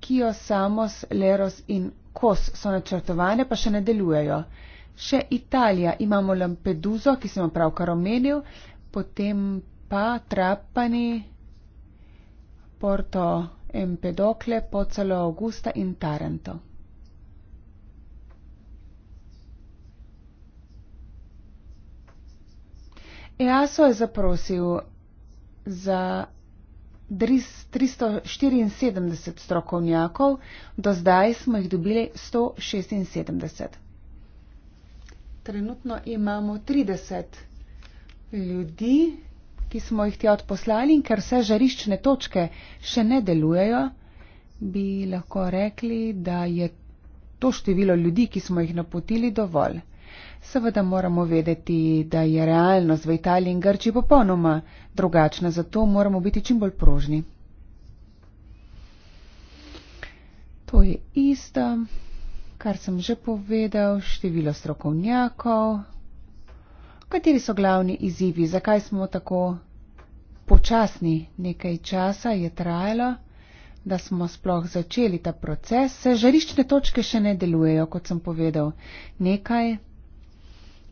Kio, Samos, Leros in Kos so načrtovane, pa še ne delujejo. Še Italija, imamo Lampeduzo, ki sem pravkar omenil, potem pa Trapani, Porto Empedokle, Pocelo Augusta in Taranto. Jaso je zaprosil za 374 strokovnjakov, do zdaj smo jih dobili 176. Trenutno imamo 30 ljudi, ki smo jih tja odposlali in ker vse žariščne točke še ne delujejo, bi lahko rekli, da je to število ljudi, ki smo jih napotili, dovolj. Seveda moramo vedeti, da je realnost v Italiji in Grči popolnoma drugačna, zato moramo biti čim bolj prožni. To je isto, kar sem že povedal, število strokovnjakov. Kateri so glavni izzivi, zakaj smo tako počasni nekaj časa je trajalo, da smo sploh začeli ta proces, se žariščne točke še ne delujejo, kot sem povedal, nekaj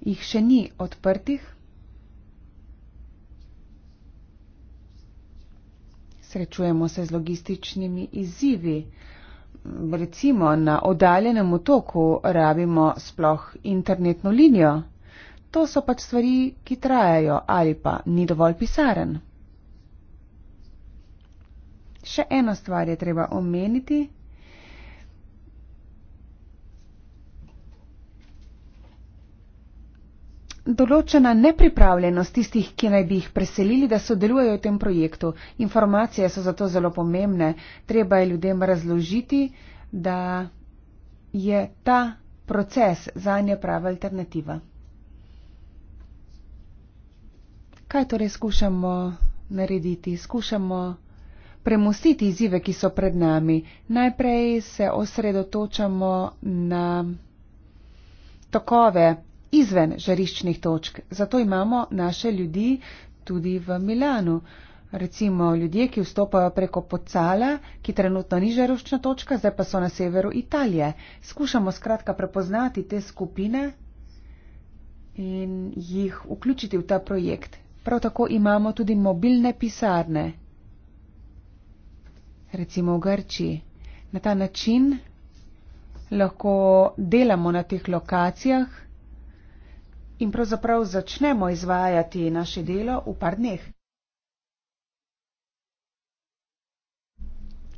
jih še ni odprtih. Srečujemo se z logističnimi izzivi. Recimo na oddaljenem otoku rabimo sploh internetno linijo. To so pač stvari, ki trajajo ali pa ni dovolj pisaren. Še eno stvar je treba omeniti. določena nepripravljenost tistih, ki naj bi jih preselili, da sodelujejo v tem projektu. Informacije so zato zelo pomembne. Treba je ljudem razložiti, da je ta proces za nje prava alternativa. Kaj torej skušamo narediti? Skušamo premustiti izzive, ki so pred nami. Najprej se osredotočamo na tokove izven žariščnih točk. Zato imamo naše ljudi tudi v Milanu. Recimo ljudje, ki vstopajo preko Pocala, ki trenutno ni žariščna točka, zdaj pa so na severu Italije. Skušamo skratka prepoznati te skupine in jih vključiti v ta projekt. Prav tako imamo tudi mobilne pisarne, recimo v Grčiji. Na ta način lahko delamo na teh lokacijah in pravzaprav začnemo izvajati naše delo v par dneh.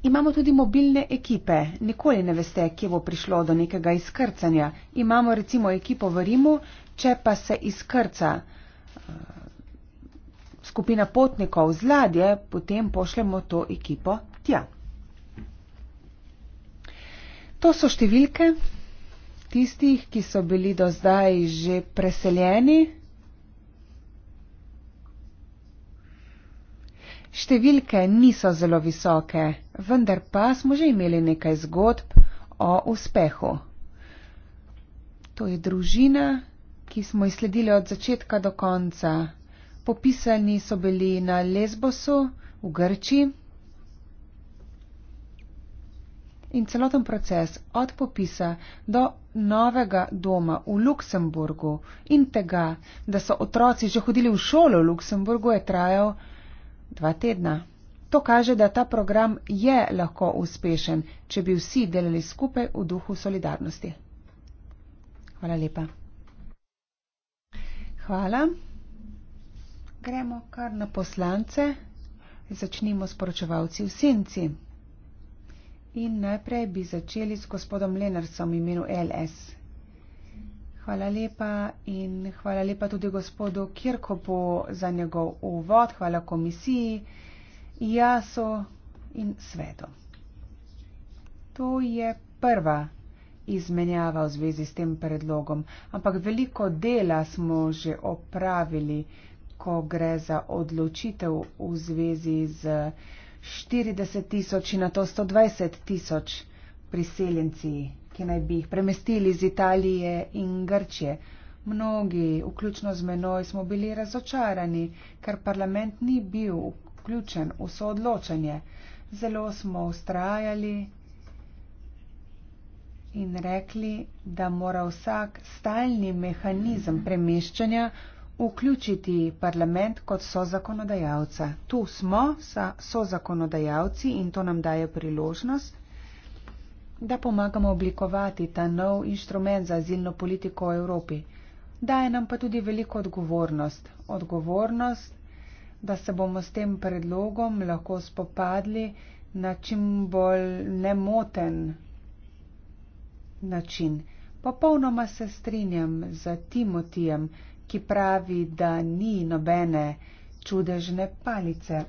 Imamo tudi mobilne ekipe. Nikoli ne veste, kje bo prišlo do nekega izkrcanja. Imamo recimo ekipo v Rimu, če pa se izkrca eh, skupina potnikov z ladje, potem pošljemo to ekipo tja. To so številke, tistih, ki so bili do zdaj že preseljeni. Številke niso zelo visoke, vendar pa smo že imeli nekaj zgodb o uspehu. To je družina, ki smo izsledili od začetka do konca. Popisani so bili na Lesbosu v Grčiji. in celoten proces od popisa do novega doma v Luksemburgu in tega, da so otroci že hodili v šolo v Luksemburgu, je trajal dva tedna. To kaže, da ta program je lahko uspešen, če bi vsi delali skupaj v duhu solidarnosti. Hvala lepa. Hvala. Gremo kar na poslance. Začnimo s poročevalci v senci. In najprej bi začeli s gospodom Lenarsom v imenu LS. Hvala lepa in hvala lepa tudi gospodu Kirkopu za njegov uvod, hvala komisiji, jaso in svetu. To je prva izmenjava v zvezi s tem predlogom, ampak veliko dela smo že opravili, ko gre za odločitev v zvezi z. 40 tisoč in na to 120 tisoč priseljenci, ki naj bi jih premestili iz Italije in Grčije. Mnogi, vključno z menoj, smo bili razočarani, ker parlament ni bil vključen v soodločanje. Zelo smo ustrajali in rekli, da mora vsak stalni mehanizem premeščanja vključiti parlament kot so zakonodajalca. Tu smo, so zakonodajalci in to nam daje priložnost, da pomagamo oblikovati ta nov inštrument za azilno politiko v Evropi. Daje nam pa tudi veliko odgovornost. Odgovornost, da se bomo s tem predlogom lahko spopadli na čim bolj nemoten način. Popolnoma se strinjam z Timotijem, ki pravi, da ni nobene čudežne palice.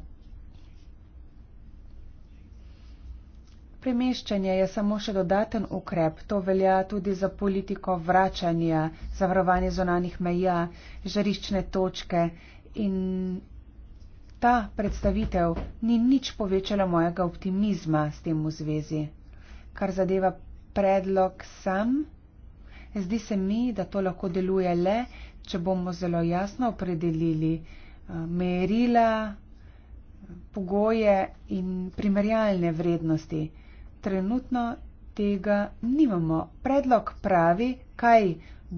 Premeščanje je samo še dodaten ukrep, to velja tudi za politiko vračanja, zavarovanje zonanih meja, žariščne točke in ta predstavitev ni nič povečala mojega optimizma s tem v zvezi. Kar zadeva predlog sam, Zdi se mi, da to lahko deluje le, če bomo zelo jasno opredelili eh, merila, pogoje in primerjalne vrednosti. Trenutno tega nimamo. Predlog pravi, kaj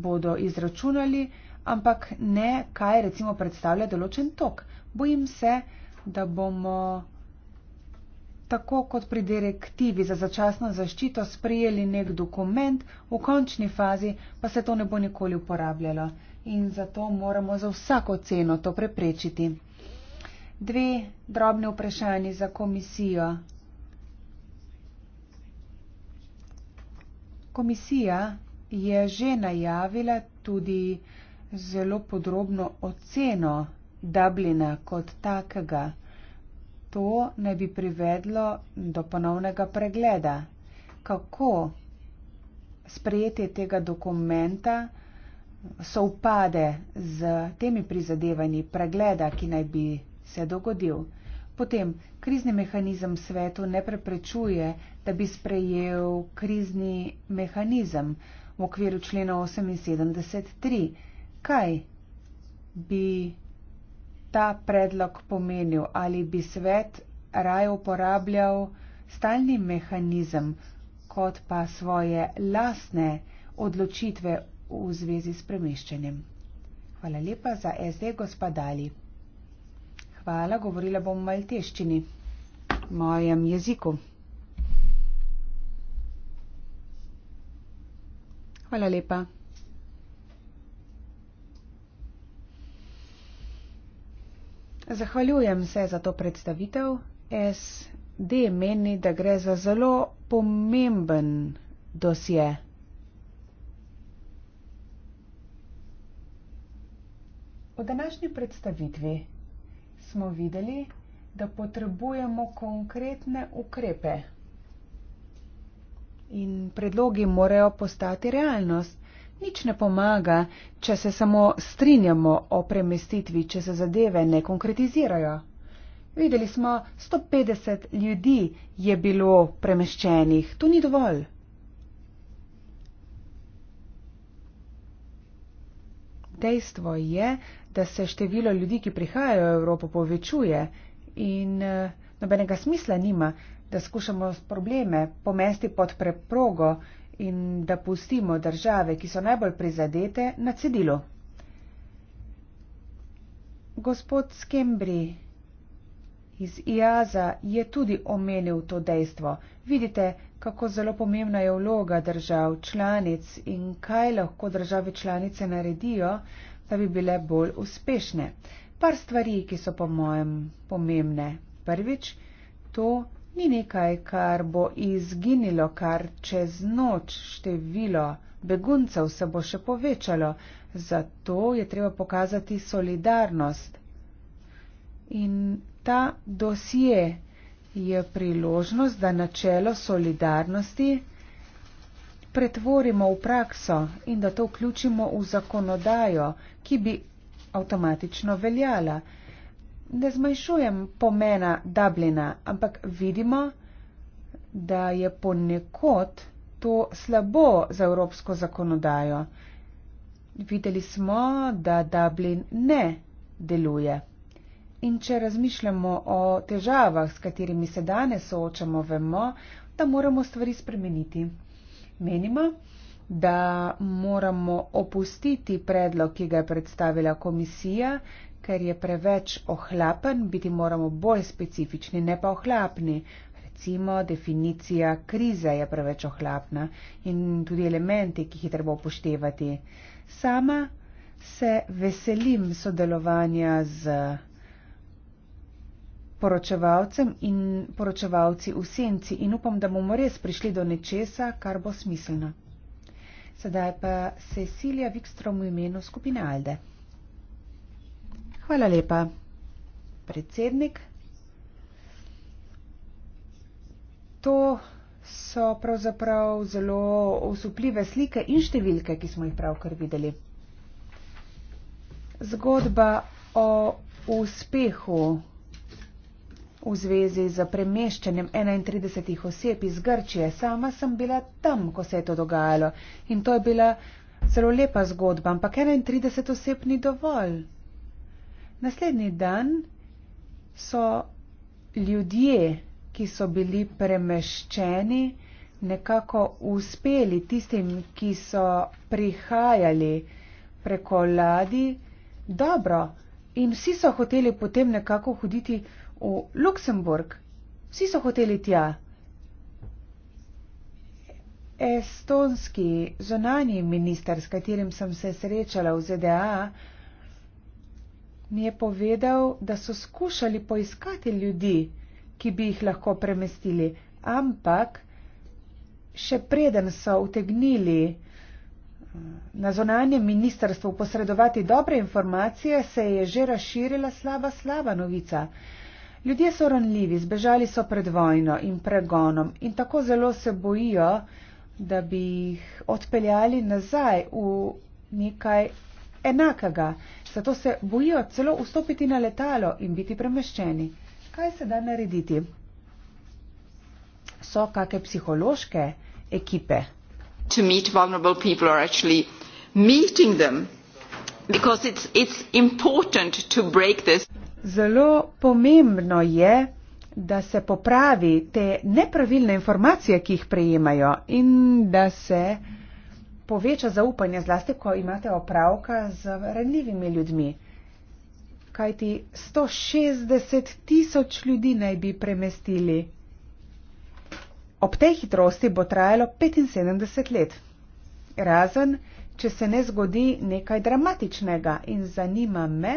bodo izračunali, ampak ne, kaj recimo predstavlja določen tok. Bojim se, da bomo tako kot pri direktivi za začasno zaščito sprijeli nek dokument, v končni fazi pa se to ne bo nikoli uporabljalo in zato moramo za vsako ceno to preprečiti. Dve drobne vprašanje za komisijo. Komisija je že najavila tudi zelo podrobno oceno Dublina kot takega to ne bi privedlo do ponovnega pregleda. Kako sprejetje tega dokumenta sovpade z temi prizadevanji pregleda, ki naj bi se dogodil. Potem, krizni mehanizem svetu ne preprečuje, da bi sprejel krizni mehanizem v okviru člena 78.3. Kaj bi ta predlog pomenil, ali bi svet raje uporabljal stalni mehanizem, kot pa svoje lasne odločitve v zvezi s premeščanjem. Hvala lepa za SD, gospodali. Hvala, govorila bom malteščini, mojem jeziku. Hvala lepa. Zahvaljujem se za to predstavitev. SD meni, da gre za zelo pomemben dosje. V današnji predstavitvi smo videli, da potrebujemo konkretne ukrepe in predlogi morajo postati realnost. Nič ne pomaga, če se samo strinjamo o premestitvi, če se zadeve ne konkretizirajo. Videli smo, 150 ljudi je bilo premeščenih, to ni dovolj. Dejstvo je, da se število ljudi, ki prihajajo v Evropo, povečuje in eh, nobenega smisla nima, da skušamo probleme pomesti pod preprogo in da pustimo države, ki so najbolj prizadete, na cedilu. Gospod Skembri iz IAZA je tudi omenil to dejstvo. Vidite, kako zelo pomembna je vloga držav članic in kaj lahko države članice naredijo, da bi bile bolj uspešne. Par stvari, ki so po mojem pomembne. Prvič, to, ni nekaj, kar bo izginilo kar čez noč. Število beguncev se bo še povečalo, zato je treba pokazati solidarnost. In ta dosje je priložnost, da načelo solidarnosti pretvorimo v prakso in da to vključimo v zakonodajo, ki bi avtomatično veljala ne zmanjšujem pomena Dublina, ampak vidimo, da je ponekod to slabo za evropsko zakonodajo. Videli smo, da Dublin ne deluje. In če razmišljamo o težavah, s katerimi se danes soočamo, vemo, da moramo stvari spremeniti. Menimo, da moramo opustiti predlog, ki ga je predstavila komisija, ker je preveč ohlapen, biti moramo bolj specifični, ne pa ohlapni. Recimo, definicija krize je preveč ohlapna in tudi elementi, ki jih je treba upoštevati. Sama se veselim sodelovanja z poročevalcem in poročevalci v senci in upam, da bomo res prišli do nečesa, kar bo smiselno. Sedaj pa Cecilija Vikstrom v imenu skupine Alde. Hvala lepa. Predsednik. To so pravzaprav zelo osupljive slike in številke, ki smo jih pravkar videli. Zgodba o uspehu v zvezi z premeščanjem 31 oseb iz Grčije. Sama sem bila tam, ko se je to dogajalo in to je bila zelo lepa zgodba, ampak 31 oseb ni dovolj. Naslednji dan so ljudje, ki so bili premeščeni, nekako uspeli tistim, ki so prihajali preko ladi, dobro. In vsi so hoteli potem nekako hoditi v Luksemburg. Vsi so hoteli tja. Estonski zonani minister, s katerim sem se srečala v ZDA, mi je povedal, da so skušali poiskati ljudi, ki bi jih lahko premestili, ampak še preden so utegnili eh, na zonanje ministrstvo posredovati dobre informacije, se je že razširila slaba, slaba novica. Ljudje so ranljivi, zbežali so pred vojno in pregonom in tako zelo se bojijo, da bi jih odpeljali nazaj v nekaj enakega, zato se bojijo celo vstopiti na letalo in biti premeščeni. Kaj se da narediti? So kakšne psihološke ekipe? It's, it's Zelo pomembno je, da se popravi te nepravilne informacije, ki jih prejemajo in da se poveča zaupanje, zlasti, ko imate opravka z ranljivimi ljudmi. Kaj ti 160 tisoč ljudi naj bi premestili? Ob tej hitrosti bo trajalo 75 let. Razen, če se ne zgodi nekaj dramatičnega in zanima me,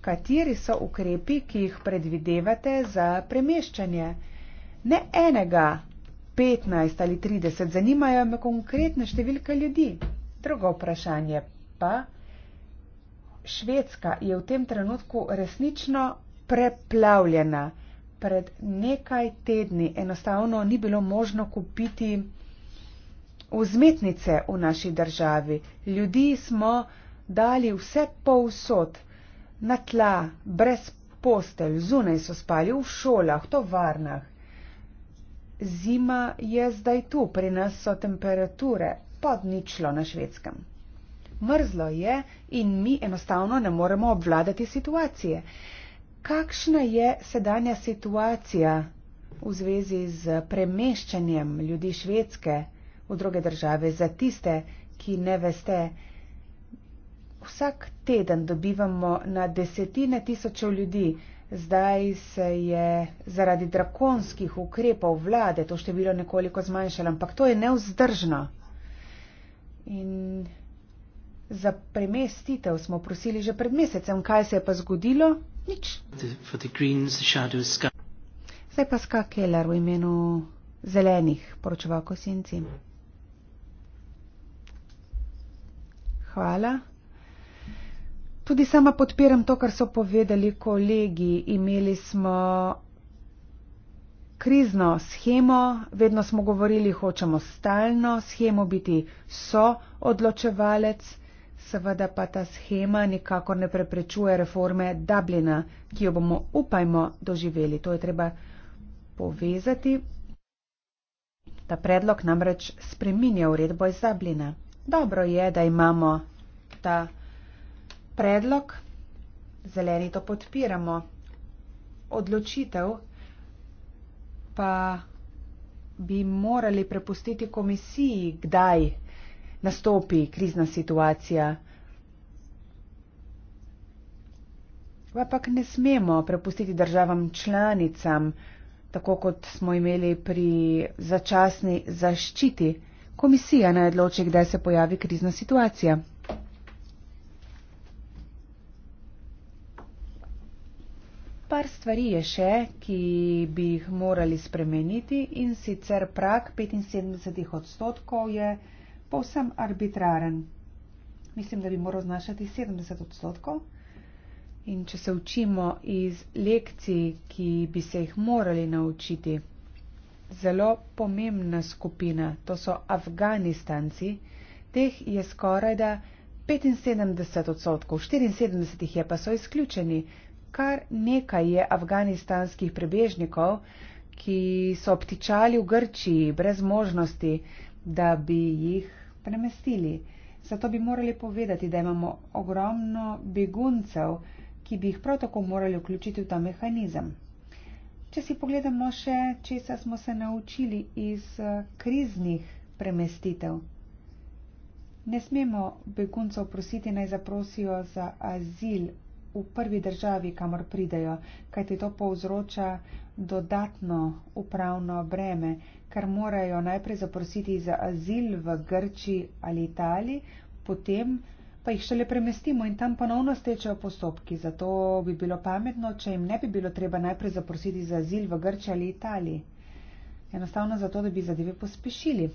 kateri so ukrepi, ki jih predvidevate za premeščanje. Ne enega, 15 ali 30, zanimajo me konkretne številke ljudi. Drugo vprašanje pa, Švedska je v tem trenutku resnično preplavljena. Pred nekaj tedni enostavno ni bilo možno kupiti vzmetnice v naši državi. Ljudi smo dali vse povsod, na tla, brez postelj, zunaj so spali, v šolah, tovarnah zima je zdaj tu, pri nas so temperature pod ničlo na švedskem. Mrzlo je in mi enostavno ne moremo obvladati situacije. Kakšna je sedanja situacija v zvezi z premeščanjem ljudi švedske v druge države za tiste, ki ne veste? Vsak teden dobivamo na desetine tisočev ljudi, Zdaj se je zaradi drakonskih ukrepov vlade to število nekoliko zmanjšalo, ampak to je neuzdržno. In za premestitev smo prosili že pred mesecem, kaj se je pa zgodilo? Nič. Zdaj pa ska Keller v imenu zelenih poročeval kosinci. Hvala. Tudi sama podpiram to, kar so povedali kolegi. Imeli smo krizno schemo, vedno smo govorili, hočemo stalno schemo biti so odločevalec, seveda pa ta schema nikakor ne preprečuje reforme Dublina, ki jo bomo upajmo doživeli. To je treba povezati. Ta predlog namreč spreminja uredbo iz Dublina. Dobro je, da imamo ta. Predlog zeleni to podpiramo, odločitev pa bi morali prepustiti komisiji, kdaj nastopi krizna situacija. Vapak ne smemo prepustiti državam članicam, tako kot smo imeli pri začasni zaščiti. Komisija naj odloči, kdaj se pojavi krizna situacija. Par stvari je še, ki bi jih morali spremeniti in sicer prak 75 odstotkov je povsem arbitraren. Mislim, da bi moral znašati 70 odstotkov. In če se učimo iz lekcij, ki bi se jih morali naučiti, zelo pomembna skupina, to so Afganistanci, teh je skoraj da 75 odstotkov, 74 jih je pa so izključeni, kar nekaj je afganistanskih prebežnikov, ki so obtičali v Grčiji brez možnosti, da bi jih premestili. Zato bi morali povedati, da imamo ogromno beguncev, ki bi jih prav tako morali vključiti v ta mehanizem. Če si pogledamo še, česa smo se naučili iz eh, kriznih premestitev. Ne smemo beguncev prositi naj zaprosijo za azil v prvi državi, kamor pridejo, kajti to povzroča dodatno upravno breme, ker morajo najprej zaprositi za azil v Grčiji ali Italiji, potem pa jih šele premestimo in tam ponovno stečejo postopki. Zato bi bilo pametno, če jim ne bi bilo treba najprej zaprositi za azil v Grčiji ali Italiji. Enostavno zato, da bi zadeve pospešili.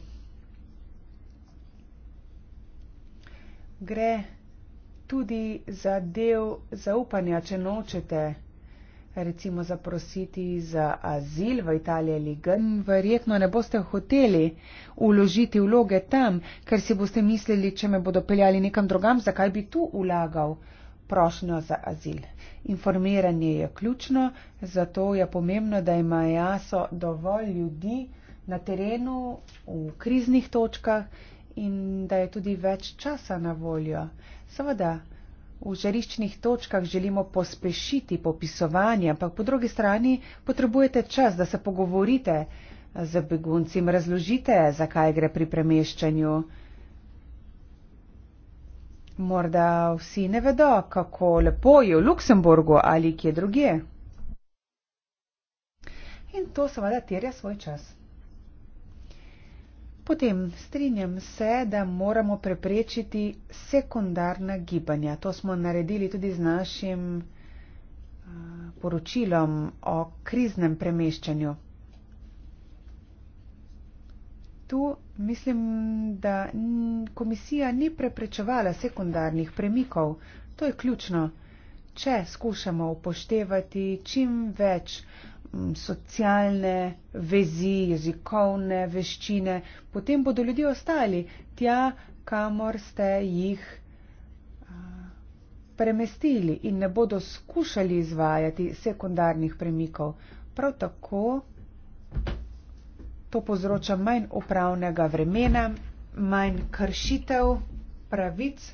Gre tudi za del zaupanja, če nočete recimo zaprositi za azil v Italiji ali Grn, verjetno ne boste hoteli uložiti vloge tam, ker si boste mislili, če me bodo peljali nekam drugam, zakaj bi tu ulagal prošnjo za azil. Informiranje je ključno, zato je pomembno, da ima jaso dovolj ljudi na terenu, v kriznih točkah in da je tudi več časa na voljo. Seveda, v žariščnih točkah želimo pospešiti popisovanje, ampak po drugi strani potrebujete čas, da se pogovorite z begunci in razložite, zakaj gre pri premeščanju. Morda vsi ne vedo, kako lepo je v Luksemburgu ali kje drugje. In to seveda terja svoj čas. Potem strinjam se, da moramo preprečiti sekundarna gibanja. To smo naredili tudi z našim eh, poročilom o kriznem premeščanju. Tu mislim, da komisija ni preprečevala sekundarnih premikov. To je ključno, če skušamo upoštevati čim več socialne vezi, jezikovne veščine, potem bodo ljudje ostali tja, kamor ste jih premestili in ne bodo skušali izvajati sekundarnih premikov. Prav tako to povzroča manj upravnega vremena, manj kršitev pravic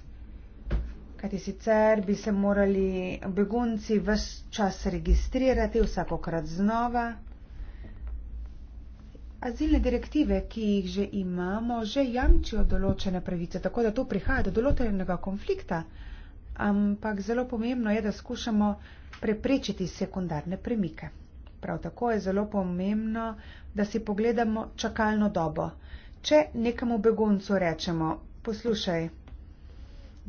Kajti sicer bi se morali begunci vse čas registrirati, vsakokrat znova. Azilne direktive, ki jih že imamo, že jamčijo določene pravice, tako da tu prihaja do določenega konflikta, ampak zelo pomembno je, da skušamo preprečiti sekundarne premike. Prav tako je zelo pomembno, da si pogledamo čakalno dobo. Če nekemu beguncu rečemo, poslušaj,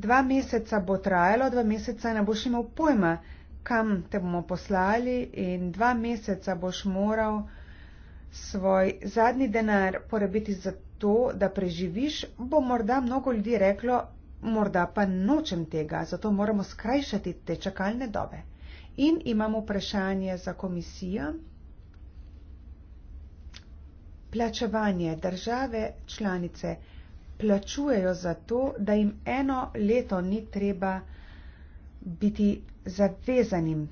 dva meseca bo trajalo, dva meseca ne boš imel pojma, kam te bomo poslali in dva meseca boš moral svoj zadnji denar porabiti za to, da preživiš, bo morda mnogo ljudi reklo, morda pa nočem tega, zato moramo skrajšati te čakalne dobe. In imamo vprašanje za komisijo. Plačevanje države članice plačujejo za to, da jim eno leto ni treba biti zavezanim.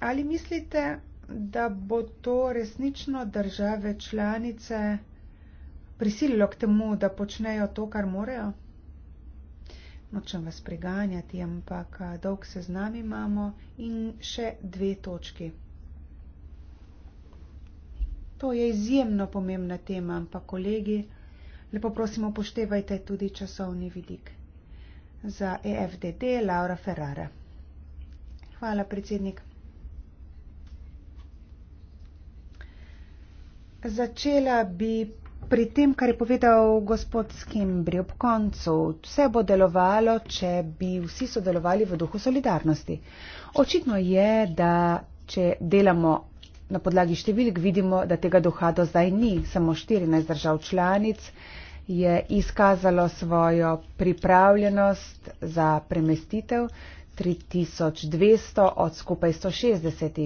Ali mislite, da bo to resnično države članice prisililo k temu, da počnejo to, kar morejo? Nočem vas preganjati, ampak dolg se z nami imamo in še dve točki. To je izjemno pomembna tema, ampak kolegi, Lepo prosim, upoštevajte tudi časovni vidik. Za EFDD Laura Ferrara. Hvala, predsednik. Začela bi pri tem, kar je povedal gospod Skimbri ob koncu. Vse bo delovalo, če bi vsi sodelovali v duhu solidarnosti. Očitno je, da če delamo na podlagi številk vidimo, da tega duha do zdaj ni. Samo 14 držav članic je izkazalo svojo pripravljenost za premestitev 3200 od skupaj 160.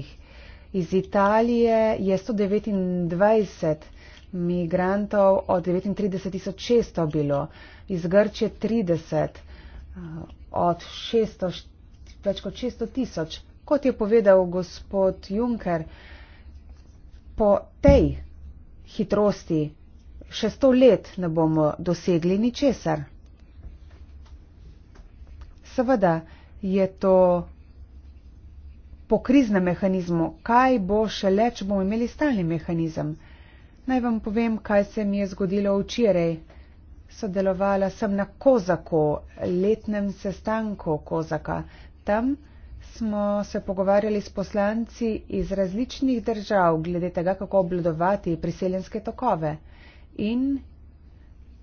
Iz Italije je 129 migrantov od 39.600 bilo, iz Grče 30 eh, od 600, več kot 600 tisoč. Kot je povedal gospod Juncker, po tej hitrosti še sto let ne bomo dosegli ničesar. Seveda je to po kriznem mehanizmu, kaj bo še le, če bomo imeli stalni mehanizem. Naj vam povem, kaj se mi je zgodilo včeraj. Sodelovala sem na Kozaku, letnem sestanku Kozaka. Tam smo se pogovarjali s poslanci iz različnih držav glede tega, kako obladovati priseljenske tokove. In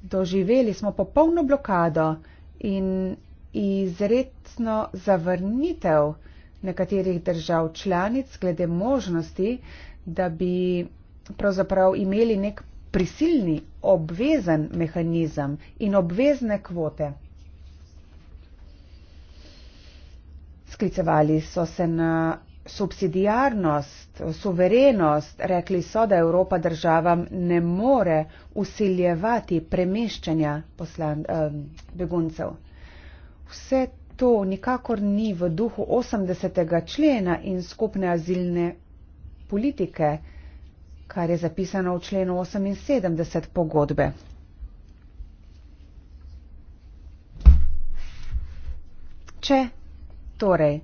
doživeli smo popolno blokado in izredno zavrnitev nekaterih držav članic glede možnosti, da bi pravzaprav imeli nek prisilni, obvezen mehanizem in obvezne kvote. Sklicevali so se na subsidijarnost, suverenost, rekli so, da Evropa državam ne more usiljevati premeščanja poslan, um, beguncev. Vse to nikakor ni v duhu 80. člena in skupne azilne politike, kar je zapisano v členu 78 pogodbe. Če Torej,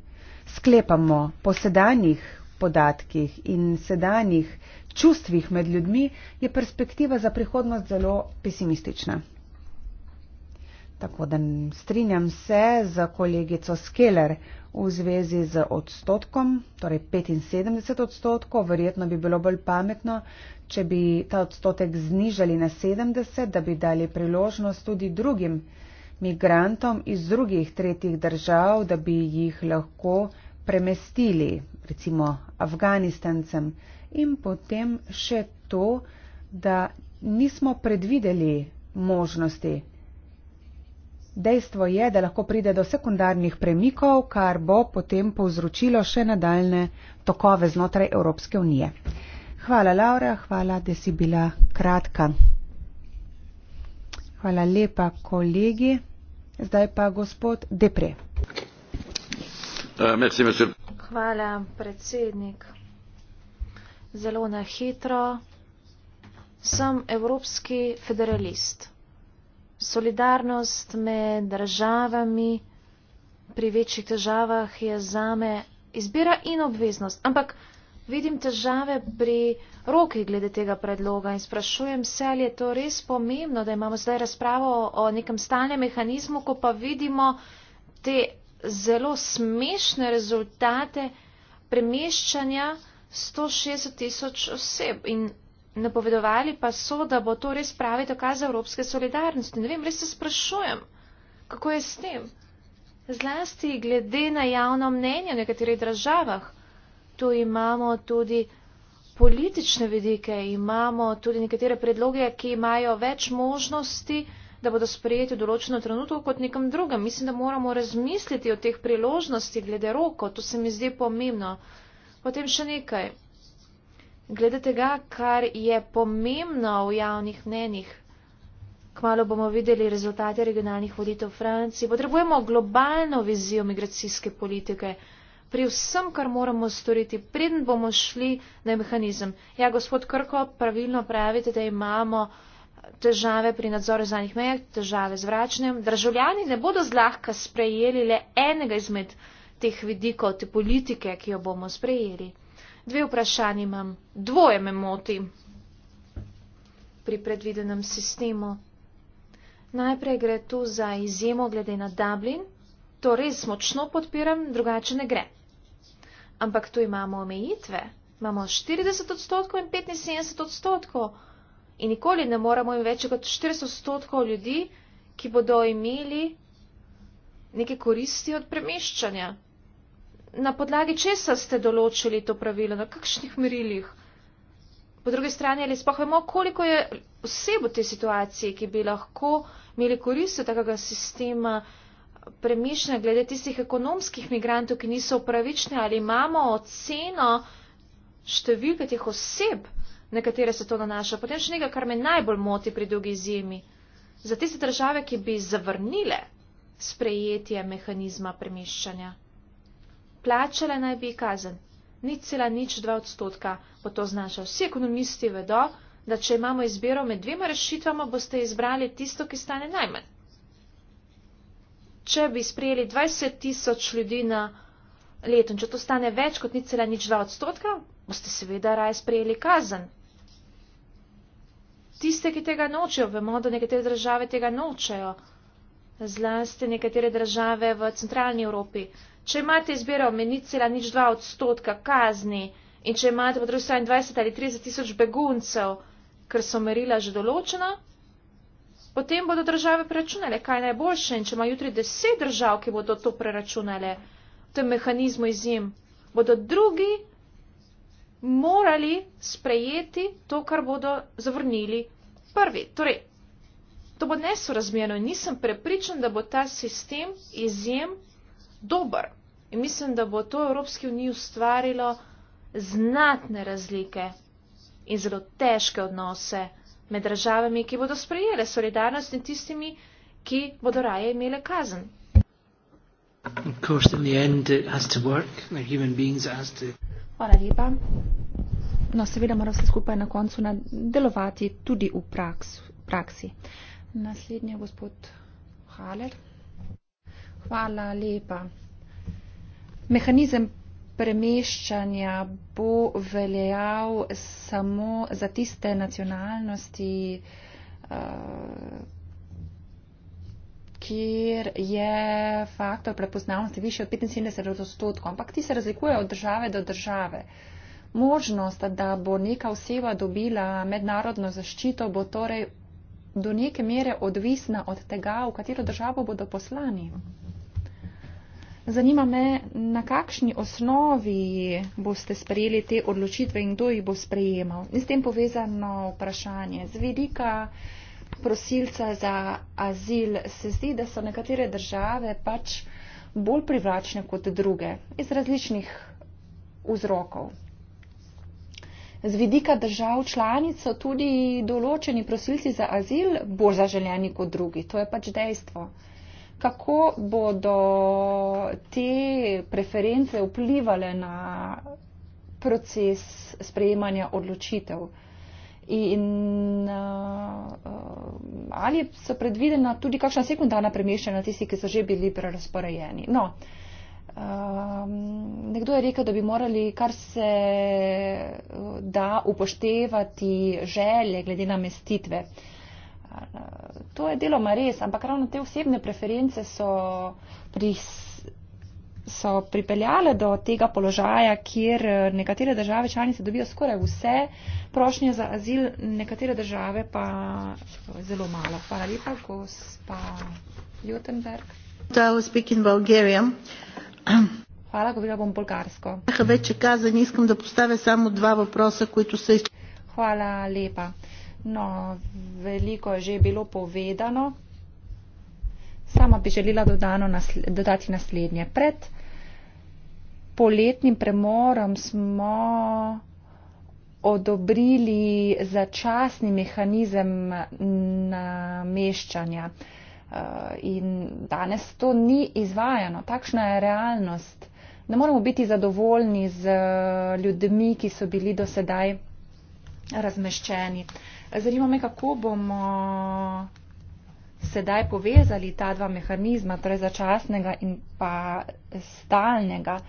sklepamo po sedanjih podatkih in sedanjih čustvih med ljudmi, je perspektiva za prihodnost zelo pesimistična. Tako da strinjam se za kolegico Skeller v zvezi z odstotkom, torej 75 odstotkov, verjetno bi bilo bolj pametno, če bi ta odstotek znižali na 70, da bi dali priložnost tudi drugim migrantom iz drugih tretjih držav, da bi jih lahko premestili, recimo Afganistancem. In potem še to, da nismo predvideli možnosti. Dejstvo je, da lahko pride do sekundarnih premikov, kar bo potem povzročilo še nadaljne tokove znotraj Evropske unije. Hvala, Laura, hvala, da si bila kratka. Hvala lepa, kolegi. Zdaj pa gospod Depre. Eh, Hvala, predsednik. Zelo na hitro. Sem evropski federalist. Solidarnost med državami pri večjih težavah je zame izbira in obveznost. Ampak Vidim težave pri roki glede tega predloga in sprašujem se, ali je to res pomembno, da imamo zdaj razpravo o nekem stalnem mehanizmu, ko pa vidimo te zelo smešne rezultate premeščanja 160 tisoč oseb. In napovedovali pa so, da bo to res pravi dokaz evropske solidarnosti. Ne vem, res se sprašujem, kako je s tem. Zlasti glede na javno mnenje v nekaterih državah tu imamo tudi politične vidike, imamo tudi nekatere predloge, ki imajo več možnosti, da bodo sprejeti v določeno trenutku kot nekem drugem. Mislim, da moramo razmisliti o teh priložnosti glede roko, to se mi zdi pomembno. Potem še nekaj. Glede tega, kar je pomembno v javnih mnenjih, kmalo bomo videli rezultate regionalnih volitev v Franciji, potrebujemo globalno vizijo migracijske politike pri vsem, kar moramo storiti, preden bomo šli na mehanizem. Ja, gospod Krko, pravilno pravite, da imamo težave pri nadzoru zadnjih meja, težave z vračanjem. Državljani ne bodo zlahka sprejeli le enega izmed teh vidikov, te politike, ki jo bomo sprejeli. Dve vprašanje imam, dvoje me moti pri predvidenem sistemu. Najprej gre tu za izjemo glede na Dublin, to res močno podpiram, drugače ne gre ampak tu imamo omejitve. Imamo 40 odstotkov in 75 odstotkov in nikoli ne moramo imeti več kot 40 odstotkov ljudi, ki bodo imeli neke koristi od premeščanja. Na podlagi česa ste določili to pravilo, na kakšnih merilih? Po drugi strani, ali spohajmo, koliko je oseb v tej situaciji, ki bi lahko imeli koristi od takega sistema, premišlja glede tistih ekonomskih migrantov, ki niso upravične, ali imamo oceno številke teh oseb, na katere se to nanaša. Potem še nekaj, kar me najbolj moti pri drugi zimi. Za tiste države, ki bi zavrnile sprejetje mehanizma premiščanja. Plačale naj bi kazen. Ni cela nič dva odstotka, bo to znašal. Vsi ekonomisti vedo, da če imamo izbiro med dvema rešitvama, boste izbrali tisto, ki stane najmanj če bi sprejeli 20 tisoč ljudi na leto in če to stane več kot ni cela nič 2 odstotka, boste seveda raje sprejeli kazen. Tiste, ki tega nočejo, vemo, da nekatere države tega nočejo, zlasti nekatere države v centralni Evropi. Če imate izbiro med ni cela nič 2 odstotka kazni in če imate po drugi strani 20 ali 30 tisoč beguncev, ker so merila že določena, potem bodo države preračunale, kaj najboljše in če ima jutri deset držav, ki bodo to preračunale v tem mehanizmu izjem, bodo drugi morali sprejeti to, kar bodo zavrnili prvi. Torej, to bo nesorazmerno in nisem prepričan, da bo ta sistem izjem dober. In mislim, da bo to Evropski uniji ustvarilo znatne razlike in zelo težke odnose med državami, ki bodo sprejele solidarnost in tistimi, ki bodo raje imele kazen. Hvala lepa. No, seveda mora vse skupaj na koncu delovati tudi v praks, praksi. Naslednji je gospod Haler. Hvala lepa. Mehanizem premeščanja bo veljal samo za tiste nacionalnosti, eh, kjer je faktor prepoznavnosti više od 75 odstotkov, ampak ti se razlikujejo od države do države. Možnost, da bo neka oseba dobila mednarodno zaščito, bo torej do neke mere odvisna od tega, v katero državo bodo poslani. Uh -huh. Zanima me, na kakšni osnovi boste sprejeli te odločitve in kdo jih bo sprejemal. In s tem povezano vprašanje. Z vidika prosilca za azil se zdi, da so nekatere države pač bolj privlačne kot druge iz različnih vzrokov. Z vidika držav članic so tudi določeni prosilci za azil bolj zaželjeni kot drugi. To je pač dejstvo kako bodo te preference vplivali na proces sprejemanja odločitev. In uh, uh, ali so predvidena tudi kakšna sekundarna premeščanja tisti, ki so že bili prerasporejeni. No, um, nekdo je rekel, da bi morali kar se uh, da upoštevati želje glede na mestitve. Uh, To je deloma res, ampak ravno te osebne preference so, pri, so pripeljale do tega položaja, kjer eh, nekatere države članice dobijo skoraj vse prošnje za azil, nekatere države pa eh, zelo malo. Hvala lepa, gospa Jutenberg. Hvala, govorila bom bolgarsko. Hvala lepa. No, veliko je že bilo povedano. Sama bi želela nasle, dodati naslednje. Pred poletnim premorom smo odobrili začasni mehanizem nameščanja eh, in danes to ni izvajano. Takšna je realnost. Ne moramo biti zadovoljni z eh, ljudmi, ki so bili do sedaj razmeščeni. Zanima me, kako bomo sedaj povezali ta dva mehanizma, torej začasnega in pa stalnega.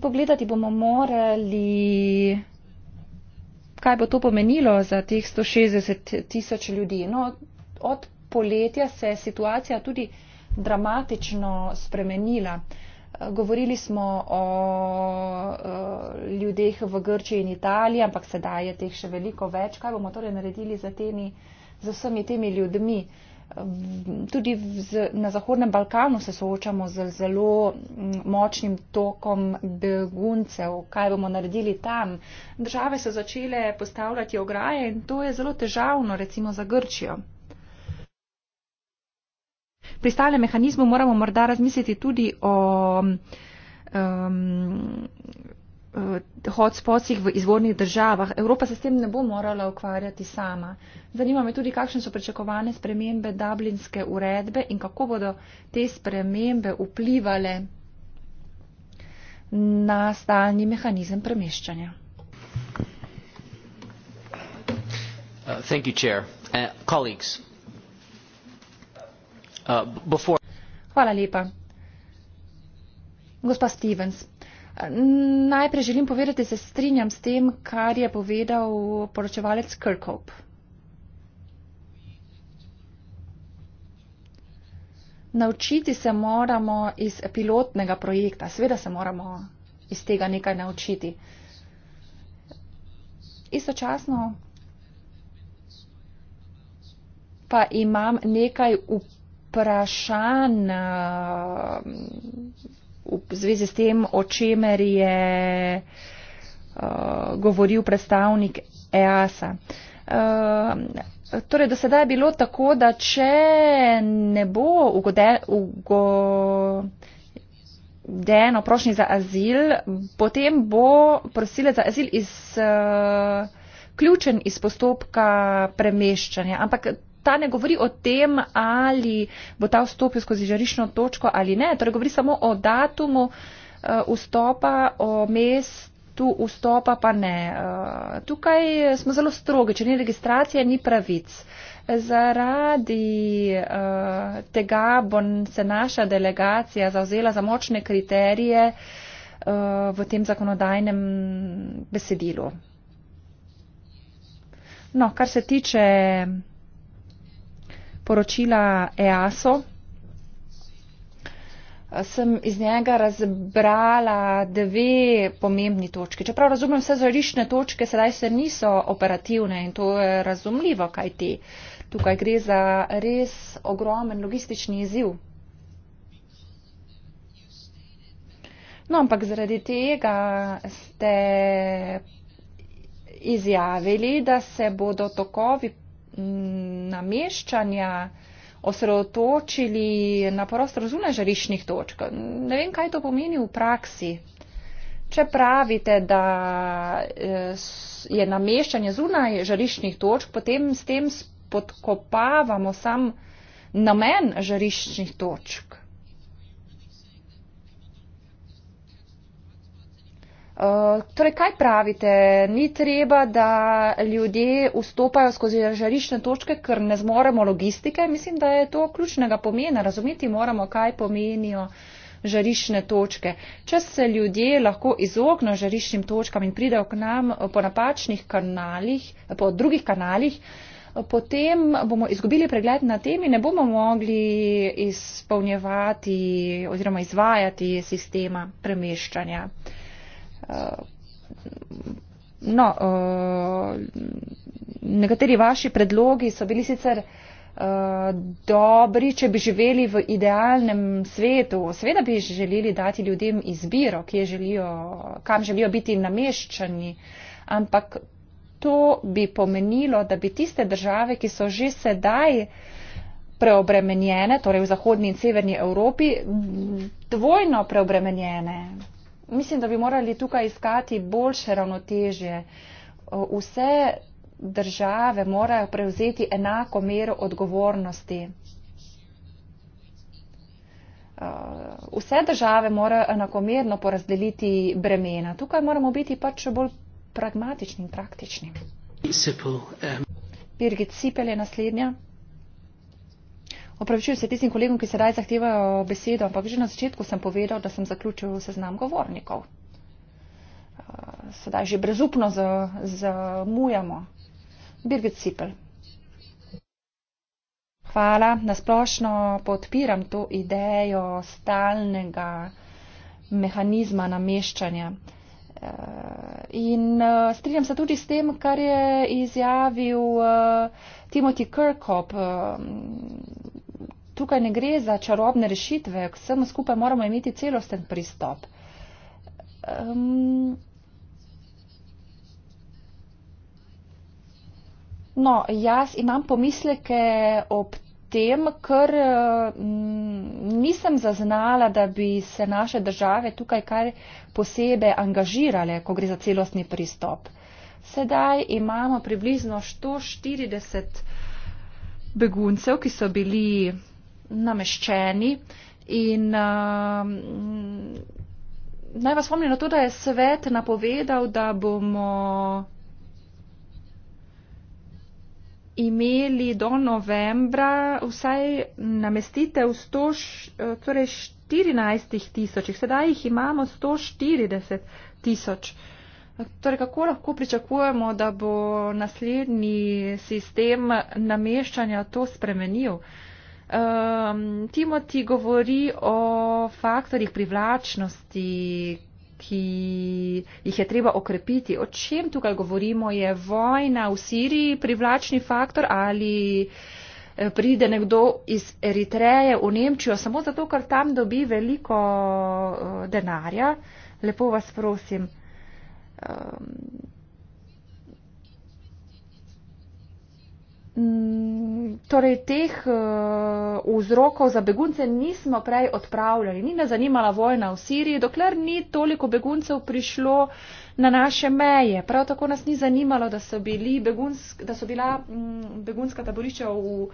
Pogledati bomo morali, kaj bo to pomenilo za teh 160 tisoč ljudi. No, od poletja se je situacija tudi dramatično spremenila. Govorili smo o ljudeh v Grčiji in Italiji, ampak sedaj je teh še veliko več. Kaj bomo torej naredili za, temi, za vsemi temi ljudmi? Tudi z, na Zahodnem Balkanu se soočamo z zelo močnim tokom beguncev. Kaj bomo naredili tam? Države so začele postavljati ograje in to je zelo težavno, recimo za Grčijo pri stalnem mehanizmu moramo morda razmisliti tudi o um, eh, hotspotsih v izvornih državah. Evropa se s tem ne bo morala ukvarjati sama. Zanima me tudi, kakšne so pričakovane spremembe dublinske uredbe in kako bodo te spremembe vplivale na stalni mehanizem premeščanja. Uh, thank you, Chair. Uh, colleagues, Uh, Gospa Stevens, najprej želim povedati, da se strinjam s tem, kar je povedal poročevalec Kirkhope. Naučiti se moramo iz pilotnega projekta, seveda se moramo iz tega nekaj naučiti. Istočasno pa imam nekaj upokojitev vprašanj eh, v zvezi s tem, o čemer je eh, govoril predstavnik EASA. Eh, torej, do sedaj je bilo tako, da če ne bo ugodeno prošnji za azil, potem bo prosilec za azil izključen iz postopka premeščanja. Ampak ta ne govori o tem, ali bo ta vstopil skozi žarišno točko ali ne. Torej, govori samo o datumu eh, vstopa, o mestu vstopa, pa ne. Eh, tukaj smo zelo strogi, če ni registracije, ni pravic. Zaradi eh, tega bo se naša delegacija zauzela za močne kriterije v tem zakonodajnem besedilu. No, kar se tiče poročila EASO. Sem iz njega razbrala dve pomembni točki. Čeprav razumem vse zorišne točke, sedaj se niso operativne in to je razumljivo, kaj ti. Tukaj gre za res ogromen logistični izziv. No, ampak zaradi tega ste izjavili, da se bodo tokovi nameščanja osredotočili na prostor zunaj žariščnih točk. Ne vem, kaj to pomeni v praksi. Če pravite, da eh, je nameščanje zunaj žariščnih točk, potem s tem spodkopavamo sam namen žariščnih točk. Eh, torej, kaj pravite? Ni treba, da ljudje vstopajo skozi žarišne točke, ker ne zmoremo logistike. Mislim, da je to ključnega pomena. Razumeti moramo, kaj pomenijo žarišne točke. Če se ljudje lahko izognejo žariščnim točkam in pridejo k nam eh, po napačnih kanalih, eh, po drugih kanalih, potem bomo izgubili pregled na temi, ne bomo mogli izpolnjevati oziroma izvajati sistema premeščanja. Eh, no, eh, nekateri vaši predlogi so bili sicer eh, dobri, če bi živeli v idealnem svetu. Sveda bi želeli dati ljudem izbiro, želijo, kam želijo biti nameščani, ampak to bi pomenilo, da bi tiste države, ki so že sedaj preobremenjene, torej v Zahodni in Severni Evropi, dvojno preobremenjene mislim, da bi morali tukaj iskati boljše ravnotežje. Vse države morajo prevzeti enako mero odgovornosti. Uh, vse države morajo enakomerno porazdeliti bremena. Tukaj moramo biti pač bolj pragmatični in praktični. Um, Birgit Sipel je naslednja. Opravičujem se tistim kolegom, ki sedaj zahtevajo besedo, ampak že na začetku sem povedal, da sem zaključil seznam govornikov. Eh, sedaj že brezupno zamujamo. Birgit Sipel. Hvala. Nasplošno podpiram to idejo stalnega mehanizma nameščanja. Eh, in eh, strinjam se tudi s tem, kar je izjavil Timothy Kirkhope, tukaj ne gre za čarobne rešitve, k vsemu skupaj moramo imeti celosten pristop. Um, no, jaz imam pomisleke ob tem, ker um, nisem zaznala, da bi se naše države tukaj kar posebej angažirale, ko gre za celostni pristop. Sedaj imamo približno 140 beguncev, ki so bili nameščeni. In uh, naj vas spomnim na to, da je svet napovedal, da bomo imeli do novembra vsaj namestitev 100, eh, torej 14 tisoč, sedaj jih imamo 140 tisoč. Torej, kako lahko pričakujemo, da bo naslednji sistem nameščanja to spremenil? Uh, Um, Timothy govori o faktorjih privlačnosti, ki jih je treba okrepiti. O čem tukaj govorimo? Je vojna v Siriji privlačni faktor ali eh, pride nekdo iz Eritreje v Nemčijo samo zato, ker tam dobi veliko eh, denarja? Lepo vas prosim. Um, Mm, torej, teh uh, vzrokov za begunce nismo prej odpravljali. Ni nas zanimala vojna v Siriji, dokler ni toliko beguncev prišlo na naše meje. Prav tako nas ni zanimalo, da so, bili begunsk, da so bila um, begunska taborišča v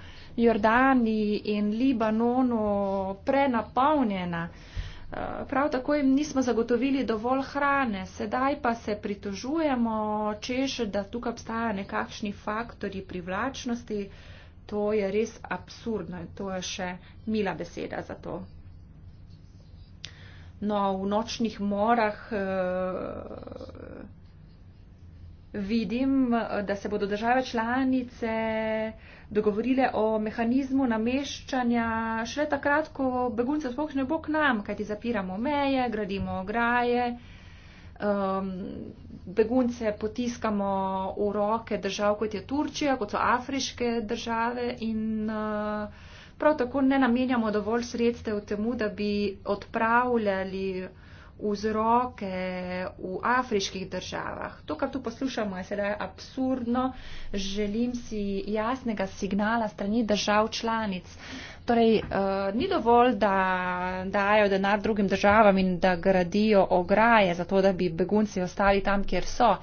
Jordani in Libanonu prenapolnjena. Uh, Eh, prav tako jim nismo zagotovili dovolj hrane, sedaj pa se pritožujemo, češ, da tukaj obstaja nekakšni faktori privlačnosti. To je res absurdno in to je še mila beseda za to. No, v nočnih morah eh, vidim, eh, da se bodo države članice. Eh, dogovorile o mehanizmu nameščanja šele takrat, ko begunce sploh ne bo k nam, kajti zapiramo meje, gradimo ograje, um, begunce potiskamo v roke držav, kot je Turčija, kot so afriške države in uh, prav tako ne namenjamo dovolj sredstev temu, da bi odpravljali vzroke v afriških državah. To, kar tu poslušamo, je sedaj absurdno. Želim si jasnega signala strani držav članic. Torej, uh, ni dovolj, da dajo denar drugim državam in da gradijo ograje, zato da bi begunci ostali tam, kjer so.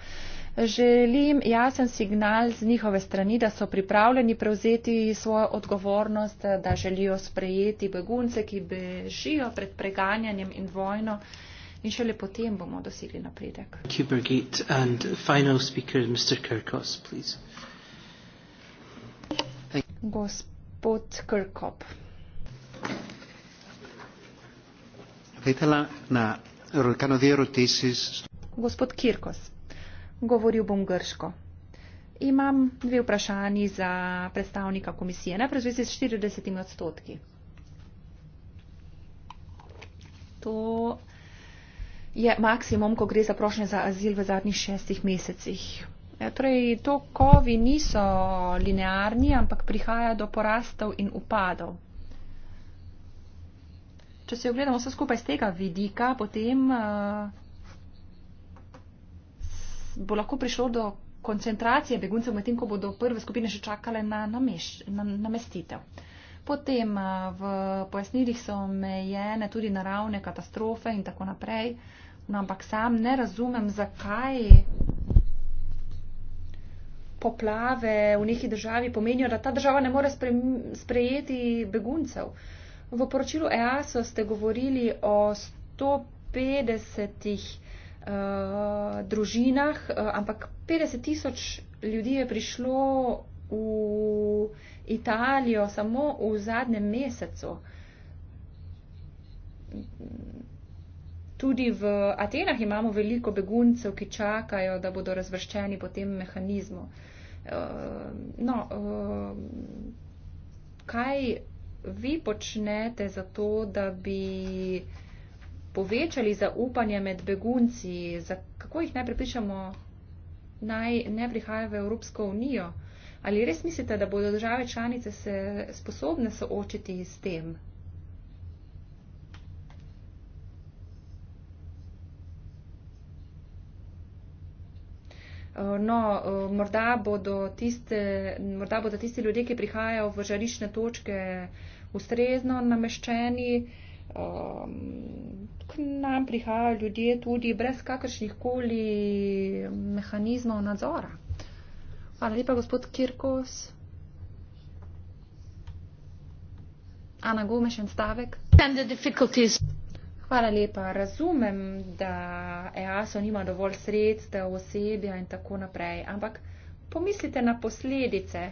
Želim jasen signal z njihove strani, da so pripravljeni prevzeti svojo odgovornost, da želijo sprejeti begunce, ki bežijo pred preganjanjem in vojno in šele potem bomo dosegli napredek. Speaker, Kirkos, Gospod Krkop. Gospod Kirkos, govoril bom grško. Imam dve vprašanji za predstavnika komisije, najprej zvezi s 40 odstotki. To je maksimum, ko gre za prošnje za azil v zadnjih šestih mesecih. E, torej, to kovi niso linearni, ampak prihaja do porastov in upadov. Če se ogledamo vse skupaj z tega vidika, potem uh, bo lahko prišlo do koncentracije beguncev, medtem ko bodo prve skupine še čakale na, namest, na namestitev. Potem eh, v pojasnilih so omejene tudi naravne katastrofe in tako naprej. No, ampak sam ne razumem, zakaj poplave v neki državi pomenijo, da ta država ne more sprejeti beguncev. V poročilu EASO ste govorili o 150 uh, eh, družinah, eh, ampak 50 tisoč ljudi je prišlo v. Italijo samo v zadnjem mesecu. Tudi v Atenah imamo veliko beguncev, ki čakajo, da bodo razvrščeni po tem mehanizmu. Eh, no, eh, kaj vi počnete za to, da bi povečali zaupanje med begunci, kako jih naj pripričamo, naj ne prihajajo v Evropsko unijo? Ali res mislite, da bodo države članice se sposobne soočiti s tem? Eh, no, eh, morda bodo, tiste, morda bodo tisti ljudje, ki prihajajo v žarišne točke, ustrezno nameščeni. Ehm, k nam prihajajo ljudje tudi brez kakršnih koli mehanizmov nadzora. Hvala lepa, gospod Kirkos. Ana Gomeš, en stavek. Hvala lepa. Razumem, da EASO nima dovolj sredstev, osebja in tako naprej, ampak pomislite na posledice.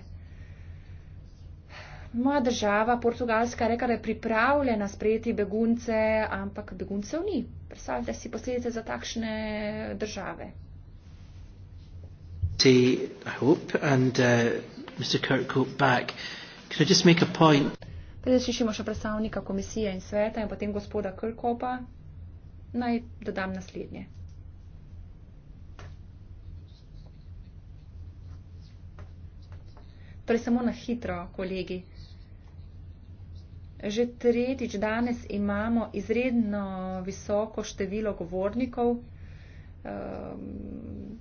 Moja država, Portugalska, je rekla, da je pripravljena sprejeti begunce, ampak beguncev ni. Predstavljajte si posledice za takšne države say, I hope, and uh, Mr. Kirkhope back. Could I just make a point? Preden slišimo še predstavnika komisije in sveta in potem gospoda Krkopa, naj dodam naslednje. Torej samo na hitro, kolegi. Že tretjič danes imamo izredno visoko število govornikov. Um,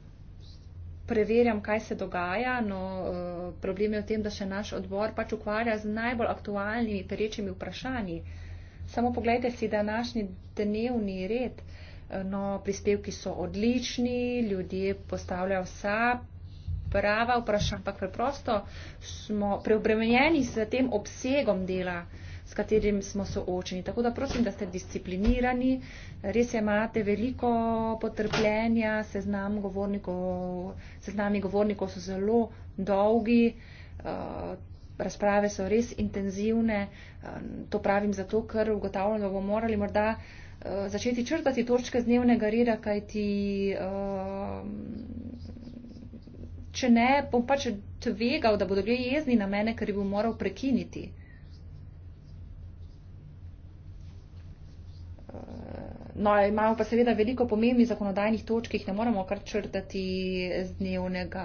preverjam, kaj se dogaja. No, eh, problem je v tem, da se naš odbor pač ukvarja z najbolj aktualnimi, perečimi vprašanji. Samo pogledajte si današnji dnevni red. Eh, no, prispevki so odlični, ljudje postavljajo vsa prava vprašanja, ampak preprosto smo preobremenjeni z tem obsegom dela s katerim smo soočeni. Tako da prosim, da ste disciplinirani, res imate veliko potrpljenja, seznam govornikov, seznami govornikov so zelo dolgi. Eh, razprave so res intenzivne, eh, to pravim zato, ker ugotavljam, da bomo morali morda eh, začeti črtati točke z dnevnega reda, kajti če ne, bom pač tvegal, da bodo ljudje jezni na mene, ker jih bom moral prekiniti. No, imamo pa seveda veliko pomembnih zakonodajnih točk, ki jih ne moremo kar črtati z dnevnega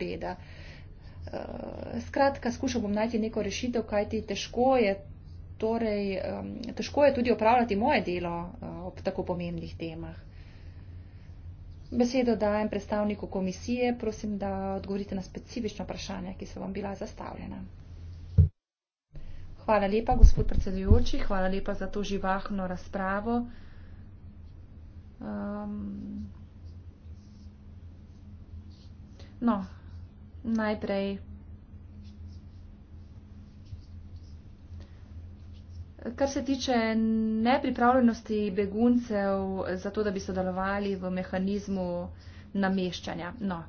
reda. Eh, skratka, skušal bom najti neko rešitev, kajti težko je, torej, težko je tudi opravljati moje delo eh, ob tako pomembnih temah. Besedo dajem predstavniku komisije, prosim, da odgovorite na specifična vprašanja, ki so vam bila zastavljena. Hvala lepa, gospod predsedujoči, hvala lepa za to živahno razpravo. Um, no, najprej. Kar se tiče nepripravljenosti beguncev za to, da bi sodelovali v mehanizmu nameščanja. No,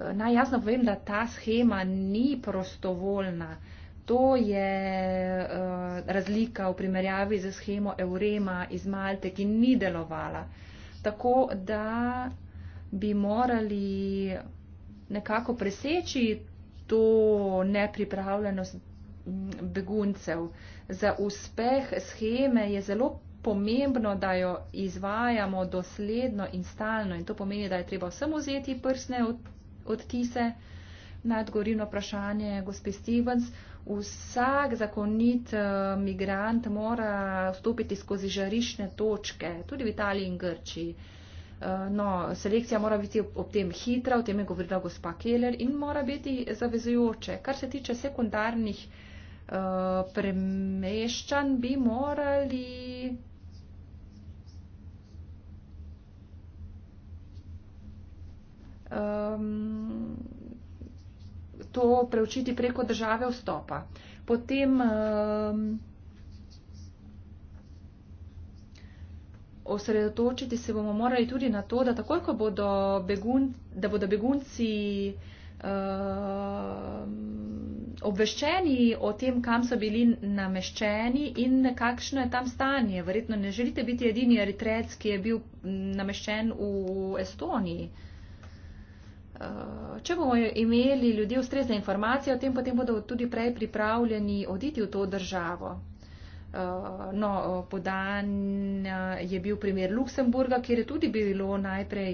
eh, naj jasno povem, da ta schema ni prostovoljna. To je uh, razlika v primerjavi z schemo Eurema iz Malte, ki ni delovala. Tako da bi morali nekako preseči to nepripravljenost mm, beguncev. Za uspeh scheme je zelo pomembno, da jo izvajamo dosledno in stalno. In to pomeni, da je treba vsem vzeti prsne odtise. Nadgorino vprašanje, gospe Stevens vsak zakonit eh, migrant mora vstopiti skozi žarišne točke, tudi v Italiji in Grčiji. Eh, no, selekcija mora biti ob tem hitra, o tem je govorila gospa Keller, in mora biti zavezujoče. Kar se tiče sekundarnih eh, premeščanj, bi morali. Um, to preučiti preko države vstopa. Potem um, osredotočiti se bomo morali tudi na to, da takoj, ko bodo, begun, da bodo begunci um, obveščeni o tem, kam so bili nameščeni in kakšno je tam stanje. Verjetno ne želite biti edini eritrec, ki je bil nameščen v Estoniji. Uh, Eh, če bomo imeli ljudje ustrezne informacije o tem, potem bodo tudi prej pripravljeni oditi v to državo. Eh, no, podan je bil primer Luksemburga, kjer je tudi bilo najprej,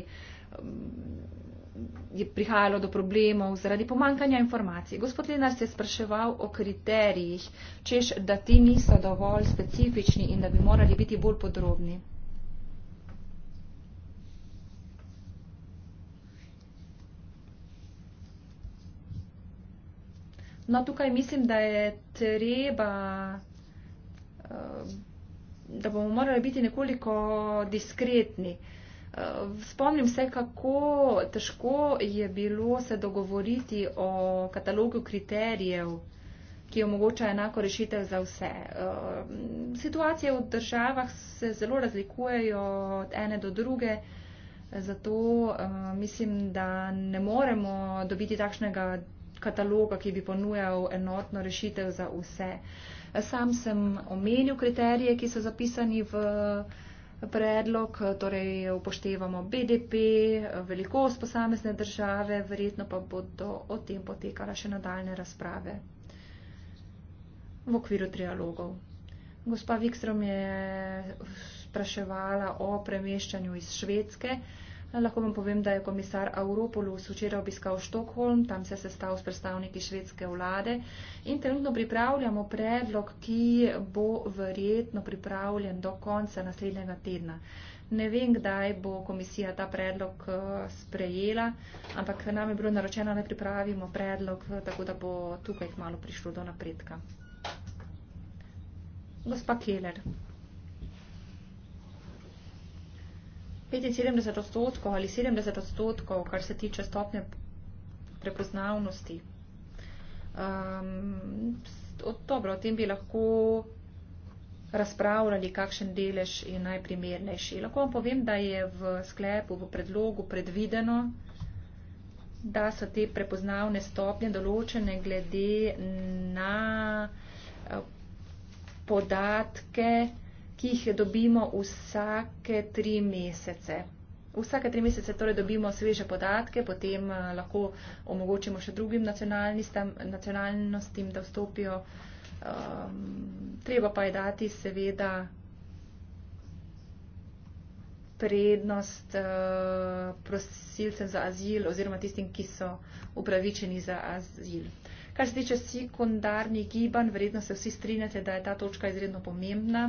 mm, je prihajalo do problemov zaradi pomankanja informacij. Gospod Lenar se je spraševal o kriterijih, češ, da ti niso dovolj specifični in da bi morali biti bolj podrobni. No, tukaj mislim, da je treba, eh, da bomo morali biti nekoliko diskretni. Eh, spomnim se, kako težko je bilo se dogovoriti o katalogu kriterijev, ki omogoča enako rešitev za vse. Eh, situacije v državah se zelo razlikujejo od ene do druge, zato mislim, da ne moremo dobiti takšnega kataloga, ki bi ponujal enotno rešitev za vse. Sam sem omenil kriterije, ki so zapisani v predlog, torej upoštevamo BDP, velikost posamezne države, verjetno pa bodo o tem potekala še nadaljne razprave v okviru trialogov. Gospa Vikstrom je spraševala o premeščanju iz Švedske. Uh, Lahko vam povem, da je komisar Avropolus včeraj obiskal Štokholm, tam se je sestal s predstavniki švedske vlade in trenutno pripravljamo predlog, ki bo verjetno pripravljen do konca naslednjega tedna. Ne vem, kdaj bo komisija ta predlog eh, sprejela, ampak nam je bilo naročeno, da pripravimo predlog, eh, tako da bo tukaj malo prišlo do napredka. Gospa Keller. 75 odstotkov ali 70 odstotkov, kar se tiče stopnje prepoznavnosti. Um, ehm, od, dobro, o tem bi lahko razpravljali, kakšen delež je najprimernejši. Lahko vam povem, da je v sklepu, v predlogu predvideno, da so te prepoznavne stopnje določene glede na eh, podatke, ki jih dobimo vsake tri mesece. Vsake tri mesece torej dobimo sveže podatke, potem eh, lahko omogočimo še drugim nacionalnostim, da vstopijo. Um, treba pa je dati seveda prednost uh, prosilcem za azil oziroma tistim, ki so upravičeni za azil. Kar se tiče sekundarnih gibanj, verjetno se vsi strinjate, da je ta točka izredno pomembna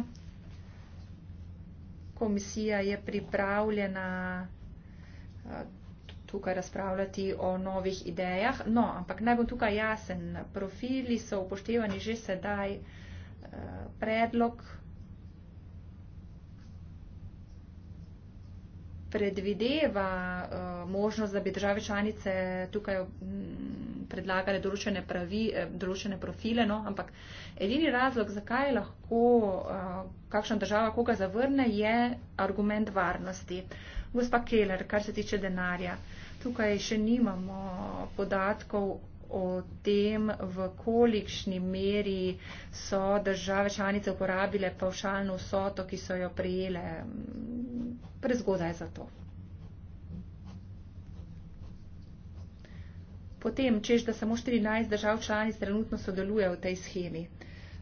komisija je pripravljena eh, tukaj razpravljati o novih idejah. No, ampak naj bom tukaj jasen. Profili so upoštevani že sedaj. Eh, predlog predvideva eh, možnost, da bi države članice tukaj. Mm, predlagale določene, pravi, eh, določene profile, no, ampak edini razlog, zakaj lahko eh, kakšna država koga zavrne, je argument varnosti. Gospa Keller, kar se tiče denarja, tukaj še nimamo podatkov o tem, v kolikšni meri so države članice uporabile pavšalno vsoto, ki so jo prijele. Prezgodaj je za to. potem, češ, da samo 14 držav članic trenutno sodeluje v tej schemi.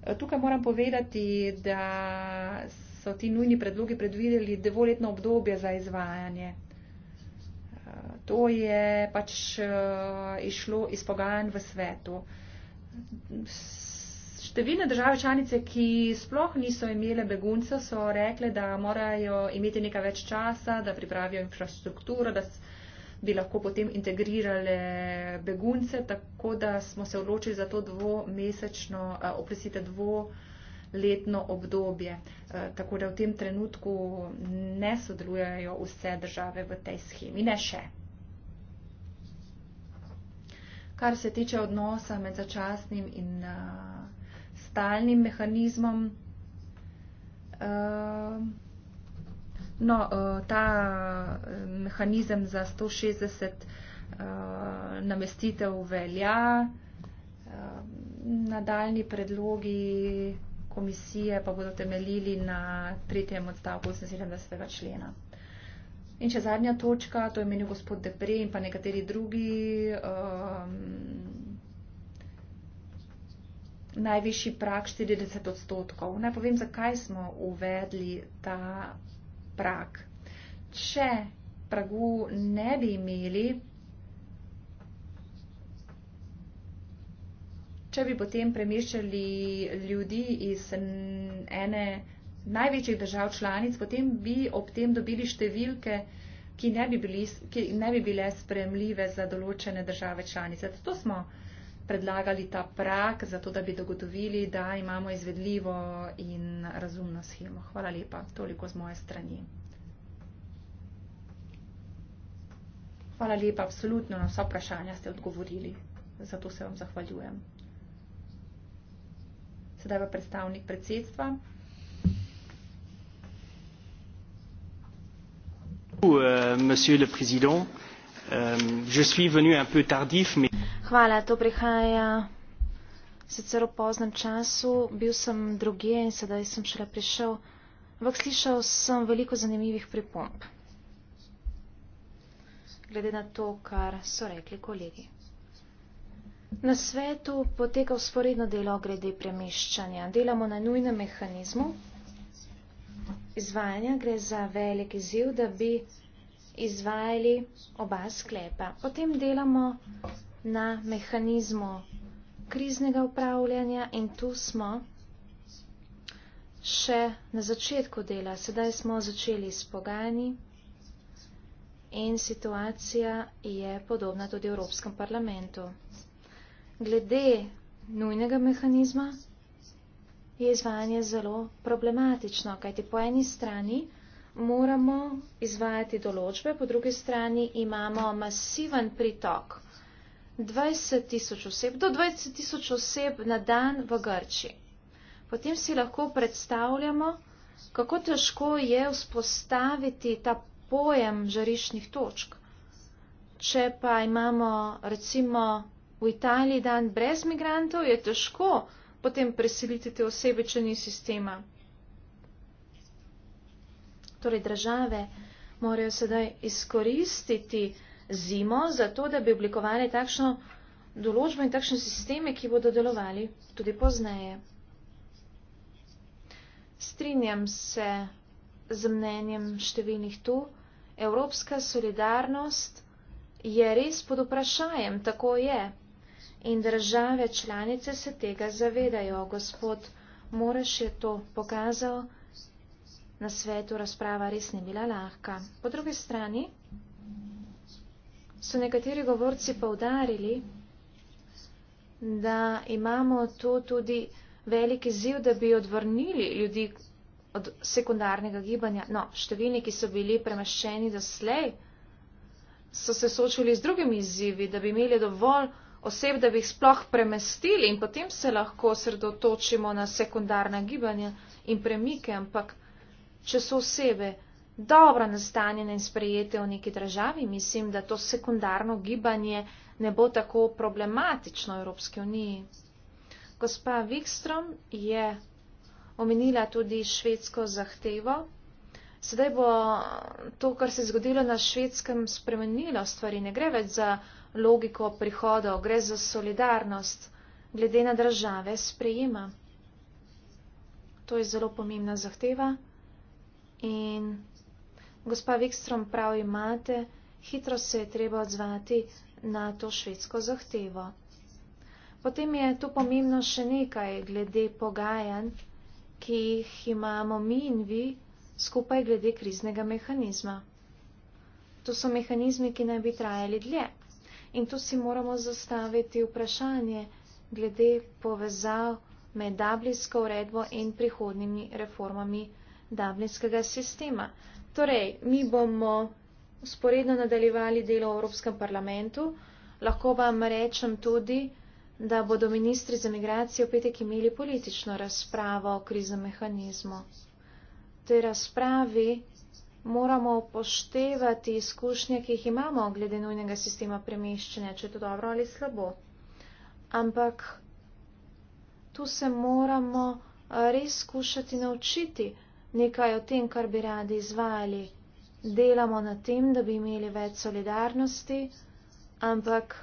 E, tukaj moram povedati, da so ti nujni predlogi predvideli devoletno obdobje za izvajanje. E, to je pač e, išlo iz pogajanj v svetu. Številne države članice, ki sploh niso imele beguncev, so rekle, da morajo imeti nekaj več časa, da pripravijo infrastrukturo, da bi lahko potem integrirale begunce, tako da smo se odločili za to dvomesečno, oprostite, dvoletno obdobje. Tako da v tem trenutku ne sodelujejo vse države v tej schemi, ne še. Kar se tiče odnosa med začasnim in stalnim mehanizmom, uh, No, eh, ta eh, mehanizem za 160 eh, namestitev velja. Nadaljni predlogi komisije pa bodo temeljili na tretjem odstavku 78. člena. In še zadnja točka, to je menil gospod Depre in pa nekateri drugi. Um, Najvišji prak 40 odstotkov. Naj povem, zakaj smo uvedli ta prak. Če pragu ne bi imeli, če bi potem premeščali ljudi iz ene največjih držav članic, potem bi ob tem dobili številke, ki ne bi, bili, ki ne bi bile spremljive za določene države članice. Zato smo uh, predlagali ta prak, zato da bi dogotovili, da imamo izvedljivo in razumno schemo. Hvala lepa, toliko z moje strani. Hvala lepa, absolutno na vsa vprašanja ste odgovorili, zato se vam zahvaljujem. Sedaj pa predstavnik predsedstva. Euh, monsieur le Président, euh, je suis venu un peu tardif, mais... Hvala, to prihaja sicer v poznem času. Bil sem druge in sedaj sem šele prišel. Ampak slišal sem veliko zanimivih pripomb. Glede na to, kar so rekli kolegi. Na svetu poteka usporedno delo glede premeščanja. Delamo na nujnem mehanizmu izvajanja. Gre za velik izziv, da bi izvajali oba sklepa. Potem delamo na mehanizmu kriznega upravljanja in tu smo še na začetku dela. Sedaj smo začeli s pogajanji in situacija je podobna tudi v Evropskem parlamentu. Glede nujnega mehanizma je izvajanje zelo problematično, kajti po eni strani moramo izvajati določbe, po drugi strani imamo masiven pritok. 20 tisoč oseb, do 20 tisoč oseb na dan v Grči. Potem si lahko predstavljamo, kako težko je vzpostaviti ta pojem žariščnih točk. Če pa imamo recimo v Italiji dan brez migrantov, je težko potem preseliti te osebe, če ni sistema. Torej, države morajo sedaj izkoristiti zimo, zato da bi oblikovali takšno določbo in takšne sisteme, ki bodo delovali tudi pozneje. Strinjam se z mnenjem številnih tu, evropska solidarnost je res pod vprašanjem, tako je. In države članice se tega zavedajo. Gospod Moreš je to pokazal. Na svetu razprava res ni bila lahka. Po drugi strani so nekateri govorci povdarili, da imamo tu tudi veliki ziv, da bi odvrnili ljudi od sekundarnega gibanja. No, številni, ki so bili premaščeni doslej, so se soočili z drugimi izzivi, da bi imeli dovolj oseb, da bi jih sploh premestili in potem se lahko sredotočimo na sekundarna gibanja in premike, ampak če so osebe, dobro nastanjene in sprejete v neki državi, mislim, da to sekundarno gibanje ne bo tako problematično v Evropski uniji. Gospa Wikström je omenila tudi švedsko zahtevo. Sedaj bo to, kar se je zgodilo na švedskem, spremenilo stvari. Ne gre več za logiko prihodov, gre za solidarnost glede na države sprejema. To je zelo pomembna zahteva. In Gospa Vikstrom prav imate, hitro se je treba odzvati na to švedsko zahtevo. Potem je tu pomembno še nekaj glede pogajanj, ki jih imamo mi in vi skupaj glede kriznega mehanizma. To so mehanizmi, ki naj bi trajali dlje. In tu si moramo zastaviti vprašanje glede povezav med dablinsko uredbo in prihodnimi reformami dablinskega sistema. Torej, mi bomo sporedno nadaljevali delo v Evropskem parlamentu. Lahko vam rečem tudi, da bodo ministri za migracijo v petek imeli politično razpravo o krizem mehanizmu. V tej razpravi moramo upoštevati izkušnje, ki jih imamo glede nujnega sistema premeščanja, če je to dobro ali slabo. Ampak tu se moramo res skušati naučiti, nekaj o tem, kar bi radi izvajali. Delamo na tem, da bi imeli več solidarnosti, ampak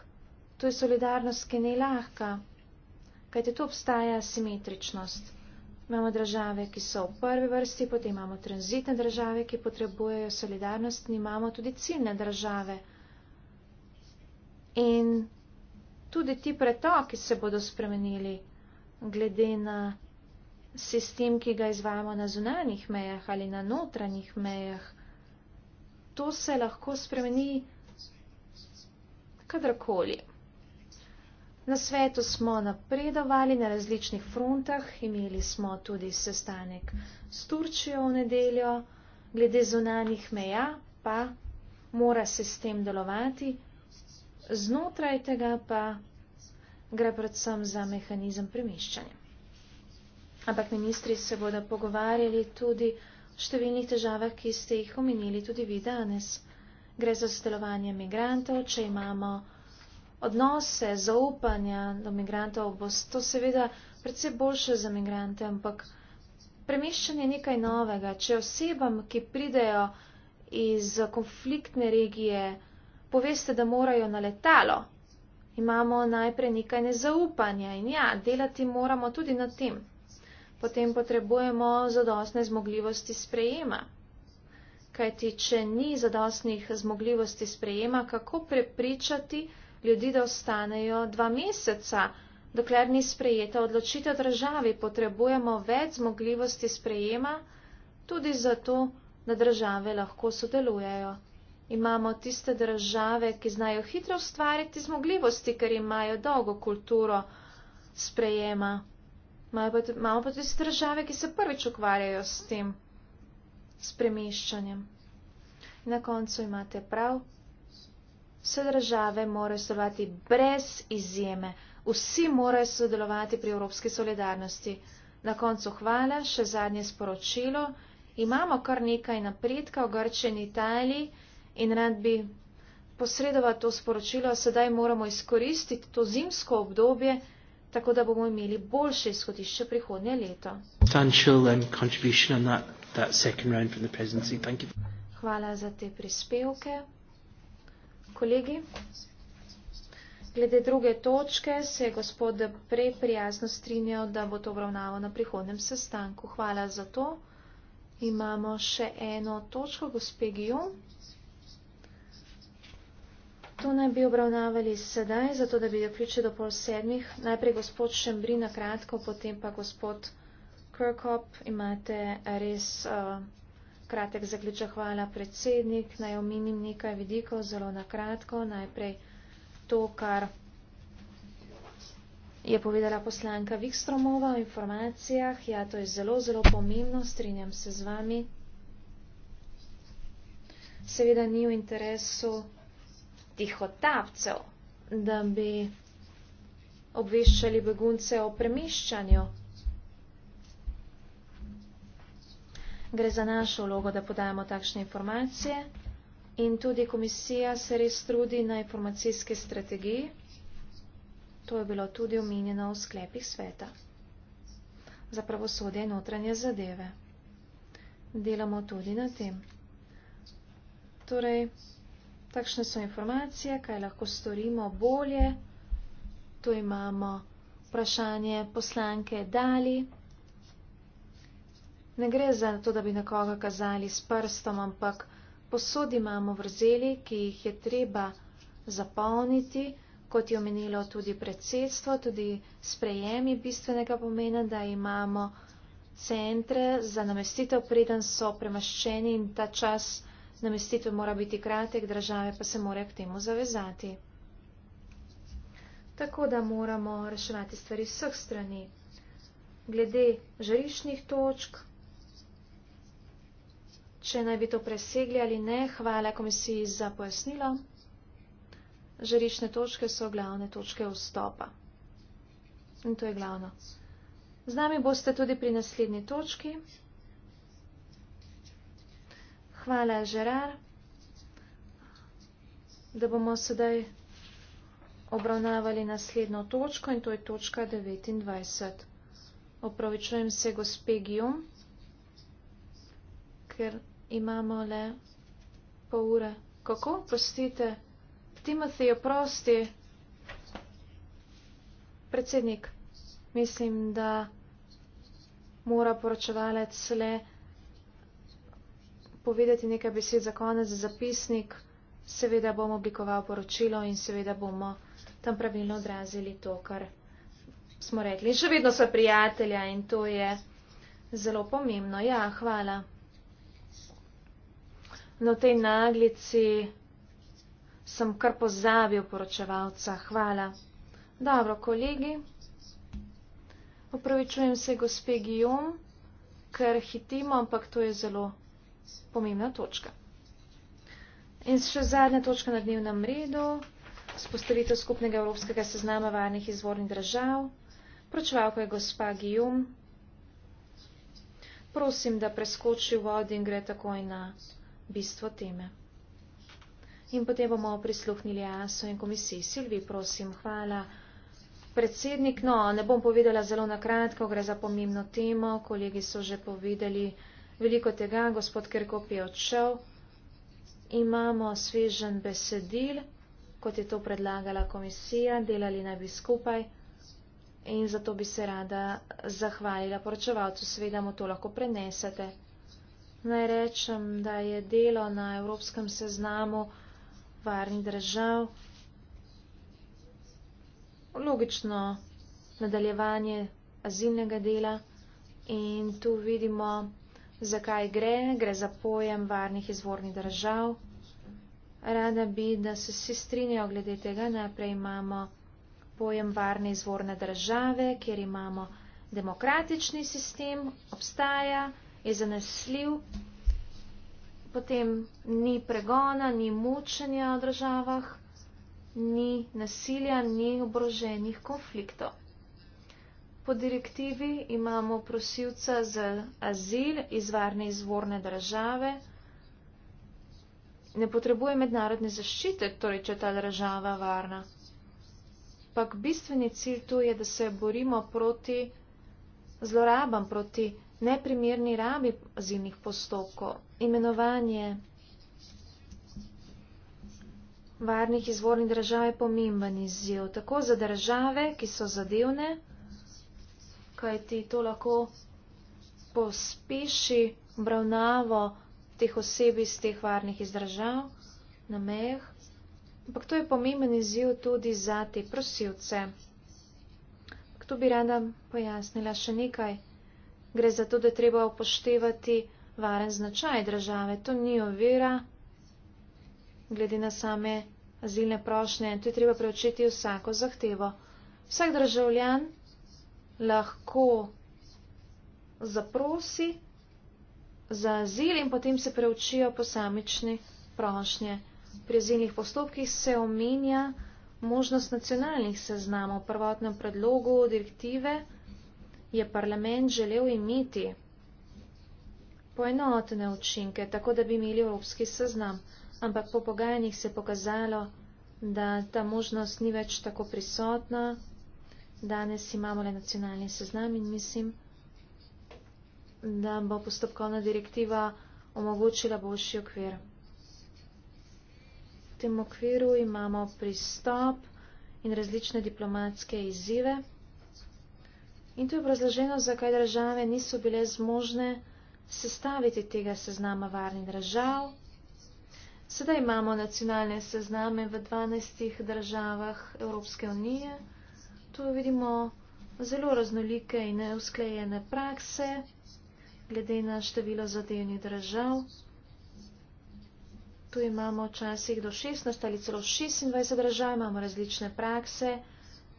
to je solidarnost, ki ni lahka, kajte tu obstaja simetričnost. Imamo države, ki so v prvi vrsti, potem imamo tranzitne države, ki potrebujejo solidarnost in imamo tudi ciljne države. In tudi ti pretoki se bodo spremenili glede na sistem, ki ga izvajamo na zunanjih mejah ali na notranjih mejah, to se lahko spremeni kadarkoli. Na svetu smo napredovali na različnih frontah, imeli smo tudi sestanek s Turčijo v nedeljo, glede zunanjih meja pa mora sistem delovati, znotraj tega pa gre predvsem za mehanizem premeščanja. Ampak ministri se bodo pogovarjali tudi o številnih težavah, ki ste jih omenili tudi vi danes. Gre za sodelovanje migrantov, če imamo odnose, zaupanja do migrantov, bo to seveda predvsej boljše za migrante, ampak premeščanje je nekaj novega. Če osebam, ki pridejo iz konfliktne regije, poveste, da morajo na letalo, imamo najprej nekaj nezaupanja in ja, delati moramo tudi na tem potem potrebujemo zadostne zmogljivosti sprejema. Kajti, če ni zadostnih zmogljivosti sprejema, kako prepričati ljudi, da ostanejo dva meseca, dokler ni sprejeta odločitev državi, potrebujemo več zmogljivosti sprejema, tudi zato, da države lahko sodelujejo. Imamo tiste države, ki znajo hitro ustvariti zmogljivosti, ker imajo dolgo kulturo sprejema. Malo pa, malo pa tudi države, ki se prvič ukvarjajo s tem spremeščanjem. In na koncu imate prav, vse države morajo sodelovati brez izjeme, vsi morajo sodelovati pri evropski solidarnosti. Na koncu hvala, še zadnje sporočilo. Imamo kar nekaj napredka v Grčiji in Italiji in rad bi posredoval to sporočilo, sedaj moramo izkoristiti to zimsko obdobje tako da bomo imeli boljše izhodišče prihodnje leto. Hvala za te prispevke. Kolegi, glede druge točke se je gospod prej prijazno strinjal, da bo to obravnavo na prihodnem sestanku. Hvala za to. Imamo še eno točko, gospe Gijo. To naj bi obravnavali sedaj, zato da bi jo vključili do pol sedmih. Najprej gospod Šembri na kratko, potem pa gospod Kirkop. Imate res uh, kratek zaključek. Hvala predsednik. Naj omenim nekaj vidikov zelo na kratko. Najprej to, kar je povedala poslanka Vikstromova o informacijah. Ja, to je zelo, zelo pomembno. Strinjam se z vami. Seveda ni v interesu tihotapcev, da bi obveščali begunce o premeščanju. Gre za našo vlogo, da podajamo takšne informacije in tudi komisija se res trudi na informacijski strategiji. To je bilo tudi omenjeno v sklepih sveta za pravosodje in notranje zadeve. Delamo tudi na tem. Torej, takšne so informacije, kaj lahko storimo bolje. Tu imamo vprašanje poslanke Dali. Ne gre za to, da bi na koga kazali s prstom, ampak posodi imamo vrzeli, ki jih je treba zapolniti, kot je omenilo tudi predsedstvo, tudi sprejemi bistvenega pomena, da imamo centre za namestitev, preden so premaščeni in ta čas. Namestitve mora biti kratek, države pa se morajo k temu zavezati. Tako da moramo reševati stvari vseh strani. Glede žariščnih točk, če naj bi to presegli ali ne, hvala komisiji za pojasnilo. Žarične točke so glavne točke vstopa. In to je glavno. Z nami boste tudi pri naslednji točki hvala, Žerar, da bomo sedaj obravnavali naslednjo točko in to je točka 29. Opravičujem se gospe Gijom, ker imamo le pol ure. Kako? Prostite. Timothy, oprosti. Predsednik, mislim, da mora poročevalec le vsega povedati nekaj besed za konec, za zapisnik, seveda bomo oblikoval poročilo in seveda bomo tam pravilno odrazili to, kar smo rekli. In še vedno so prijatelja in to je zelo pomembno. Ja, hvala. No, tej naglici sem kar pozabil poročevalca. Hvala. Dobro, kolegi. Opravičujem se gospe Gijom, ker hitimo, ampak to je zelo pomembna točka. In še zadnja točka na dnevnem redu, spostavitev skupnega evropskega seznama varnih izvornih držav. Pročevalko je gospa Gijum. Prosim, da preskoči vodi in gre takoj na bistvo teme. In potem bomo prisluhnili ASO in komisiji. Silvi, prosim, hvala. Predsednik, no, ne bom povedala zelo nakratko, gre za pomembno temo, kolegi so že povedali veliko tega, gospod Kerkop je odšel. Imamo svežen besedil, kot je to predlagala komisija, delali naj bi skupaj in zato bi se rada zahvalila poročevalcu, seveda mu to lahko prenesete. Naj rečem, da je delo na evropskem seznamu varnih držav logično nadaljevanje azilnega dela in tu vidimo zakaj gre, gre za pojem varnih izvornih držav. Rada bi, da se vsi strinjajo glede tega. Najprej imamo pojem varne izvorne države, kjer imamo demokratični sistem, obstaja, je zanesljiv, potem ni pregona, ni mučenja v državah, ni nasilja, ni oboroženih konfliktov po direktivi imamo prosilca za azil iz varne izvorne države, ne potrebuje mednarodne zaščite, torej če je ta država varna. Pak bistveni cilj tu je, da se borimo proti zlorabam, proti neprimerni rabi azilnih postopkov. Imenovanje varnih izvornih držav je pomemben izziv, tako za države, ki so zadevne, kaj ti to lahko pospeši obravnavo teh oseb iz teh varnih izdržav na mejah. Ampak to je pomemben izziv tudi za te prosilce. Tu bi rada pojasnila še nekaj. Gre za to, da treba upoštevati varen značaj države. To ni ovira, glede na same azilne prošnje. Tu je treba preučiti vsako zahtevo. Vsak državljan lahko zaprosi za azil in potem se preučijo posamične prošnje. Pri azilnih postopkih se omenja možnost nacionalnih seznamov. V prvotnem predlogu direktive je parlament želel imeti poenotene učinke, tako da bi imeli evropski seznam, ampak po pogajanjih se je pokazalo, da ta možnost ni več tako prisotna. Danes imamo le nacionalni seznam in mislim, da bo postopkovna direktiva omogočila boljši okvir. V tem okviru imamo pristop in različne diplomatske izzive. In to je obrazloženo, zakaj države niso bile zmožne sestaviti tega seznama varnih držav. Sedaj imamo nacionalne sezname v 12 državah Evropske unije tu vidimo zelo raznolike in neusklejene prakse glede na število zadevnih držav. Tu imamo včasih do 16 ali celo 26 držav, imamo različne prakse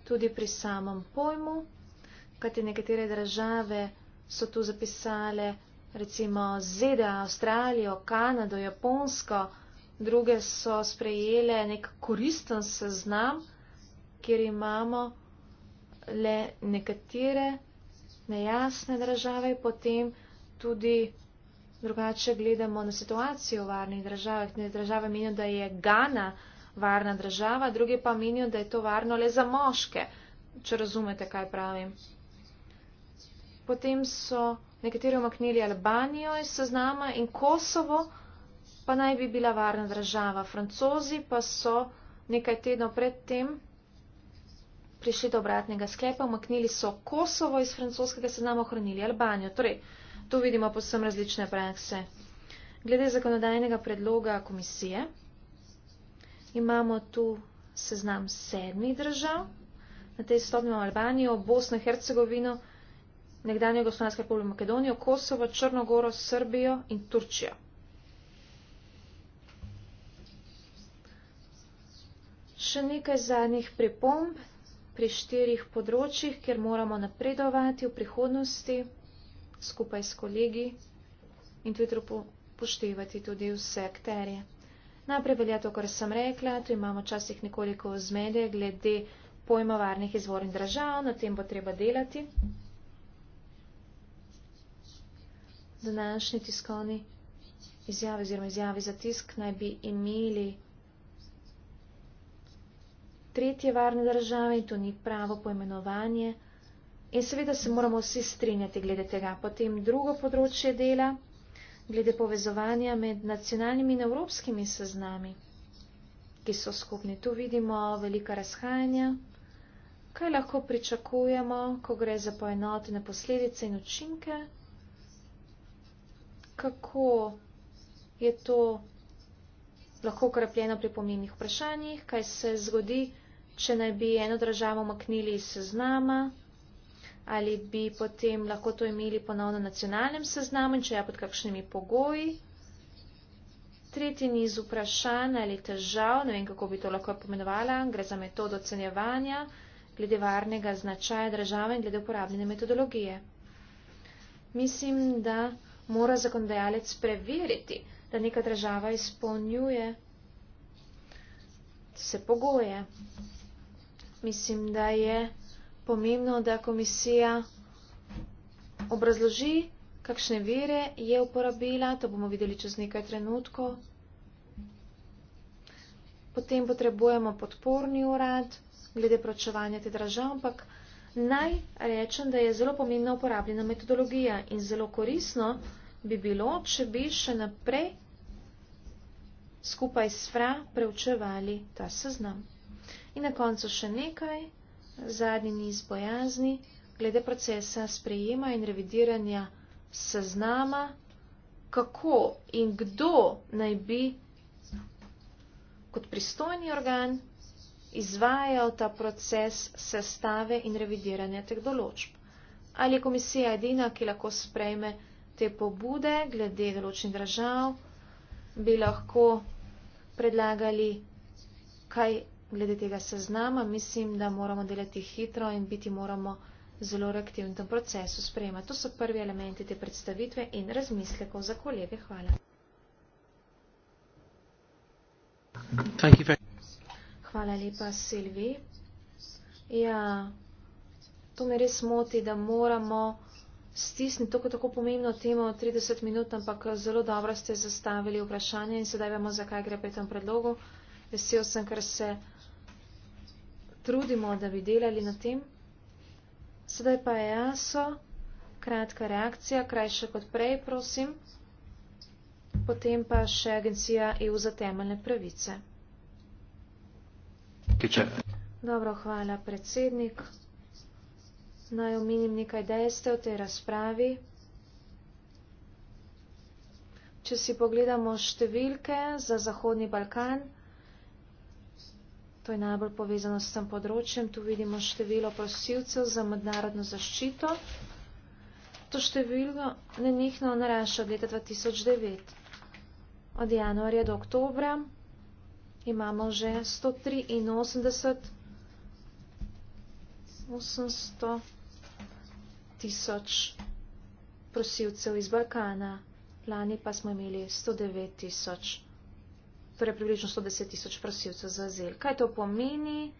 tudi pri samem pojmu, kajti nekatere države so tu zapisale recimo ZDA, Avstralijo, Kanado, Japonsko, druge so sprejele nek koristen seznam, kjer imamo le nekatere nejasne države, potem tudi drugače gledamo na situacijo v varnih državah. Ne države menijo, da je Gana varna država, druge pa menijo, da je to varno le za moške, če razumete, kaj pravim. Potem so nekateri omaknili Albanijo iz seznama in Kosovo, pa naj bi bila varna država. Francozi pa so nekaj tednov predtem prišli do obratnega sklepa, umaknili so Kosovo iz francoskega seznama, ohranili Albanijo. Torej, tu vidimo posebno različne prakse. Glede zakonodajnega predloga komisije, imamo tu seznam sedmih držav, na tej stopnji imamo Albanijo, Bosno, Hercegovino, nekdanje Gospodarske republike Makedonijo, Kosovo, Črnogoro, Srbijo in Turčijo. Še nekaj zadnjih pripomb, pri štirih področjih, kjer moramo napredovati v prihodnosti skupaj s kolegi in tudi upoštevati tudi vse akterje. Najprej velja to, kar sem rekla, tu imamo včasih nekoliko zmede glede pojma varnih izvor in držav, na tem bo treba delati. Današnji tiskovni izjavi oziroma izjavi za tisk naj bi imeli tretje varne države in to ni pravo poimenovanje. In seveda se moramo vsi strinjati glede tega. Potem drugo področje dela, glede povezovanja med nacionalnimi in evropskimi seznami, ki so skupni. Tu vidimo velika razhajanja. Kaj lahko pričakujemo, ko gre za poenotene posledice in učinke? Kako je to lahko ukrepljeno pri pomembnih vprašanjih, kaj se zgodi, če naj bi eno državo omaknili iz seznama, ali bi potem lahko to imeli ponovno na nacionalnem seznamu in če ja pod kakšnimi pogoji. Tretji niz vprašanj ali težav, ne vem, kako bi to lahko pomenovala, gre za metodo ocenjevanja glede varnega značaja države in glede uporabljene metodologije. Mislim, da mora zakonodajalec preveriti, da neka država izpolnjuje se pogoje. Mislim, da je pomembno, da komisija obrazloži, kakšne vire je uporabila, to bomo videli čez nekaj trenutkov. Potem potrebujemo podporni urad glede pročevanja te države, ampak naj rečem, da je zelo pomembna uporabljena metodologija in zelo korisno, bi bilo, če bi še naprej skupaj s fra preučevali ta seznam. In na koncu še nekaj, zadnji niz bojazni, glede procesa sprejema in revidiranja seznama, kako in kdo naj bi kot pristojni organ izvajal ta proces sestave in revidiranja teh določb. Ali je komisija edina, ki lahko sprejme te pobude glede določenih držav, bi lahko predlagali kaj glede tega seznama. Mislim, da moramo delati hitro in biti moramo zelo reaktivni v tem procesu sprejema. To so prvi elementi te predstavitve in razmislekov za kolege. Hvala. Hvala lepa, Silvi. Ja, to me res moti, da moramo stisni tako, tako pomembno temo 30 minut, ampak zelo dobro ste zastavili vprašanje in sedaj vemo, zakaj gre pri tem predlogu. Vesel sem, ker se trudimo, da bi delali na tem. Sedaj pa je jaso, kratka reakcija, krajša kot prej, prosim. Potem pa še agencija EU za temeljne pravice. Kiče. Dobro, hvala predsednik. Naj omenim nekaj dejstev v tej razpravi. Če si pogledamo številke za Zahodni Balkan, to je najbolj povezano s tem področjem, tu vidimo število prosilcev za mednarodno zaščito. To število ne njihno narašo od leta 2009. Od januarja do oktobra imamo že 183 800 tisoč prosilcev iz Balkana, lani pa smo imeli 109 tisoč, torej približno 110 tisoč prosilcev za azil. Kaj to pomeni?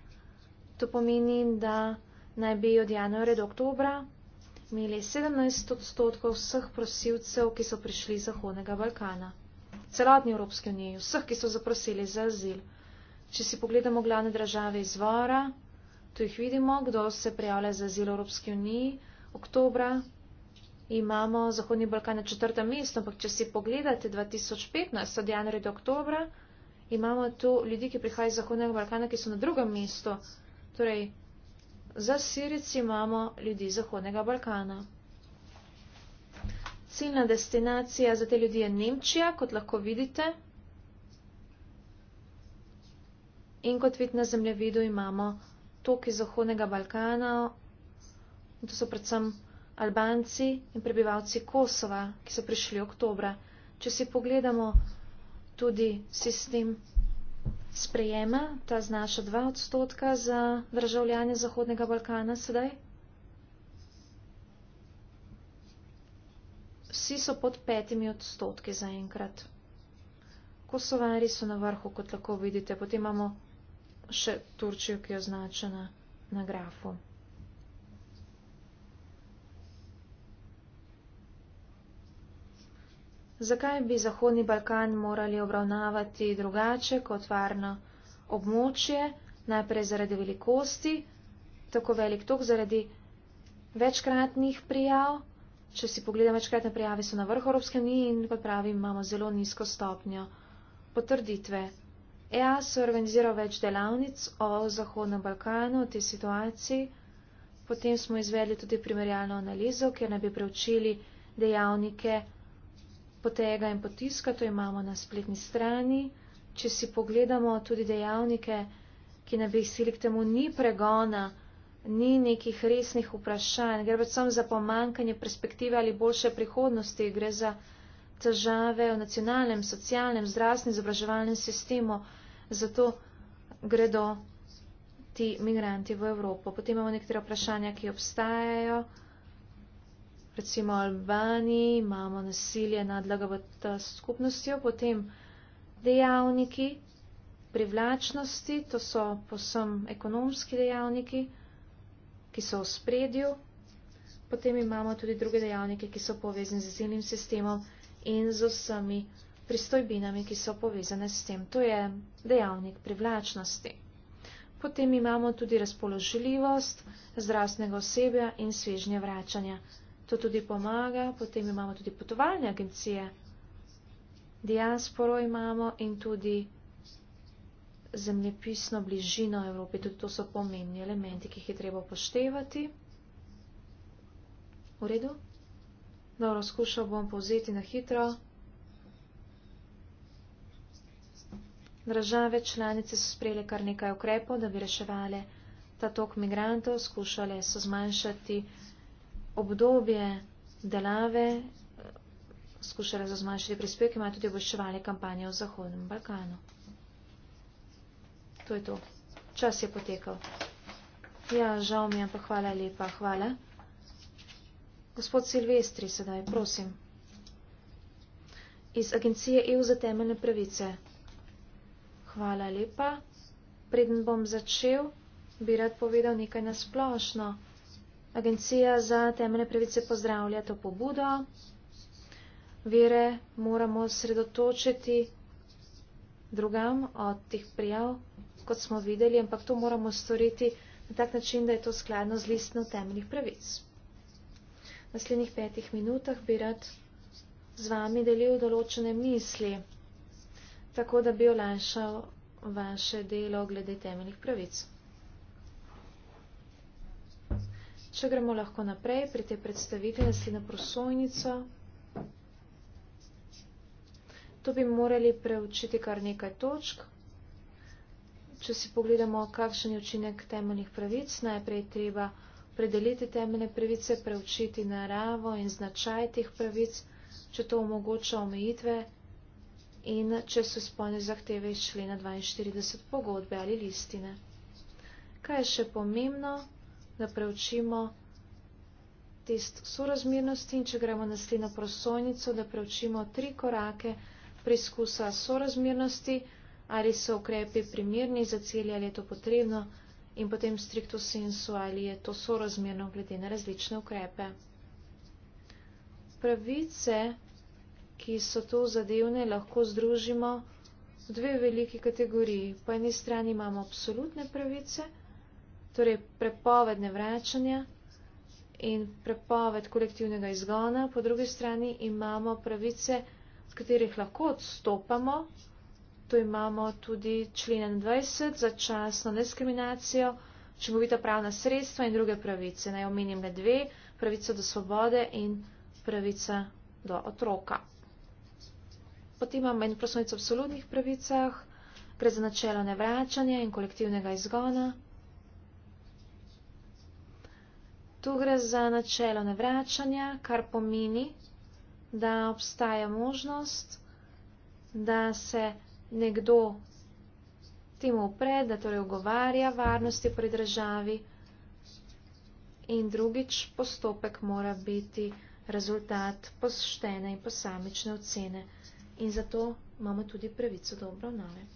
To pomeni, da naj bi od januarja do oktobra imeli 17 odstotkov vseh prosilcev, ki so prišli iz Zahodnega Balkana. Celotni Evropski uniji, vseh, ki so zaprosili za azil. Če si pogledamo glavne države izvora, tu jih vidimo, kdo se prijavlja za azil v Evropski uniji, oktobra imamo Zahodni Balkan na četrtem mestu, ampak če si pogledate 2015 od januarja do oktobra, imamo tu ljudi, ki prihajajo iz Zahodnega Balkana, ki so na drugem mestu. Torej, za Sirici imamo ljudi iz Zahodnega Balkana. Ciljna destinacija za te ljudi je Nemčija, kot lahko vidite. In kot vidite na zemljevidu imamo tok iz Zahodnega Balkana in to so predvsem Albanci in prebivalci Kosova, ki so prišli oktobra. Če si pogledamo tudi sistem sprejema, ta znaša 2 odstotka za državljanje Zahodnega Balkana sedaj. Vsi so pod petimi odstotki zaenkrat. Kosovari so na vrhu, kot lahko vidite. Potem imamo še Turčijo, ki je označena na grafu. zakaj bi Zahodni Balkan morali obravnavati drugače kot varno območje, najprej zaradi velikosti, tako velik tok zaradi večkratnih prijav. Če si pogledam, večkratne prijave so na vrhu Evropske unije in, kot pravim, imamo zelo nizko stopnjo potrditve. EA so organizirali več delavnic o Zahodnem Balkanu, o tej situaciji. Potem smo izvedli tudi primerjalno analizo, kjer naj bi preučili dejavnike, potega in potiska, to imamo na spletni strani. Če si pogledamo tudi dejavnike, ki ne bi sili k temu, ni pregona, ni nekih resnih vprašanj, gre predvsem za pomankanje perspektive ali boljše prihodnosti, gre za težave v nacionalnem, socialnem, zdravstvenem, izobraževalnem sistemu, zato gredo ti migranti v Evropo. Potem imamo nekatera vprašanja, ki obstajajo recimo Albaniji imamo nasilje nad LGBT skupnostjo, potem dejavniki privlačnosti, to so posem ekonomski dejavniki, ki so v spredju, potem imamo tudi druge dejavnike, ki so povezani z ciljnim sistemom in z vsemi pristojbinami, ki so povezane s tem. To je dejavnik privlačnosti. Potem imamo tudi razpoložljivost zdravstvenega osebja in svežnje vračanja to tudi pomaga. Potem imamo tudi potovalne agencije. Diasporo imamo in tudi zemljepisno bližino Evropi. Tudi to so pomembni elementi, ki jih je treba upoštevati. V redu? Dobro, skušal bom povzeti na hitro. Države članice so sprejele kar nekaj ukrepov, da bi reševali ta tok migrantov, skušale so zmanjšati obdobje delave eh, skušale zazmanjšati prispevke, imajo tudi obveščevalne kampanje v Zahodnem Balkanu. To je to. Čas je potekal. Ja, žal mi je, ampak hvala lepa, hvala. Gospod Silvestri, sedaj, prosim. Iz Agencije EU za temeljne pravice. Hvala lepa. Preden bom začel, bi rad povedal nekaj nasplošno. splošno. Agencija za temeljne pravice pozdravlja to pobudo. Vire moramo sredotočiti drugam od teh prijav, kot smo videli, ampak to moramo storiti na tak način, da je to skladno z listno temeljnih pravic. V naslednjih petih minutah bi rad z vami delil določene misli, tako da bi olajšal vaše delo glede temeljnih pravic. Če gremo lahko naprej pri te predstavitve naslednjo prosojnico, to bi morali preučiti kar nekaj točk. Če si pogledamo, kakšen je učinek temeljnih pravic, najprej treba predeliti temeljne pravice, preučiti naravo in značaj teh pravic, če to omogoča omejitve in če so spolne zahteve iz člena 42 pogodbe ali listine. Kaj je še pomembno? da preučimo test sorazmernosti in če gremo na sledno prosojnico, da preučimo tri korake preizkusa sorazmernosti, ali so ukrepi primerni za cilje, ali je to potrebno in potem strikto sensu, ali je to sorazmerno glede na različne ukrepe. Pravice, ki so to zadevne, lahko združimo v dve veliki kategoriji. Po eni strani imamo absolutne pravice, torej prepoved nevračanja in prepoved kolektivnega izgona, po drugi strani imamo pravice, od katerih lahko odstopamo, to imamo tudi člen 21 za časno diskriminacijo, učinkovita pravna sredstva in druge pravice. Naj omenim le dve, pravica do svobode in pravica do otroka. Potem imamo en prosonic o absolutnih pravicah, gre za načelo nevračanja in kolektivnega izgona. Tu gre za načelo nevračanja, kar pomeni, da obstaja možnost, da se nekdo temu upre, da torej ogovarja varnosti pri državi in drugič postopek mora biti rezultat poštene in posamične ocene. In zato imamo tudi pravico do obravnave.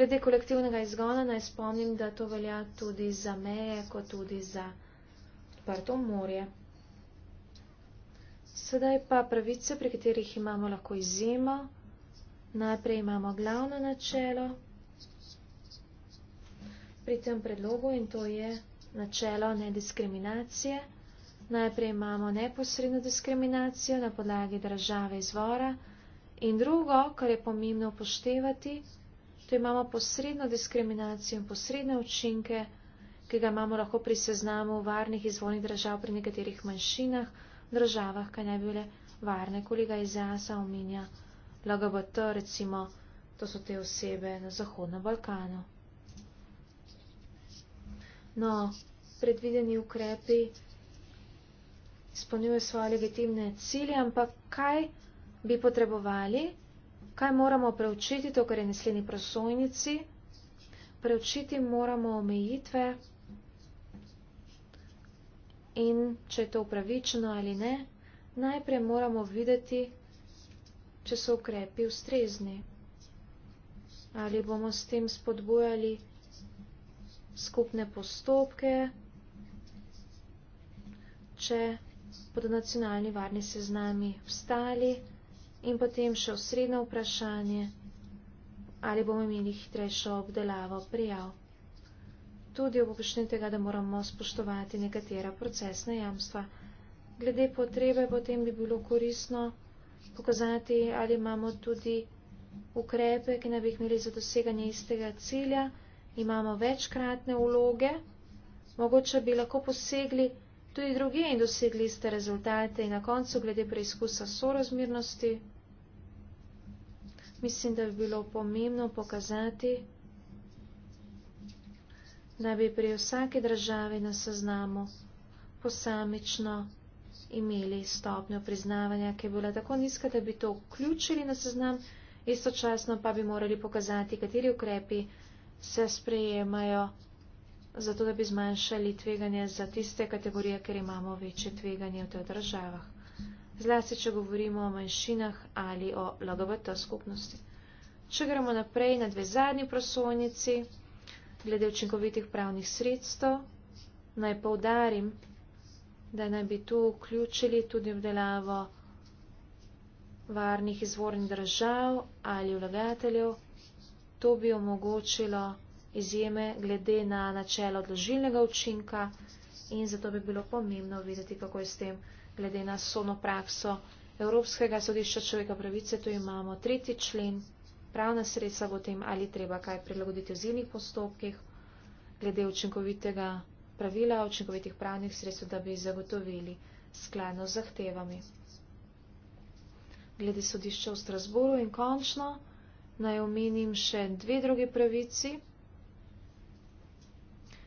Glede kolektivnega izgona naj spomnim, da to velja tudi za meje, kot tudi za odprto morje. Sedaj pa pravice, pri katerih imamo lahko izjemo. Najprej imamo glavno načelo pri tem predlogu in to je načelo nediskriminacije. Najprej imamo neposredno diskriminacijo na podlagi države izvora. In drugo, kar je pomembno upoštevati, je, tu imamo posredno diskriminacijo in posredne učinke, ki ga imamo lahko pri seznamu varnih izvolnih držav pri nekaterih manjšinah, državah, kaj ne bi bile varne, kolega iz Jasa omenja LGBT, recimo, to so te osebe na Zahodnem Balkanu. No, predvideni ukrepi izpolnjujejo svoje legitimne cilje, ampak kaj bi potrebovali? kaj moramo preučiti, to, kar je naslednji prosojnici. Preučiti moramo omejitve in če je to upravičeno ali ne, najprej moramo videti, če so ukrepi ustrezni. Ali bomo s tem spodbujali skupne postopke, če bodo nacionalni varni seznami vstali in potem še osrednje vprašanje, ali bomo imeli hitrejšo obdelavo prijav. Tudi obokšnje tega, da moramo spoštovati nekatera procesna jamstva. Glede potrebe potem bi bilo korisno pokazati, ali imamo tudi ukrepe, ki ne bi imeli za doseganje istega cilja, imamo večkratne vloge, mogoče bi lahko posegli tudi druge in dosegli iste rezultate in na koncu glede preizkusa sorazmernosti. Mislim, da bi bilo pomembno pokazati, da bi pri vsaki državi na seznamu posamično imeli stopnjo priznavanja, ki je bila tako nizka, da bi to vključili na seznam, istočasno pa bi morali pokazati, kateri ukrepi se sprejemajo, zato da bi zmanjšali tveganje za tiste kategorije, ker imamo večje tveganje v teh državah zlasti, če govorimo o manjšinah ali o LGBT skupnosti. Če gremo naprej na dve zadnji prosojnici, glede učinkovitih pravnih sredstev, naj povdarim, da naj bi tu vključili tudi obdelavo varnih izvornih držav ali vlagateljev. To bi omogočilo izjeme glede na načelo odložilnega učinka in zato bi bilo pomembno videti, kako je s tem glede na sodno prakso Evropskega sodišča človeka pravice, tu imamo tretji člen, pravna sredstva v tem, ali treba kaj prilagoditi v zilnih postopkih, glede učinkovitega pravila, učinkovitih pravnih sredstv, da bi zagotovili skladno z zahtevami. Glede sodišča v Strasburu in končno naj omenim še dve druge pravici.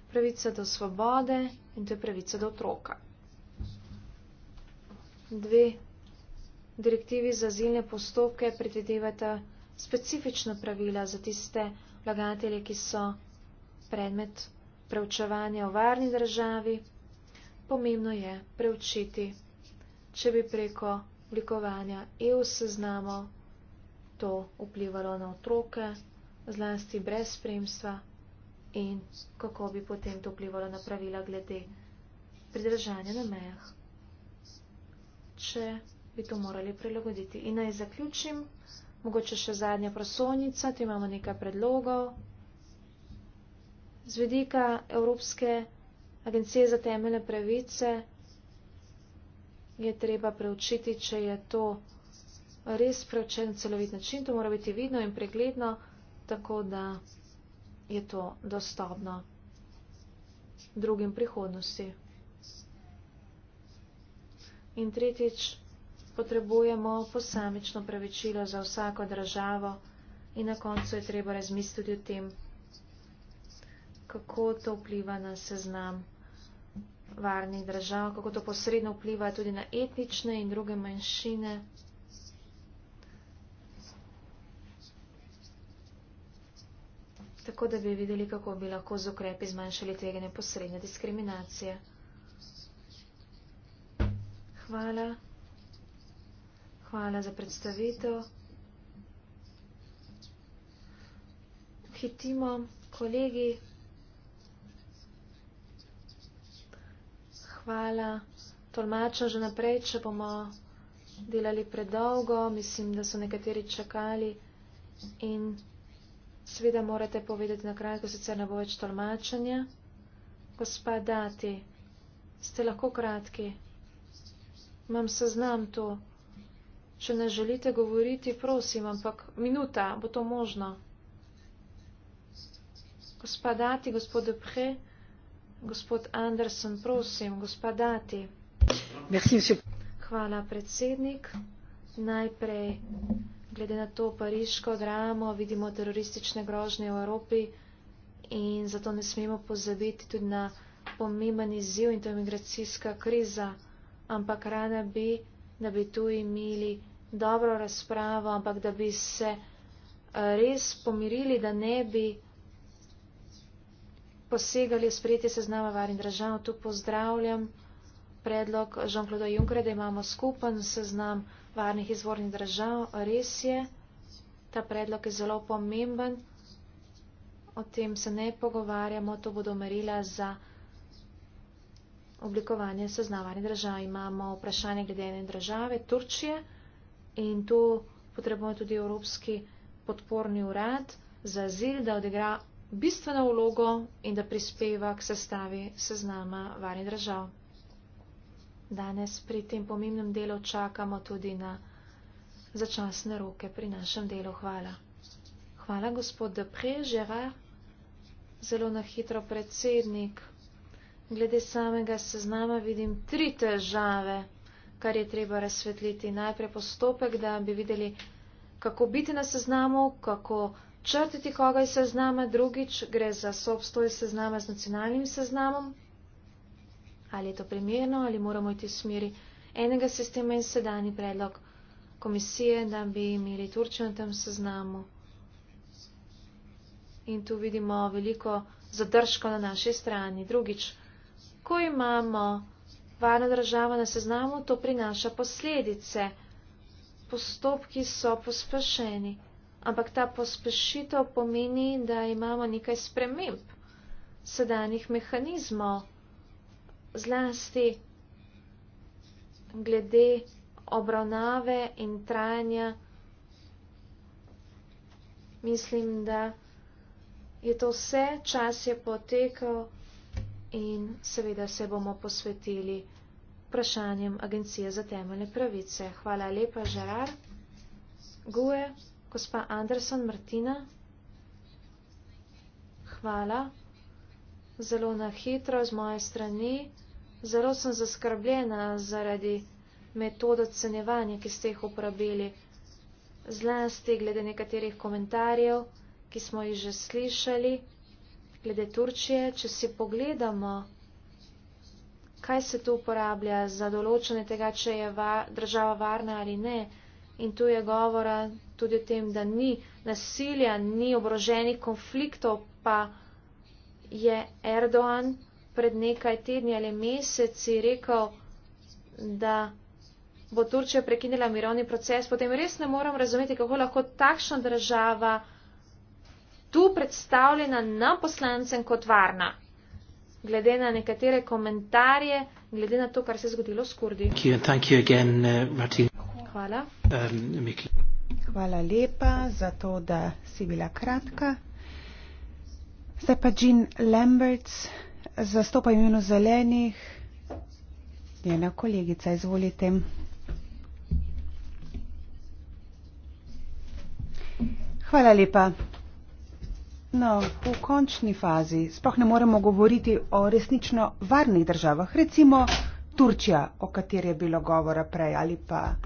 Pravica do svobode in to je pravica do otroka dve direktivi za azilne postopke predvidevata specifična pravila za tiste vlagatelje, ki so predmet preučevanja v varni državi. Pomembno je preučiti, če bi preko oblikovanja EU seznamo to vplivalo na otroke, zlasti brez spremstva in kako bi potem to vplivalo na pravila glede pridržanja na mejah če bi to morali prilagoditi. In naj zaključim, mogoče še zadnja prosonica, tu imamo nekaj predlogov. Z vedika Evropske agencije za temeljne pravice je treba preučiti, če je to res preučen celovit način, to mora biti vidno in pregledno, tako da je to dostopno drugim prihodnosti. In tretjič, potrebujemo posamično pravičilo za vsako državo in na koncu je treba razmisliti o tem, kako to vpliva na seznam varnih držav, kako to posredno vpliva tudi na etnične in druge manjšine. Tako da bi videli, kako bi lahko z ukrepi zmanjšali tveganje posredne diskriminacije hvala. Hvala za predstavitev. Hitimo, kolegi. Hvala. Tolmačam že naprej, če bomo delali predolgo. Mislim, da so nekateri čakali in seveda morate povedati na kratko, sicer ne bo več tolmačanja. Gospa Dati, ste lahko kratki? imam seznam tu. Če ne želite govoriti, prosim, ampak minuta, bo to možno. Gospodati, gospod Pre, gospod Andersen, prosim, gospodati. Hvala, predsednik. Najprej, glede na to pariško dramo, vidimo teroristične grožnje v Evropi in zato ne smemo pozabiti tudi na pomemben izziv in to je migracijska kriza ampak rada bi, da bi tu imeli dobro razpravo, ampak da bi se eh, res pomirili, da ne bi posegali v sprejeti seznama varnih držav. Tu pozdravljam predlog Žonkloda Junkre, da imamo skupen seznam varnih izvornih držav. Res je, ta predlog je zelo pomemben. O tem se ne pogovarjamo, to bodo merila za oblikovanje seznavanja držav. Imamo vprašanje glede ene države, Turčije, in tu potrebujemo tudi Evropski podporni urad za azil, da odigra bistveno vlogo in da prispeva k sestavi seznama varnih držav. Danes pri tem pomembnem delu čakamo tudi na začasne roke pri našem delu. Hvala. Hvala, gospod Depre, Žera, zelo na hitro predsednik Glede samega seznama vidim tri težave, kar je treba razsvetliti. Najprej postopek, da bi videli, kako biti na seznamu, kako črtiti koga iz seznama. Drugič, gre za sobstoj seznama z nacionalnim seznamom. Ali je to primerno, ali moramo iti v smeri enega sistema in sedani predlog komisije, da bi imeli Turčijo na tem seznamu. In tu vidimo veliko zadržko na naši strani. Drugič, ko imamo varne države na seznamu, to prinaša posledice. Postopki so pospešeni, ampak ta pospešitev pomeni, da imamo nekaj sprememb sedanjih mehanizmov, zlasti glede obravnave in trajanja. Mislim, da je to vse, čas je potekal in seveda se bomo posvetili vprašanjem Agencije za temeljne pravice. Hvala lepa, Žerar. Gue, gospa Anderson, Martina. Hvala. Zelo nahitro z moje strani. Zelo sem zaskrbljena zaradi metod ocenjevanja, ki ste jih uporabili. Zlasti glede nekaterih komentarjev, ki smo jih že slišali glede Turčije, če si pogledamo, kaj se tu uporablja za določene tega, če je va, država varna ali ne. In tu je govora tudi o tem, da ni nasilja, ni obroženih konfliktov, pa je Erdoan pred nekaj tedni ali meseci rekel, da bo Turčija prekinila mirovni proces, potem res ne morem razumeti, kako lahko takšna država tu predstavljena na poslancem kot varna, glede na nekatere komentarje, glede na to, kar se je zgodilo s kurdi. Uh, Hvala. Um, Hvala lepa za to, da si bila kratka. Zdaj pa Jean Lamberts, zastopa imeno zelenih, njena kolegica, izvolite. Hvala lepa. No, v končni fazi sploh ne moremo govoriti o resnično varnih državah, recimo Turčija, o kateri je bilo govora prej, ali pa eh,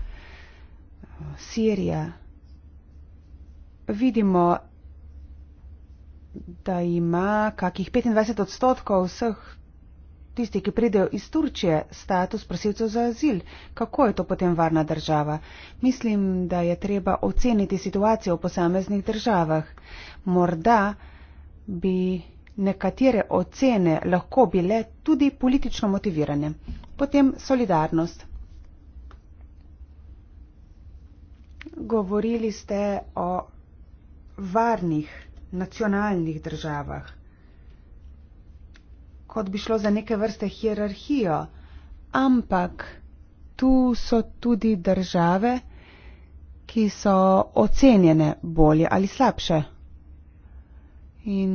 Sirija. Vidimo, da ima kakih 25 odstotkov vseh tisti, ki pridejo iz Turčije, status prosilcev za azil, kako je to potem varna država? Mislim, da je treba oceniti situacijo v posameznih državah. Morda bi nekatere ocene lahko bile tudi politično motivirane. Potem solidarnost. Govorili ste o varnih nacionalnih državah kot bi šlo za neke vrste hierarhijo, ampak tu so tudi države, ki so ocenjene bolje ali slabše. In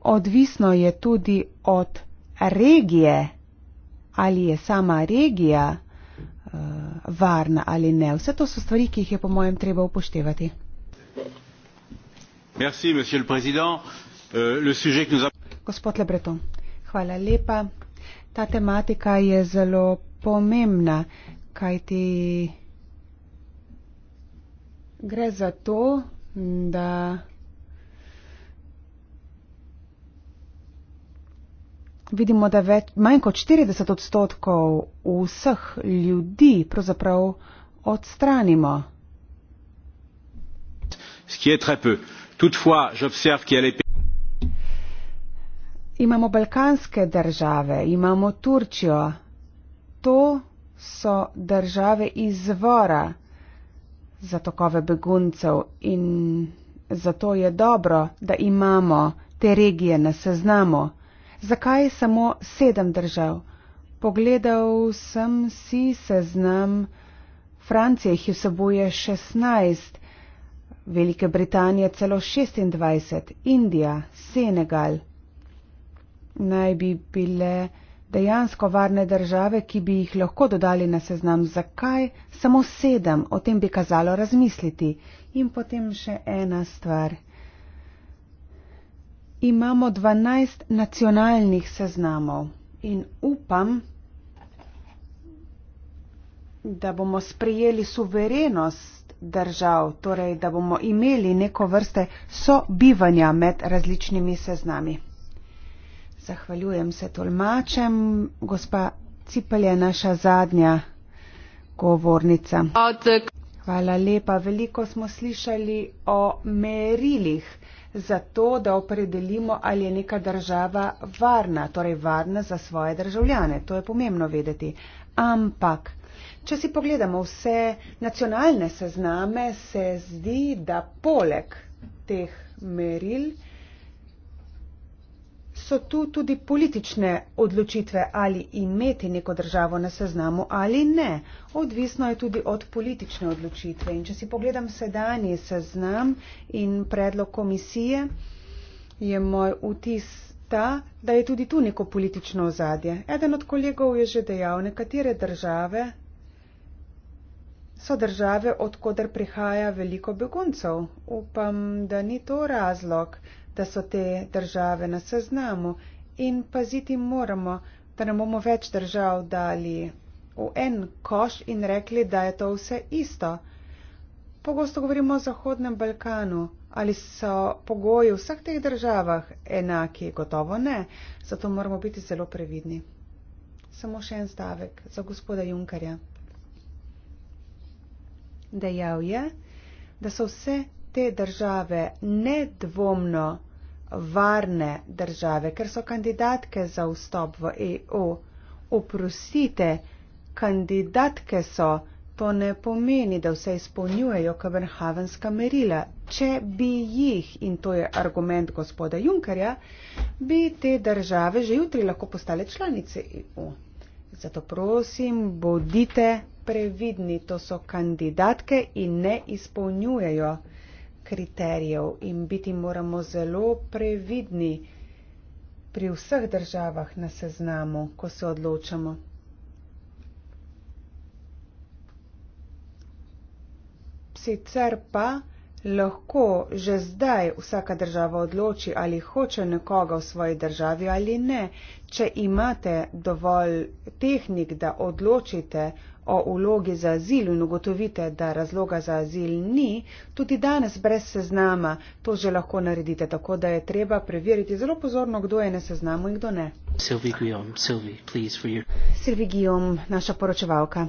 odvisno je tudi od regije, ali je sama regija uh, varna ali ne. Vse to so stvari, ki jih je po mojem treba upoštevati. Merci, euh, Gospod Lebreton. Hvala lepa. Ta tematika je zelo pomembna, kajti gre za to, da vidimo, da več, manj kot 40 odstotkov vseh ljudi pravzaprav odstranimo. Ce qui est très peu. Toutefois, j'observe qu'il y a les pays. Imamo balkanske države, imamo Turčijo. To so države izvora za tokove beguncev in zato je dobro, da imamo te regije na seznamu. Zakaj samo sedem držav? Pogledal sem si seznam, Francija jih vsebuje 16, Velike Britanije celo 26, Indija, Senegal, naj bi bile dejansko varne države, ki bi jih lahko dodali na seznam. Zakaj? Samo sedem, o tem bi kazalo razmisliti. In potem še ena stvar. Imamo 12 nacionalnih seznamov in upam, da bomo sprejeli suverenost držav, torej da bomo imeli neko vrste sobivanja med različnimi seznami. Zahvaljujem se tolmačem. Gospa Cipel je naša zadnja govornica. Hvala lepa. Veliko smo slišali o merilih za to, da opredelimo, ali je neka država varna, torej varna za svoje državljane. To je pomembno vedeti. Ampak, če si pogledamo vse nacionalne sezname, se zdi, da poleg teh meril, so tu tudi politične odločitve, ali imeti neko državo na seznamu ali ne. Odvisno je tudi od politične odločitve. In če si pogledam sedanji seznam in predlog komisije, je moj vtis ta, da je tudi tu neko politično ozadje. Eden od kolegov je že dejal, nekatere države so države, odkuder prihaja veliko beguncev. Upam, da ni to razlog da so te države na seznamu in paziti moramo, da ne bomo več držav dali v en koš in rekli, da je to vse isto. Pogosto govorimo o Zahodnem Balkanu. Ali so pogoji v vseh teh državah enaki? Gotovo ne. Zato moramo biti zelo previdni. Samo še en stavek za gospoda Junkarja. Dejal je, da so vse te države nedvomno varne države, ker so kandidatke za vstop v EU. Oprostite, kandidatke so, to ne pomeni, da vse izpolnjujejo kopenhavenska merila. Če bi jih, in to je argument gospoda Junkerja, bi te države že jutri lahko postale članice EU. Zato prosim, bodite previdni, to so kandidatke in ne izpolnjujejo kriterijev in biti moramo zelo previdni pri vseh državah na seznamu, ko se odločamo. Sicer pa lahko že zdaj vsaka država odloči, ali hoče nekoga v svoji državi ali ne. Če imate dovolj tehnik, da odločite o vlogi za azil in ugotovite, da razloga za azil ni, tudi danes brez seznama to že lahko naredite, tako da je treba preveriti zelo pozorno, kdo je na seznamu in kdo ne. Silvi Gijom, your... naša poročevalka.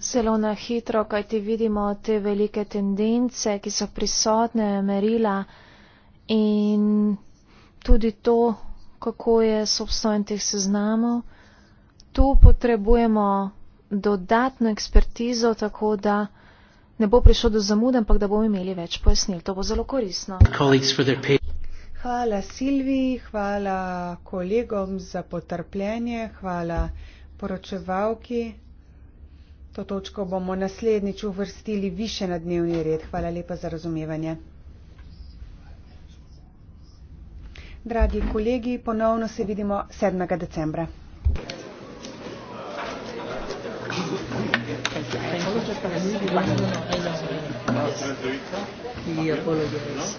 Se lo na hitro, kaj ti vidimo te velike tendence, ki so prisotne, merila in tudi to, kako je s obstojem teh seznamov tu potrebujemo dodatno ekspertizo, tako da ne bo prišlo do zamud, ampak da bomo imeli več pojasnil. To bo zelo koristno. Hvala Silviji, hvala kolegom za potrpljenje, hvala poročevalki. To točko bomo naslednjič uvrstili više na dnevni red. Hvala lepa za razumevanje. Dragi kolegi, ponovno se vidimo 7. decembra. para mí, igual que una. Y Apolo ya es. Uh,